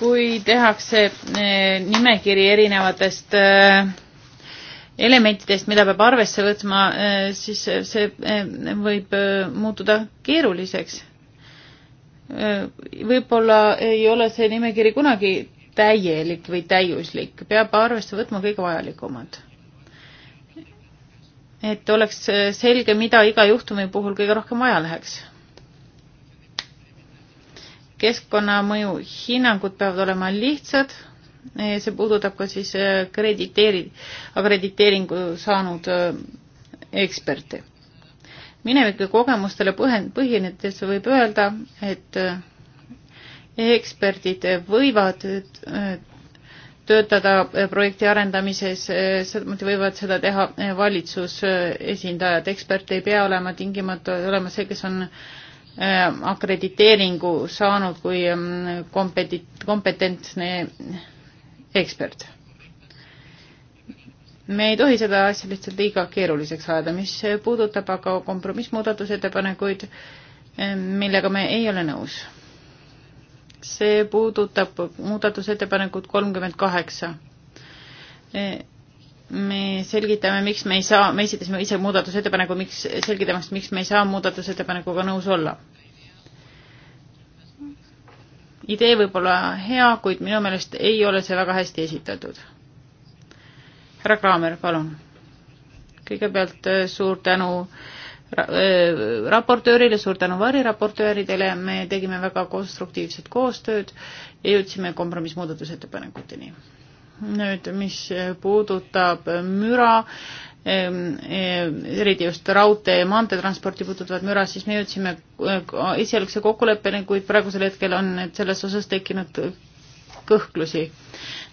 kui tehakse eh, nimekiri erinevatest eh, elementidest, mida peab arvesse võtma, siis see võib muutuda keeruliseks. võib-olla ei ole see nimekiri kunagi täielik või täiuslik, peab arvesse võtma kõige vajalikumad. et oleks selge, mida iga juhtumi puhul kõige rohkem vaja läheks. keskkonnamõju hinnangud peavad olema lihtsad, see puudutab ka siis äh, krediteeri-, akrediteeringu saanud äh, eksperte. mineviku kogemustele põhen-, põhinedes võib öelda, et äh, eksperdid võivad äh, töötada äh, projekti arendamises, äh, samuti võivad seda teha valitsuse esindajad, ekspert ei pea olema tingimata olema see, kes on akrediteeringu saanud kui mm, kompeti-, kompetentne ekspert. me ei tohi seda asja lihtsalt liiga keeruliseks ajada, mis puudutab aga kompromissmuudatusettepanekuid, millega me ei ole nõus see puudutab muudatusettepanekut kolmkümmend kaheksa. me selgitame, miks me ei saa, me esitasime ise muudatusettepaneku, miks, selgitamaks, miks me ei saa muudatusettepanekuga nõus olla. idee võib olla hea, kuid minu meelest ei ole see väga hästi esitatud. härra Kraamer, palun. kõigepealt suur tänu äh, raportöörile, suur tänu variraportööridele, me tegime väga konstruktiivset koostööd ja jõudsime kompromissmuudatusettepanekuteni. nüüd, mis puudutab müra, eriti just raudtee ja maanteetransporti puudutavat müra, siis me jõudsime esialgse kokkuleppeni, kuid praegusel hetkel on selles osas tekkinud kõhklusi.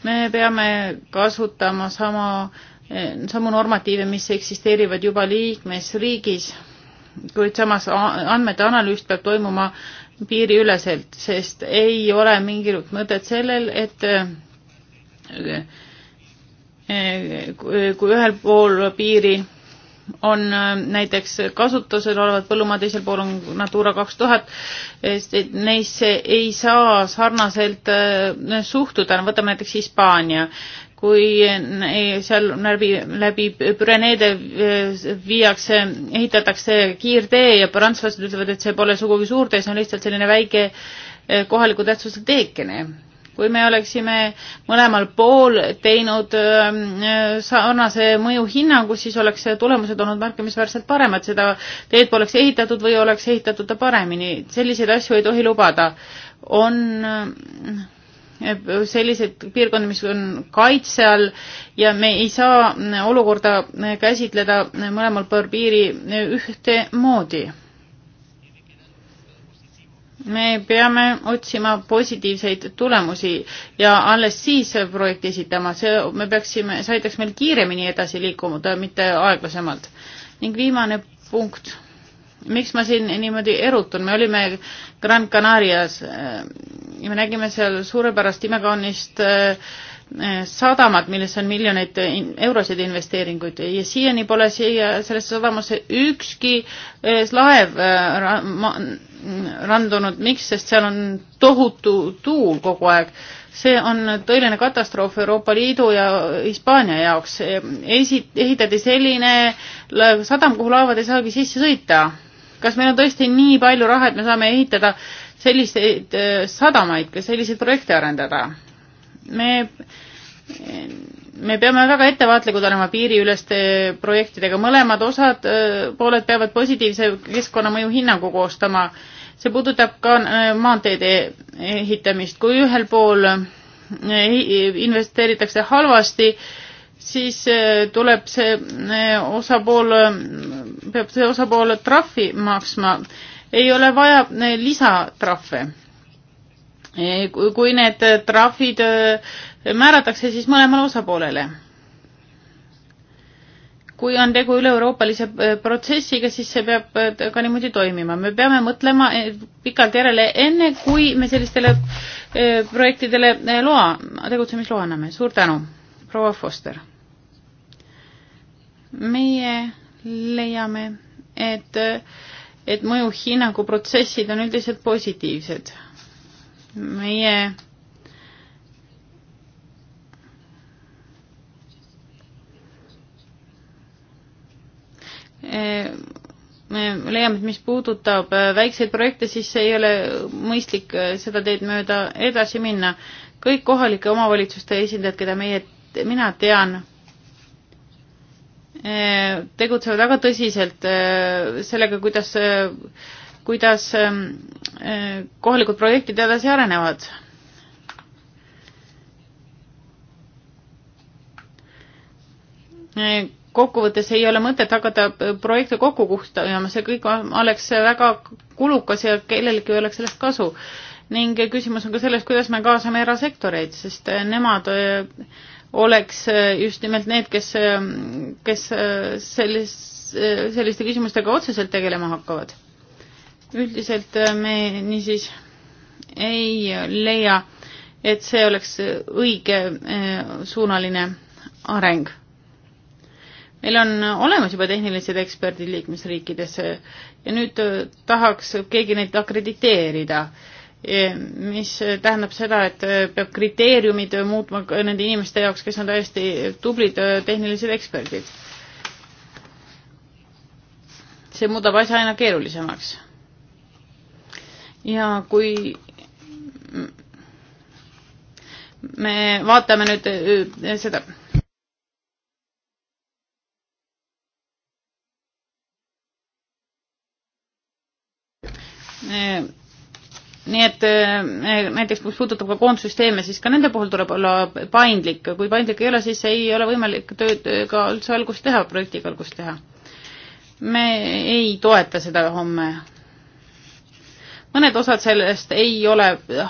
me peame kasutama sama, samu normatiive, mis eksisteerivad juba liikmesriigis kuid samas andmete analüüs peab toimuma piiriüleselt, sest ei ole mingit mõtet sellel, et eh, kui ühel pool piiri on eh, näiteks kasutusel olevad põllumaad, teisel pool on Natura kaks tuhat, neisse ei saa sarnaselt eh, suhtuda, võtame näiteks Hispaania kui seal läbi, läbi Pürenede eh, viiakse, ehitatakse kiirtee ja prantslased ütlevad, et see pole sugugi suur tee, see on lihtsalt selline väike eh, kohaliku tähtsuse teekene. kui me oleksime mõlemal pool teinud eh, sarnase mõjuhinnangu, siis oleks tulemused olnud märkimisväärselt paremad, seda teed poleks ehitatud või oleks ehitatud ta paremini. selliseid asju ei tohi lubada. on selliseid piirkondi, mis on kaitse all ja me ei saa olukorda käsitleda mõlemal pool piiri ühtemoodi. me peame otsima positiivseid tulemusi ja alles siis projekti esitama, see, me peaksime, see aitaks meil kiiremini edasi liikuda, mitte aeglasemalt. ning viimane punkt miks ma siin niimoodi erutun, me olime Gran Canarias äh, ja me nägime seal suurepärast imekaunist äh, äh, sadamat, milles on miljoneid eurosid investeeringuid ja siiani pole siia sellesse sadamasse ükski laev randunud, miks, sest seal on tohutu tuul kogu aeg. see on tõeline katastroof Euroopa Liidu ja Hispaania jaoks. esi-, ehitati selline sadam, kuhu laevad ei saagi sisse sõita kas meil on tõesti nii palju raha, et me saame ehitada selliseid äh, sadamaid, selliseid projekte arendada? me, me peame väga ettevaatlikud olema piiriüleste projektidega, mõlemad osad, äh, pooled peavad positiivse keskkonnamõju hinnangu koostama. see puudutab ka äh, maanteede ehitamist, kui ühel pool investeeritakse halvasti, siis äh, tuleb see äh, osapool, äh, peab see osapool trahvi maksma. ei ole vaja lisatrahve. kui need trahvid määratakse, siis mõlemale osapoolele. kui on tegu üle-euroopalise protsessiga, siis see peab ka niimoodi toimima. me peame mõtlema pikalt järele, enne kui me sellistele projektidele loa, tegutsemisloa anname. suur tänu, proua Foster meie leiame, et, et mõjuhinnangu protsessid on üldiselt positiivsed. meie me leiame, et mis puudutab väikseid projekte, siis ei ole mõistlik seda teed mööda edasi minna. kõik kohalike omavalitsuste esindajad, keda meie, mina tean, Äh, tegutsevad väga tõsiselt äh, sellega, kuidas, äh, kuidas ähm, kohalikud projektid edasi arenevad. kokkuvõttes ei ole mõtet hakata projekte kokku kuhtama, see kõik oleks väga kulukas ja kellelgi ei oleks sellest kasu. ning küsimus on ka selles, kuidas me kaasame erasektoreid, sest nemad oleks äh, just nimelt need, kes, äh, kes äh, sellist, selliste küsimustega otseselt tegelema hakkavad. üldiselt me niisiis ei leia, et see oleks õige suunaline areng. meil on olemas juba tehnilised eksperdid liikmesriikides ja nüüd tahaks keegi neid akrediteerida mis tähendab seda, et äh, peab kriteeriumid äh, muutma nende inimeste jaoks, kes on täiesti tublid äh, tehnilised eksperdid. see muudab asja aina keerulisemaks. ja kui me vaatame nüüd seda me nii et eh, eh, näiteks, mis puudutab ka koondsüsteeme, siis ka nende puhul tuleb olla paindlik, kui paindlik ei ole, siis ei ole võimalik tööd eh, ka üldse algust teha, projektiga algust teha. me ei toeta seda homme. mõned osad sellest ei ole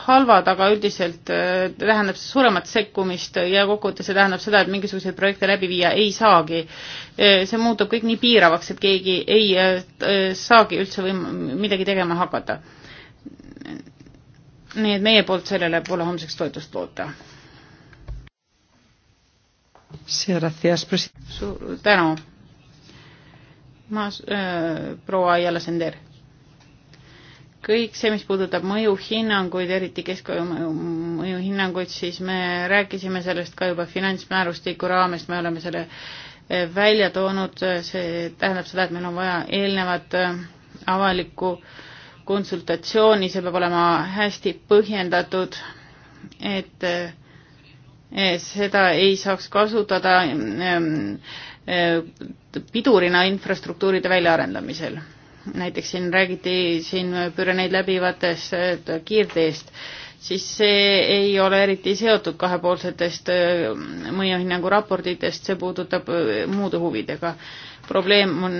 halvad, aga üldiselt tähendab see suuremat sekkumist ja kokkuvõttes see tähendab seda, et mingisuguseid projekte läbi viia ei saagi. see muutub kõik nii piiravaks, et keegi ei saagi üldse võim-, midagi tegema hakata nii et meie poolt sellele pole homseks toetust loota. suur tänu. ma äh,, proua Aiala Sender. kõik see, mis puudutab mõjuhinnanguid, eriti keskkonnamõju, mõjuhinnanguid, siis me rääkisime sellest ka juba finantsmäärustiku raames, me oleme selle äh, välja toonud, see tähendab seda, et meil on vaja eelnevat äh, avalikku äh, konsultatsiooni, see peab olema hästi põhjendatud, et seda ei saaks kasutada ähm, äh, pidurina infrastruktuuride väljaarendamisel. näiteks siin räägiti siin Püreneid läbivatest äh, kiirteest, siis see ei ole eriti seotud kahepoolsetest äh, mõjuhinnangu raportitest, see puudutab muude huvidega. probleem on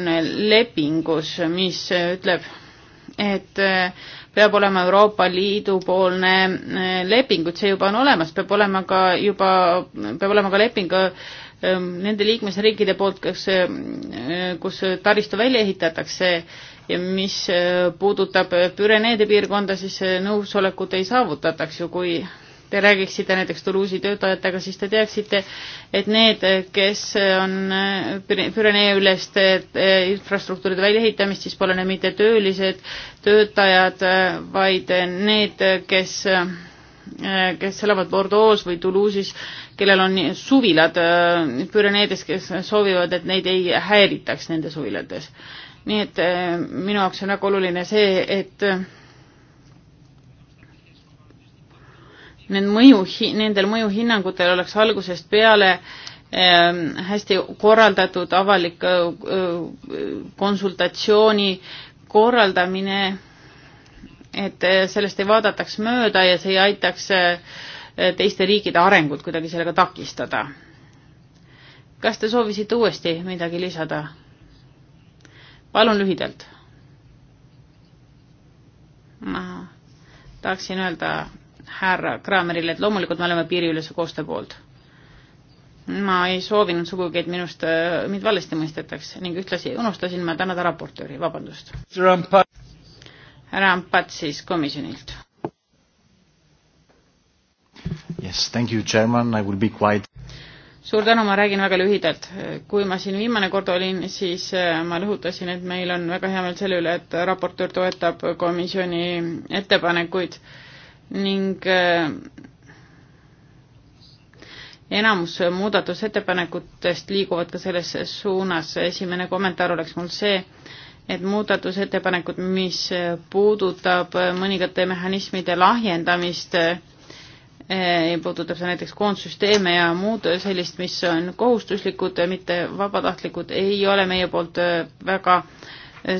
lepingus, mis ütleb, et eh, peab olema Euroopa Liidu poolne eh, leping, et see juba on olemas, peab olema ka juba, peab olema ka leping eh, ehm, nende liikmesriikide poolt, kes, kus taristu välja ehitatakse ja mis puudutab Püreneede piirkonda, siis nõusolekut ei saavutataks ju, kui te räägiksite näiteks Toulouse'i töötajatega, siis te teaksite, et need, kes on äh, Pürenee üleste äh, infrastruktuuride väljaehitamist, siis pole need mitte töölised töötajad, äh, vaid need, kes kes elavad Bordeaux's või Toulouse'is, kellel on suvilad Püreneedes, kes soovivad, et neid ei häiritaks nendes suvilates. nii et minu jaoks on väga oluline see, et Need mõju, nendel mõjuhinnangutel oleks algusest peale ähm, hästi korraldatud avalik äh, äh, konsultatsiooni korraldamine, et äh, sellest ei vaadataks mööda ja see ei aitaks teiste riikide arengut kuidagi sellega takistada. kas te soovisite uuesti midagi lisada? palun lühidalt. ma tahaksin öelda härra Kramerile, et loomulikult me oleme piiriülese koostöö poolt. ma ei soovinud sugugi, et minust, äh, mind valesti mõistetaks ning ühtlasi unustasin ma tänada raportööri, vabandust. härra Ampat siis komisjonilt. Yes, thank you, chairman, I will be quiet suur tänu, ma räägin väga lühidalt. kui ma siin viimane kord olin, siis äh, ma rõhutasin, et meil on väga hea meel selle üle, et raportöör toetab komisjoni ettepanekuid ning äh, enamus muudatusettepanekutest liiguvad ka selles suunas. esimene kommentaar oleks mul see, et muudatusettepanekud, mis puudutab mõningate mehhanismide lahjendamist, äh, puudutab see näiteks koondsüsteeme ja muud sellist, mis on kohustuslikud, mitte vabatahtlikud, ei ole meie poolt väga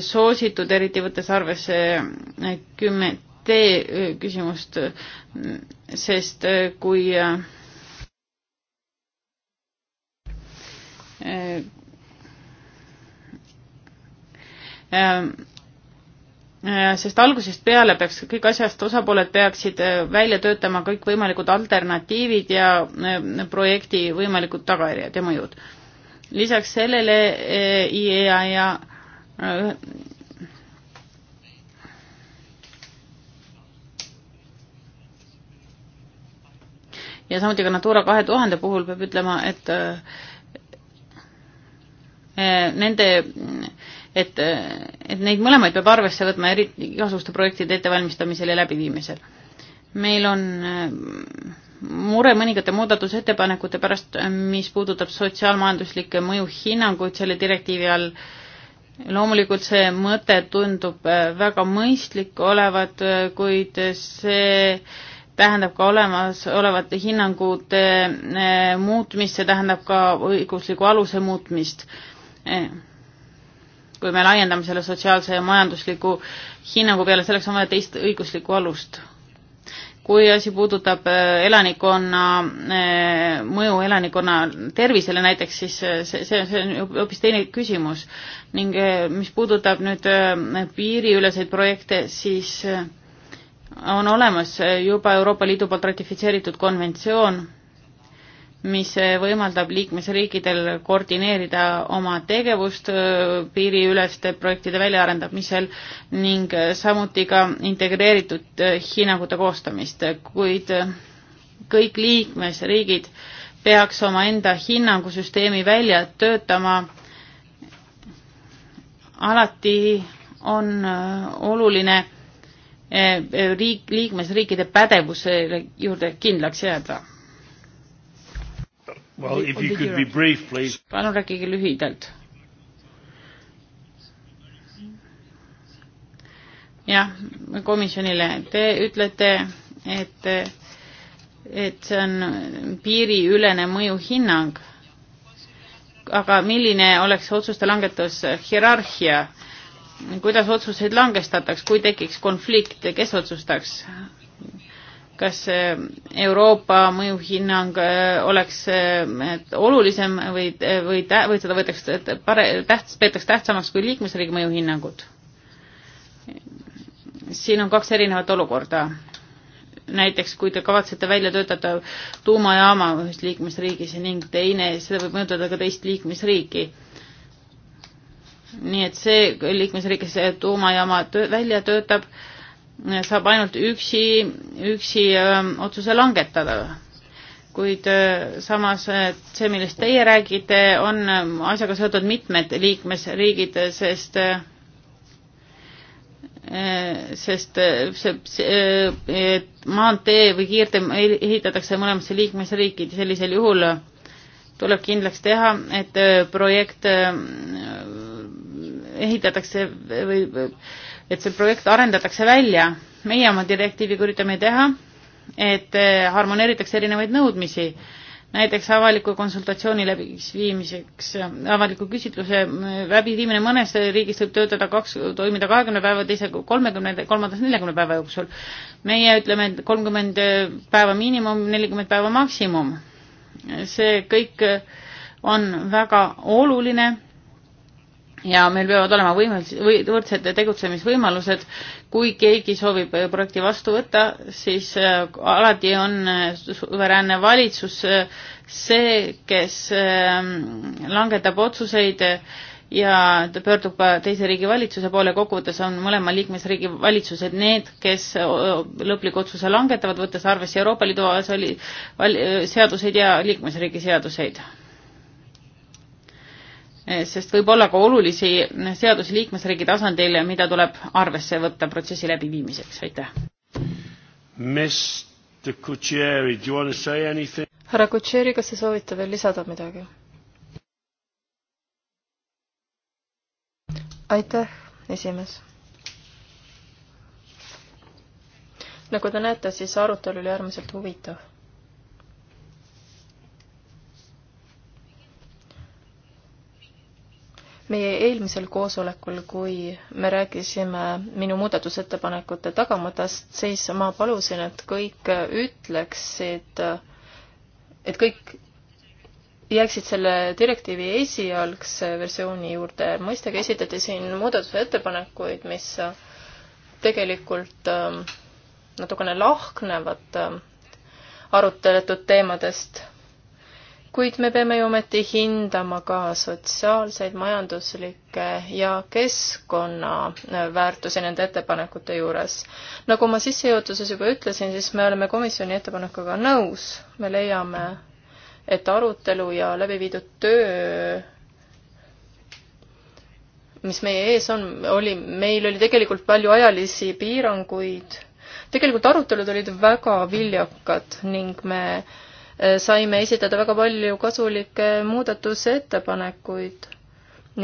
soositud, eriti võttes arvesse äh, kümmet tee küsimust, sest kui sest algusest peale peaks kõik asjast osapooled peaksid välja töötama kõikvõimalikud alternatiivid ja projekti võimalikud tagajärjed ja mõjud. lisaks sellele IEA ja ja samuti ka Natura kahe tuhande puhul peab ütlema, et äh, äh, nende, et, äh, et neid mõlemaid peab arvesse võtma eri, igasuguste projektide ettevalmistamisel ja läbiviimisel. meil on mure mõningate muudatusettepanekute pärast, mis puudutab sotsiaalmajanduslikke mõjuhinnanguid selle direktiivi all. loomulikult see mõte tundub väga mõistlik olevat, kuid see tähendab ka olemasolevate hinnangute eh, muutmist, see tähendab ka õigusliku aluse muutmist. Eh, kui me laiendame selle sotsiaalse ja majandusliku hinnangu peale, selleks on vaja teist õiguslikku alust. kui asi puudutab eh, elanikkonna, mõju elanikkonna tervisele näiteks, siis see, see, see on hoopis teine küsimus. ning mis puudutab nüüd piiriüleseid projekte, siis on olemas juba Euroopa Liidu poolt ratifitseeritud konventsioon, mis võimaldab liikmesriikidel koordineerida oma tegevust äh, piiriüleste projektide väljaarendamisel ning äh, samuti ka integreeritud äh, hinnangute koostamist, kuid kõik liikmesriigid peaks omaenda hinnangusüsteemi välja töötama. alati on oluline Eh, eh, riik, liikmesriikide pädevuse juurde kindlaks jääda well,? palun rääkige lühidalt. jah, komisjonile, te ütlete, et, et see on piiriülene mõjuhinnang, aga milline oleks otsuste langetus hierarhia kuidas otsuseid langestataks, kui tekiks konflikt, kes otsustaks? kas eh, Euroopa mõjuhinnang eh, oleks eh, olulisem või, või, või seda võetakse pare-, täht-, peetakse tähtsamaks kui liikmesriigi mõjuhinnangut? siin on kaks erinevat olukorda. näiteks kui te kavatsete välja töötada tuumajaama ühes liikmesriigis ning teine, seda võib mõjutada ka teist liikmesriiki nii et see liikmesriigis tuumajaama töö, välja töötab, saab ainult üksi, üksi öö, ähm, otsuse langetada. kuid öö, äh, samas see, millest teie räägite, on ähm, asjaga seotud mitmed liikmesriigid, sest öö, äh, äh, sest see, see maantee või kiirtee ehitatakse mõlemasse liikmesriiki, sellisel juhul tuleb kindlaks teha, et projekt ehitatakse või et see projekt arendatakse välja. meie oma direktiiviga üritame teha, et eh, harmoneeritakse erinevaid nõudmisi, näiteks avaliku konsultatsiooni läbiviimiseks, eh, avaliku küsitluse eh, läbiviimine mõnes riigis võib töötada kaks, toimida kahekümne päeva, teise kolmekümne, kolmandas neljakümne päeva jooksul. meie ütleme, et kolmkümmend päeva miinimum, nelikümmend päeva maksimum. see kõik on väga oluline ja meil peavad olema võimelised või võrdsed tegutsemisvõimalused. kui keegi soovib äh, projekti vastu võtta, siis äh, alati on äh, suveräänne valitsus see, kes langetab otsuseid ja ta pöördub ka teise riigi valitsuse poole, kokkuvõttes on mõlema liikmesriigi valitsused need, kes lõpliku otsuse langetavad, võttes arvesse Euroopa Liidu seaduseid ja liikmesriigi seaduseid Eh, sest võib olla ka olulisi eh, seadusi liikmesriigi tasandil, mida tuleb arvesse võtta protsessi läbiviimiseks, aitäh. härra Kutšeri, kas te soovite veel lisada midagi? aitäh, esimees. nagu te näete, siis arutelu oli äärmiselt huvitav meie eelmisel koosolekul, kui me rääkisime minu muudatusettepanekute tagamõttest, siis ma palusin, et kõik ütleksid, et kõik jääksid selle direktiivi esialgse versiooni juurde. mõistagi esitati siin muudatusettepanekuid, mis tegelikult ähm, natukene lahknevad ähm, arutletud teemadest kuid me peame ju ometi hindama ka sotsiaalseid, majanduslikke ja keskkonnaväärtusi äh, nende ettepanekute juures. nagu ma sissejuhatuses juba ütlesin, siis me oleme komisjoni ettepanekuga nõus, me leiame, et arutelu ja läbiviidud töö mis meie ees on, oli, meil oli tegelikult palju ajalisi piiranguid, tegelikult arutelud olid väga viljakad ning me äh, Äh, saime esitada väga palju kasulikke muudatusettepanekuid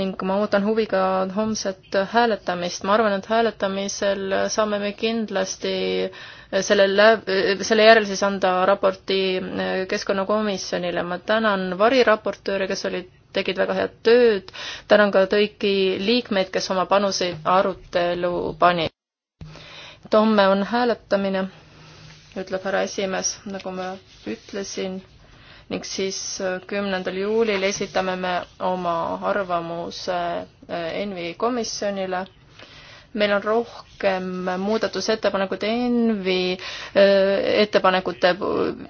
ning ma ootan huviga homset hääletamist. ma arvan, et hääletamisel saame me kindlasti äh, selle läb-, äh, selle järel siis anda raporti Keskkonnakomisjonile. ma tänan variraportööre, kes olid, tegid väga head tööd, tänan ka kõiki liikmeid, kes oma panuseid arutelu panid. homme on hääletamine ütleb härra esimees, nagu ma ütlesin, ning siis äh, kümnendal juulil esitame me oma arvamuse äh, ENVI komisjonile. meil on rohkem muudatusettepanekuid ENVI äh, ettepanekute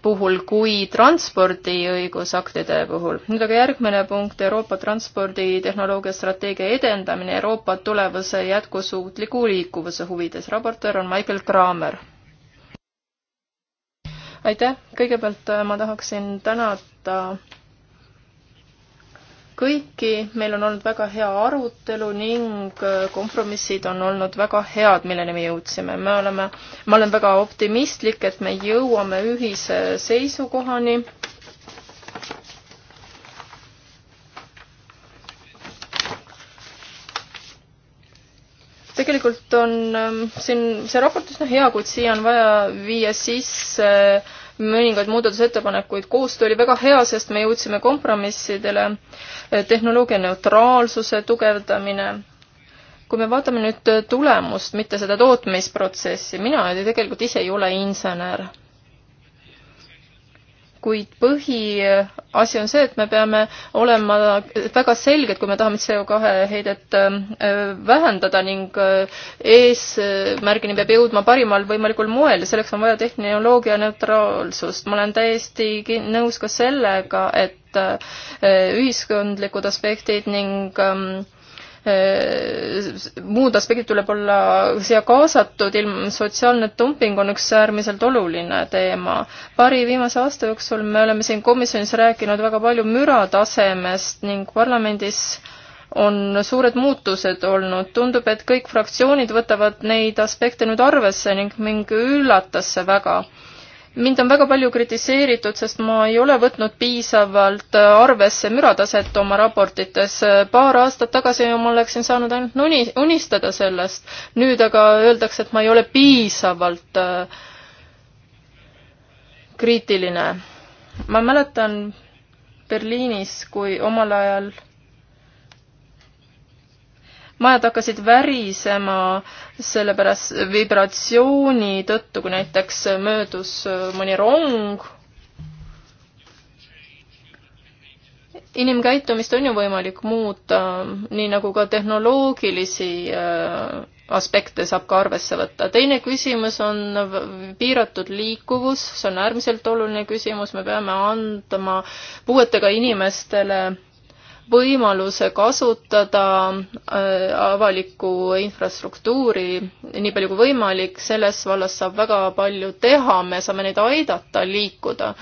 puhul kui transpordi õigusaktide puhul. nüüd aga järgmine punkt, Euroopa transporditehnoloogia strateegia edendamine Euroopa tulevase jätkusuutliku liikuvuse huvides. raportöör on Michael Kramer aitäh, kõigepealt äh, ma tahaksin tänada kõiki, meil on olnud väga hea arutelu ning äh, kompromissid on olnud väga head, milleni me jõudsime. me oleme, ma olen väga optimistlik, et me jõuame ühise seisukohani. tegelikult on ähm, siin see raport üsna hea, kuid siia on vaja viia sisse äh, mõningaid muudatusettepanekuid. koostöö oli väga hea, sest me jõudsime kompromissidele. tehnoloogia neutraalsuse tugevdamine. kui me vaatame nüüd tulemust, mitte seda tootmisprotsessi, mina tegelikult ise ei ole insener kuid põhiasi on see, et me peame olema väga selged, kui me tahame CO2 heidet ähm, äh, vähendada ning äh, eesmärgini peab jõudma parimal võimalikul moel ja selleks on vaja tehnoloogia neutraalsust. ma olen täiesti nõus ka sellega, et äh, ühiskondlikud aspektid ning ähm, Äh, muud aspektid tuleb olla siia kaasatud, ilm, sotsiaalne dumping on üks äärmiselt oluline teema. paari viimase aasta jooksul me oleme siin komisjonis rääkinud väga palju müratasemest ning parlamendis on suured muutused olnud, tundub, et kõik fraktsioonid võtavad neid aspekte nüüd arvesse ning mind üllatas see väga mind on väga palju kritiseeritud, sest ma ei ole võtnud piisavalt arvesse mürataset oma raportites. paar aastat tagasi ma oleksin saanud ainult uni-, unistada sellest. nüüd aga öeldakse, et ma ei ole piisavalt äh, kriitiline. ma mäletan Berliinis, kui omal ajal majad hakkasid värisema sellepärast vibratsiooni tõttu, kui näiteks möödus mõni rong. inimkäitumist on ju võimalik muuta, nii nagu ka tehnoloogilisi äh, aspekte saab ka arvesse võtta. teine küsimus on piiratud liikuvus, see on äärmiselt oluline küsimus, me peame andma puuetega inimestele võimaluse kasutada äh, avalikku infrastruktuuri nii palju kui võimalik, selles vallas saab väga palju teha, me saame neid aidata liikuda.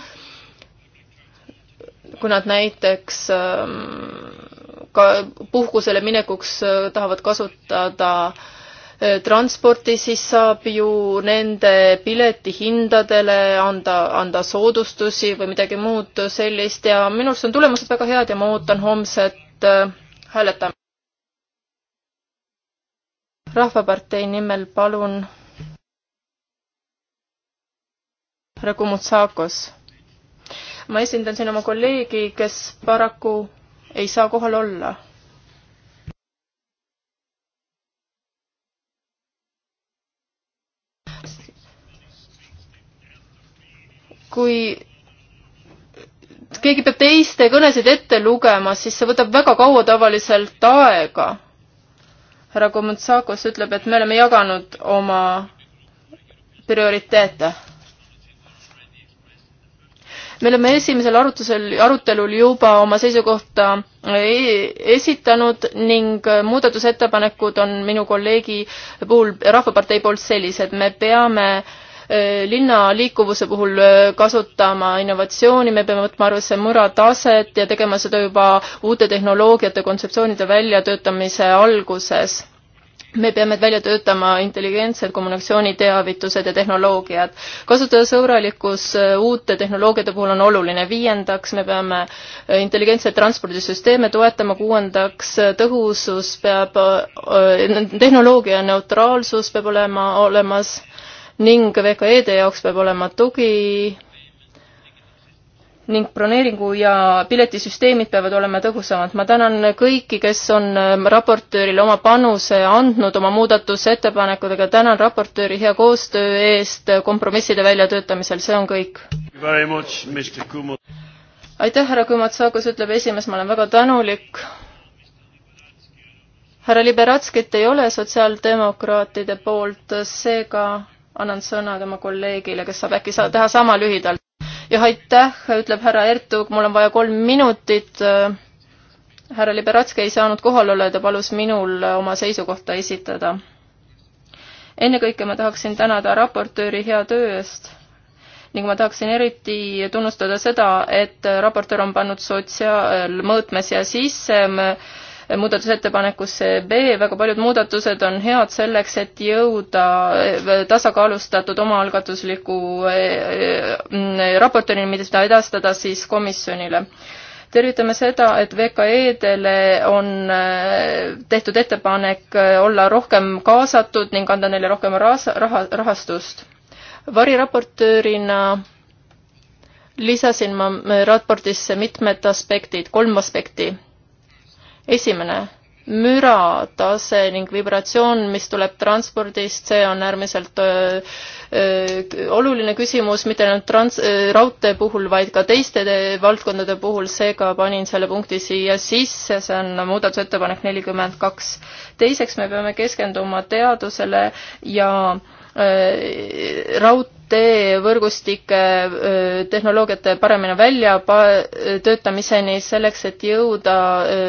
kui nad näiteks ähm, ka puhkusele minekuks äh, tahavad kasutada äh, Äh, transporti, siis saab ju nende piletihindadele anda, anda soodustusi või midagi muud sellist ja minu arust on tulemused väga head ja ma ootan homset äh, hääletamist. rahvapartei nimel palun. härra Kumutsakos. ma esindan siin oma kolleegi, kes paraku ei saa kohal olla kui keegi peab teiste kõnesid ette lugema, siis see võtab väga kaua tavaliselt aega. härra Komutsakos ütleb, et me oleme jaganud oma prioriteete. me oleme esimesel arutusel, arutelul juba oma seisukohta e-, esitanud ning muudatusettepanekud on minu kolleegi puhul Rahvapartei poolt sellised, me peame äh, Eh, linna liikuvuse puhul eh, kasutama innovatsiooni, me peame võtma arvesse murataset ja tegema seda juba uute tehnoloogiate kontseptsioonide väljatöötamise alguses me peame välja töötama intelligentsed kommunikatsiooniteavitused ja tehnoloogiad. kasutajasõbralikkus eh, uute tehnoloogiate puhul on oluline. viiendaks, me peame intelligentseid transpordisüsteeme toetama. kuuendaks, tõhusus peab, tehnoloogia neutraalsus peab olema olemas ning VKE-de jaoks peab olema tugi ning broneeringu ja piletisüsteemid peavad olema tõhusamad. ma tänan kõiki, kes on raportöörile oma panuse andnud oma muudatusettepanekutega, tänan raportööri hea koostöö eest kompromisside väljatöötamisel, see on kõik. aitäh, härra Kumatsakos, ütleb esimees, ma olen väga tänulik. härra Liberatskit ei ole sotsiaaldemokraatide poolt, seega annan sõna tema kolleegile, kes saab äkki teha sama lühidalt. jah, aitäh, ütleb härra Ertug, mul on vaja kolm minutit. härra Liberatski ei saanud kohal olla ja ta palus minul oma seisukohta esitada. ennekõike ma tahaksin tänada raportööri hea töö eest ning ma tahaksin eriti tunnustada seda, et raportöör on pannud sotsiaalmõõtme siia sisse muudatusettepanekusse B, väga paljud muudatused on head selleks, et jõuda eh, tasakaalustatud omaalgatusliku eh, eh, raportini, mida edastada siis komisjonile tervitame seda, et VKE-dele on tehtud ettepanek olla rohkem kaasatud ning anda neile rohkem raha, rahastust. variraportöörina lisasin ma raportisse mitmed aspektid, kolm aspekti esimene, müratase ning vibratsioon, mis tuleb transpordist, see on äärmiselt öö, öö, oluline küsimus, mitte ainult trans-, raudtee puhul, vaid ka teiste valdkondade puhul, seega panin selle punkti siia sisse, see on muudatusettepanek nelikümmend kaks. teiseks me peame keskenduma teadusele ja raud-, võrgustike tehnoloogiate paremini välja töötamiseni selleks, et jõuda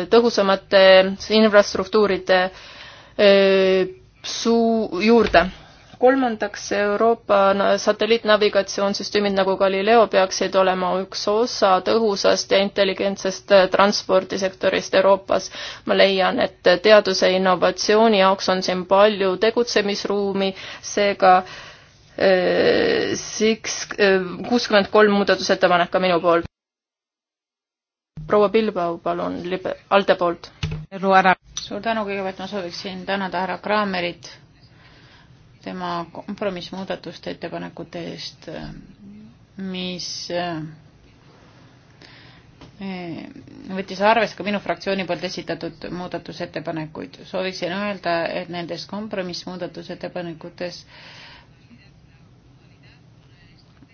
tõhusamate infrastruktuuride suu-, juurde. kolmandaks, Euroopa satelliitnavigatsioonsüsteemid nagu Galileo peaksid olema üks osa tõhusast ja intelligentsest transpordisektorist Euroopas. ma leian, et teaduse innovatsiooni jaoks on siin palju tegutsemisruumi, seega äh, Äh, Siks, äh, kuuskümmend kolm muudatusettepanek ka minu poolt. proua Pilbau, palun, libe-, ALDE poolt. suur tänu, kõigepealt ma sooviksin tänada härra Kraamerit tema kompromissmuudatuste ettepanekute eest, mis äh, võttis arvesse ka minu fraktsiooni poolt esitatud muudatusettepanekuid. sooviksin öelda, et nendes kompromissmuudatusettepanekutes äh,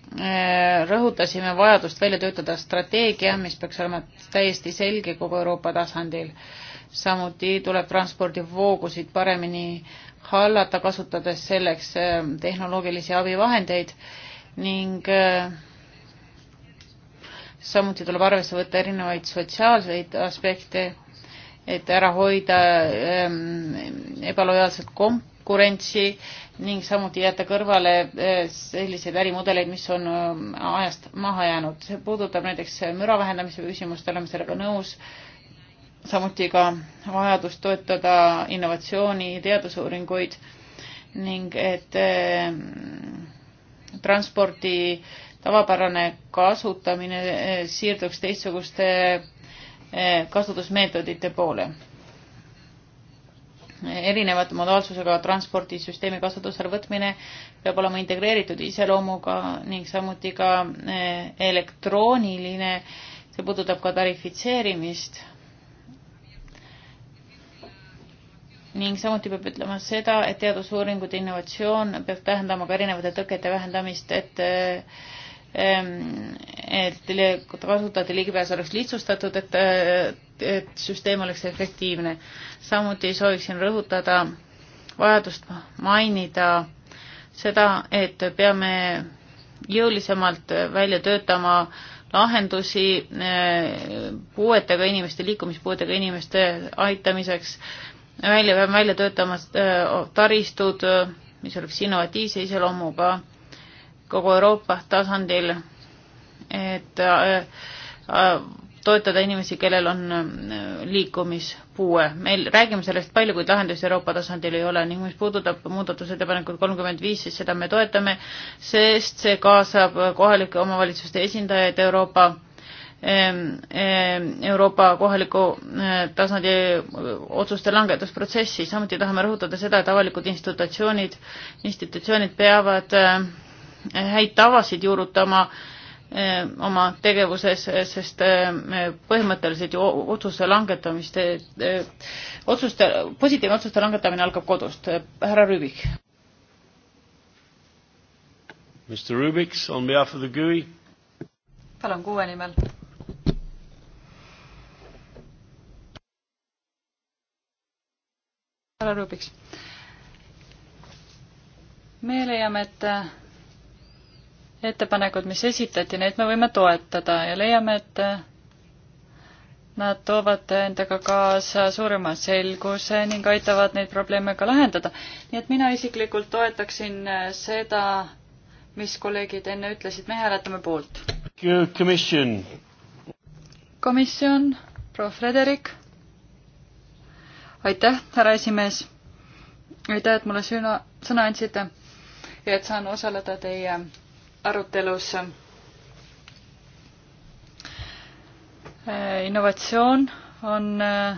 Äh, rõhutasime vajadust välja töötada strateegia, mis peaks olema täiesti selge kogu Euroopa tasandil. samuti tuleb transpordivoogusid paremini hallata, kasutades selleks äh, tehnoloogilisi abivahendeid ning äh, samuti tuleb arvesse võtta erinevaid sotsiaalseid aspekte, et ära hoida ähm, ebalojaalset konkurentsi ning samuti jätta kõrvale eh, selliseid ärimudeleid, mis on eh, ajast maha jäänud. see puudutab näiteks müra vähendamise küsimust, oleme sellega nõus, samuti ka vajadust toetada innovatsiooni, teadusuuringuid ning et eh, transpordi tavapärane kasutamine siirduks teistsuguste kasutusmeetodite poole erinevate modaalsusega transpordisüsteemi kasutusele võtmine peab olema integreeritud iseloomuga ning samuti ka eh, elektrooniline, see puudutab ka tarifitseerimist. ning samuti peab ütlema seda, et teadusuuringud ja innovatsioon peab tähendama ka erinevate tõkete vähendamist, et äh, Ähm, et kasutajate ligipääs oleks lihtsustatud, et, et süsteem oleks efektiivne. samuti sooviksin rõhutada vajadust mainida seda, et peame jõulisemalt välja töötama lahendusi äh, puuetega inimeste, liikumispuuetega inimeste aitamiseks, välja, peame välja töötama äh, taristud, mis oleks innovatiivse iseloomuga kogu Euroopa tasandil, et äh, äh, toetada inimesi, kellel on äh, liikumispuue. meil räägime sellest palju, kuid lahendusi Euroopa tasandil ei ole ning mis puudutab muudatusettepanekut kolmkümmend viis, siis seda me toetame, sest see kaasab kohalike omavalitsuste esindajaid Euroopa ähm, ähm, Euroopa kohaliku tasandi otsuste langetusprotsessi, samuti tahame rõhutada seda, et avalikud institutsioonid, institutsioonid peavad äh, häid tavasid juurutama eh, oma tegevuses, eh, sest eh, põhimõtteliselt ju otsuse langetamist, otsuste, positiivne otsuste langetamine algab kodust. härra Rüübik. Mr Rubiks on behalf of the GUI. palun kuue nimel. härra Rubiks. me leiame, et ettepanekud, mis esitati, neid me võime toetada ja leiame, et nad toovad endaga kaasa suurema selguse ning aitavad neid probleeme ka lahendada. nii et mina isiklikult toetaksin seda, mis kolleegid enne ütlesid, me hääletame poolt. komisjon. komisjon, proua Frederik. aitäh, härra esimees. aitäh, et mulle sõna, sõna andsite ja et saan osaleda teie arutelus innovatsioon on äh,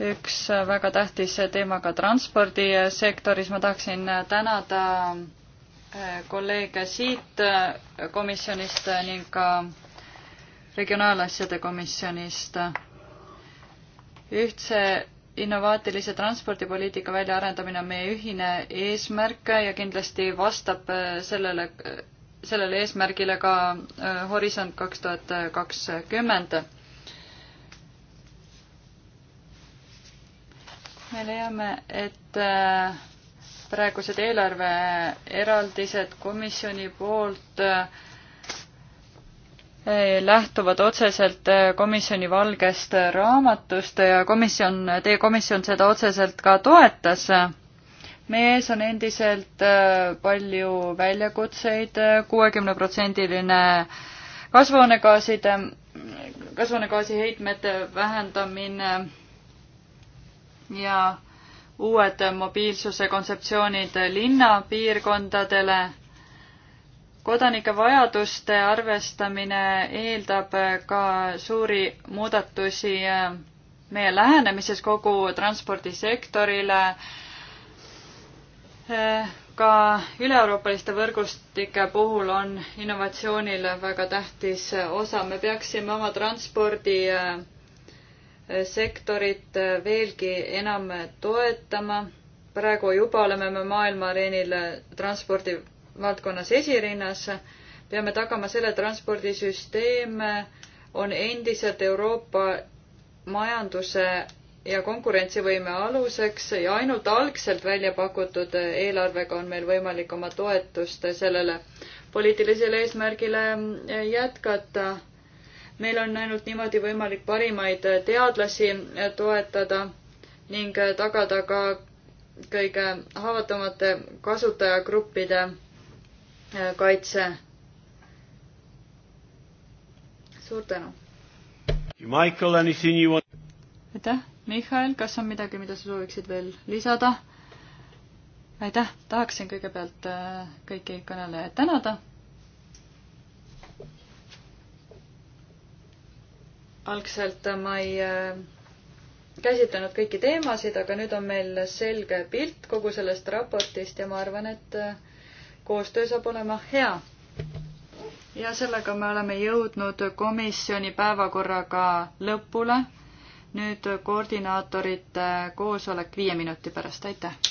üks äh, väga tähtis teema ka transpordisektoris. ma tahaksin äh, tänada kolleege siit komisjonist ning ka regionaalasjade komisjonist. ühtse innovaatilise transpordipoliitika väljaarendamine on meie ühine eesmärk ja kindlasti vastab sellele sellele eesmärgile ka äh, Horisont kaks tuhat kakskümmend. me leiame, et äh, praegused eelarveeraldised komisjoni poolt äh, lähtuvad otseselt komisjoni valgest raamatust ja komisjon, teie komisjon seda otseselt ka toetas meie ees on endiselt äh, palju väljakutseid, äh, kuuekümneprotsendiline kasvuhoonegaaside, kasvuhoonegaasi heitmete vähendamine ja uued mobiilsuse kontseptsioonid linnapiirkondadele. kodanike vajaduste arvestamine eeldab ka suuri muudatusi äh, meie lähenemises kogu transpordisektorile ka üle-euroopaliste võrgustike puhul on innovatsioonile väga tähtis osa. me peaksime oma transpordisektorit eh, eh, veelgi enam toetama. praegu juba oleme me maailma areenil eh, transpordi valdkonnas esirinnas. peame tagama selle transpordisüsteem on endiselt Euroopa majanduse ja konkurentsivõime aluseks ja ainult algselt välja pakutud eelarvega on meil võimalik oma toetust sellele poliitilisele eesmärgile jätkata. meil on ainult niimoodi võimalik parimaid teadlasi toetada ning tagada ka kõige haavatavamate kasutajagruppide kaitse. suur tänu! Michael, anything you want? aitäh! Mihhail, kas on midagi, mida sa sooviksid veel lisada? aitäh, tahaksin kõigepealt äh, kõiki kõnelejaid tänada. algselt äh, ma ei äh, käsitlenud kõiki teemasid, aga nüüd on meil selge pilt kogu sellest raportist ja ma arvan, et koostöö saab olema hea. ja sellega me oleme jõudnud komisjoni päevakorraga lõpule nüüd koordinaatorite koosolek viie minuti pärast, aitäh!